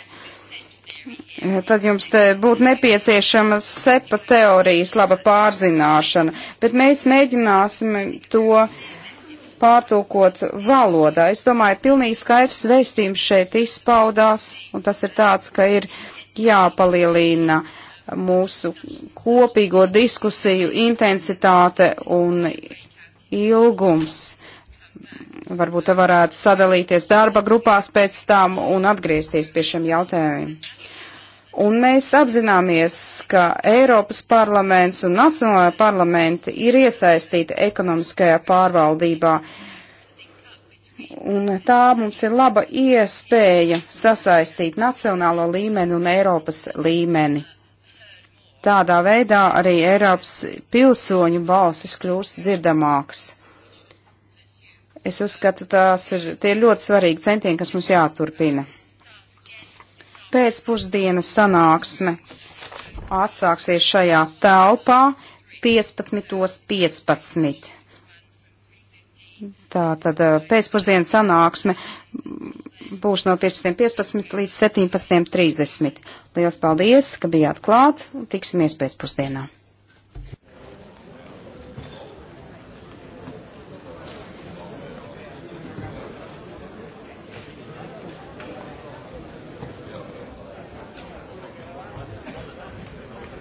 Eh, tad jums te būtu nepieciešama sepa teorijas laba pārzināšana, bet mēs mēģināsim to uh, pārtulkot valodā. Es domāju, pilnīgi skaidrs vēstījums šeit izpaudās, un tas ir tāds, ka ir jāpalielina mūsu kopīgo diskusiju intensitāte un ilgums. Varbūt te varētu sadalīties darba grupās pēc tam un atgriezties pie šiem jautājumiem. Un mēs apzināmies, ka Eiropas parlaments un nacionālajā parlamenti ir iesaistīti ekonomiskajā pārvaldībā. Un tā mums ir laba iespēja sasaistīt nacionālo līmeni un Eiropas līmeni. Tādā veidā arī Eiropas pilsoņu balsis kļūst dzirdamāks. Es uzskatu, tās ir tie ļoti svarīgi centieni, kas mums jāturpina pēcpusdienas sanāksme atsāksies šajā telpā 15.15. 15. Tā tad pēcpusdienas sanāksme būs no 15.15 15 līdz 17.30. Lielas paldies, ka bijāt klāt. Tiksimies pēcpusdienā.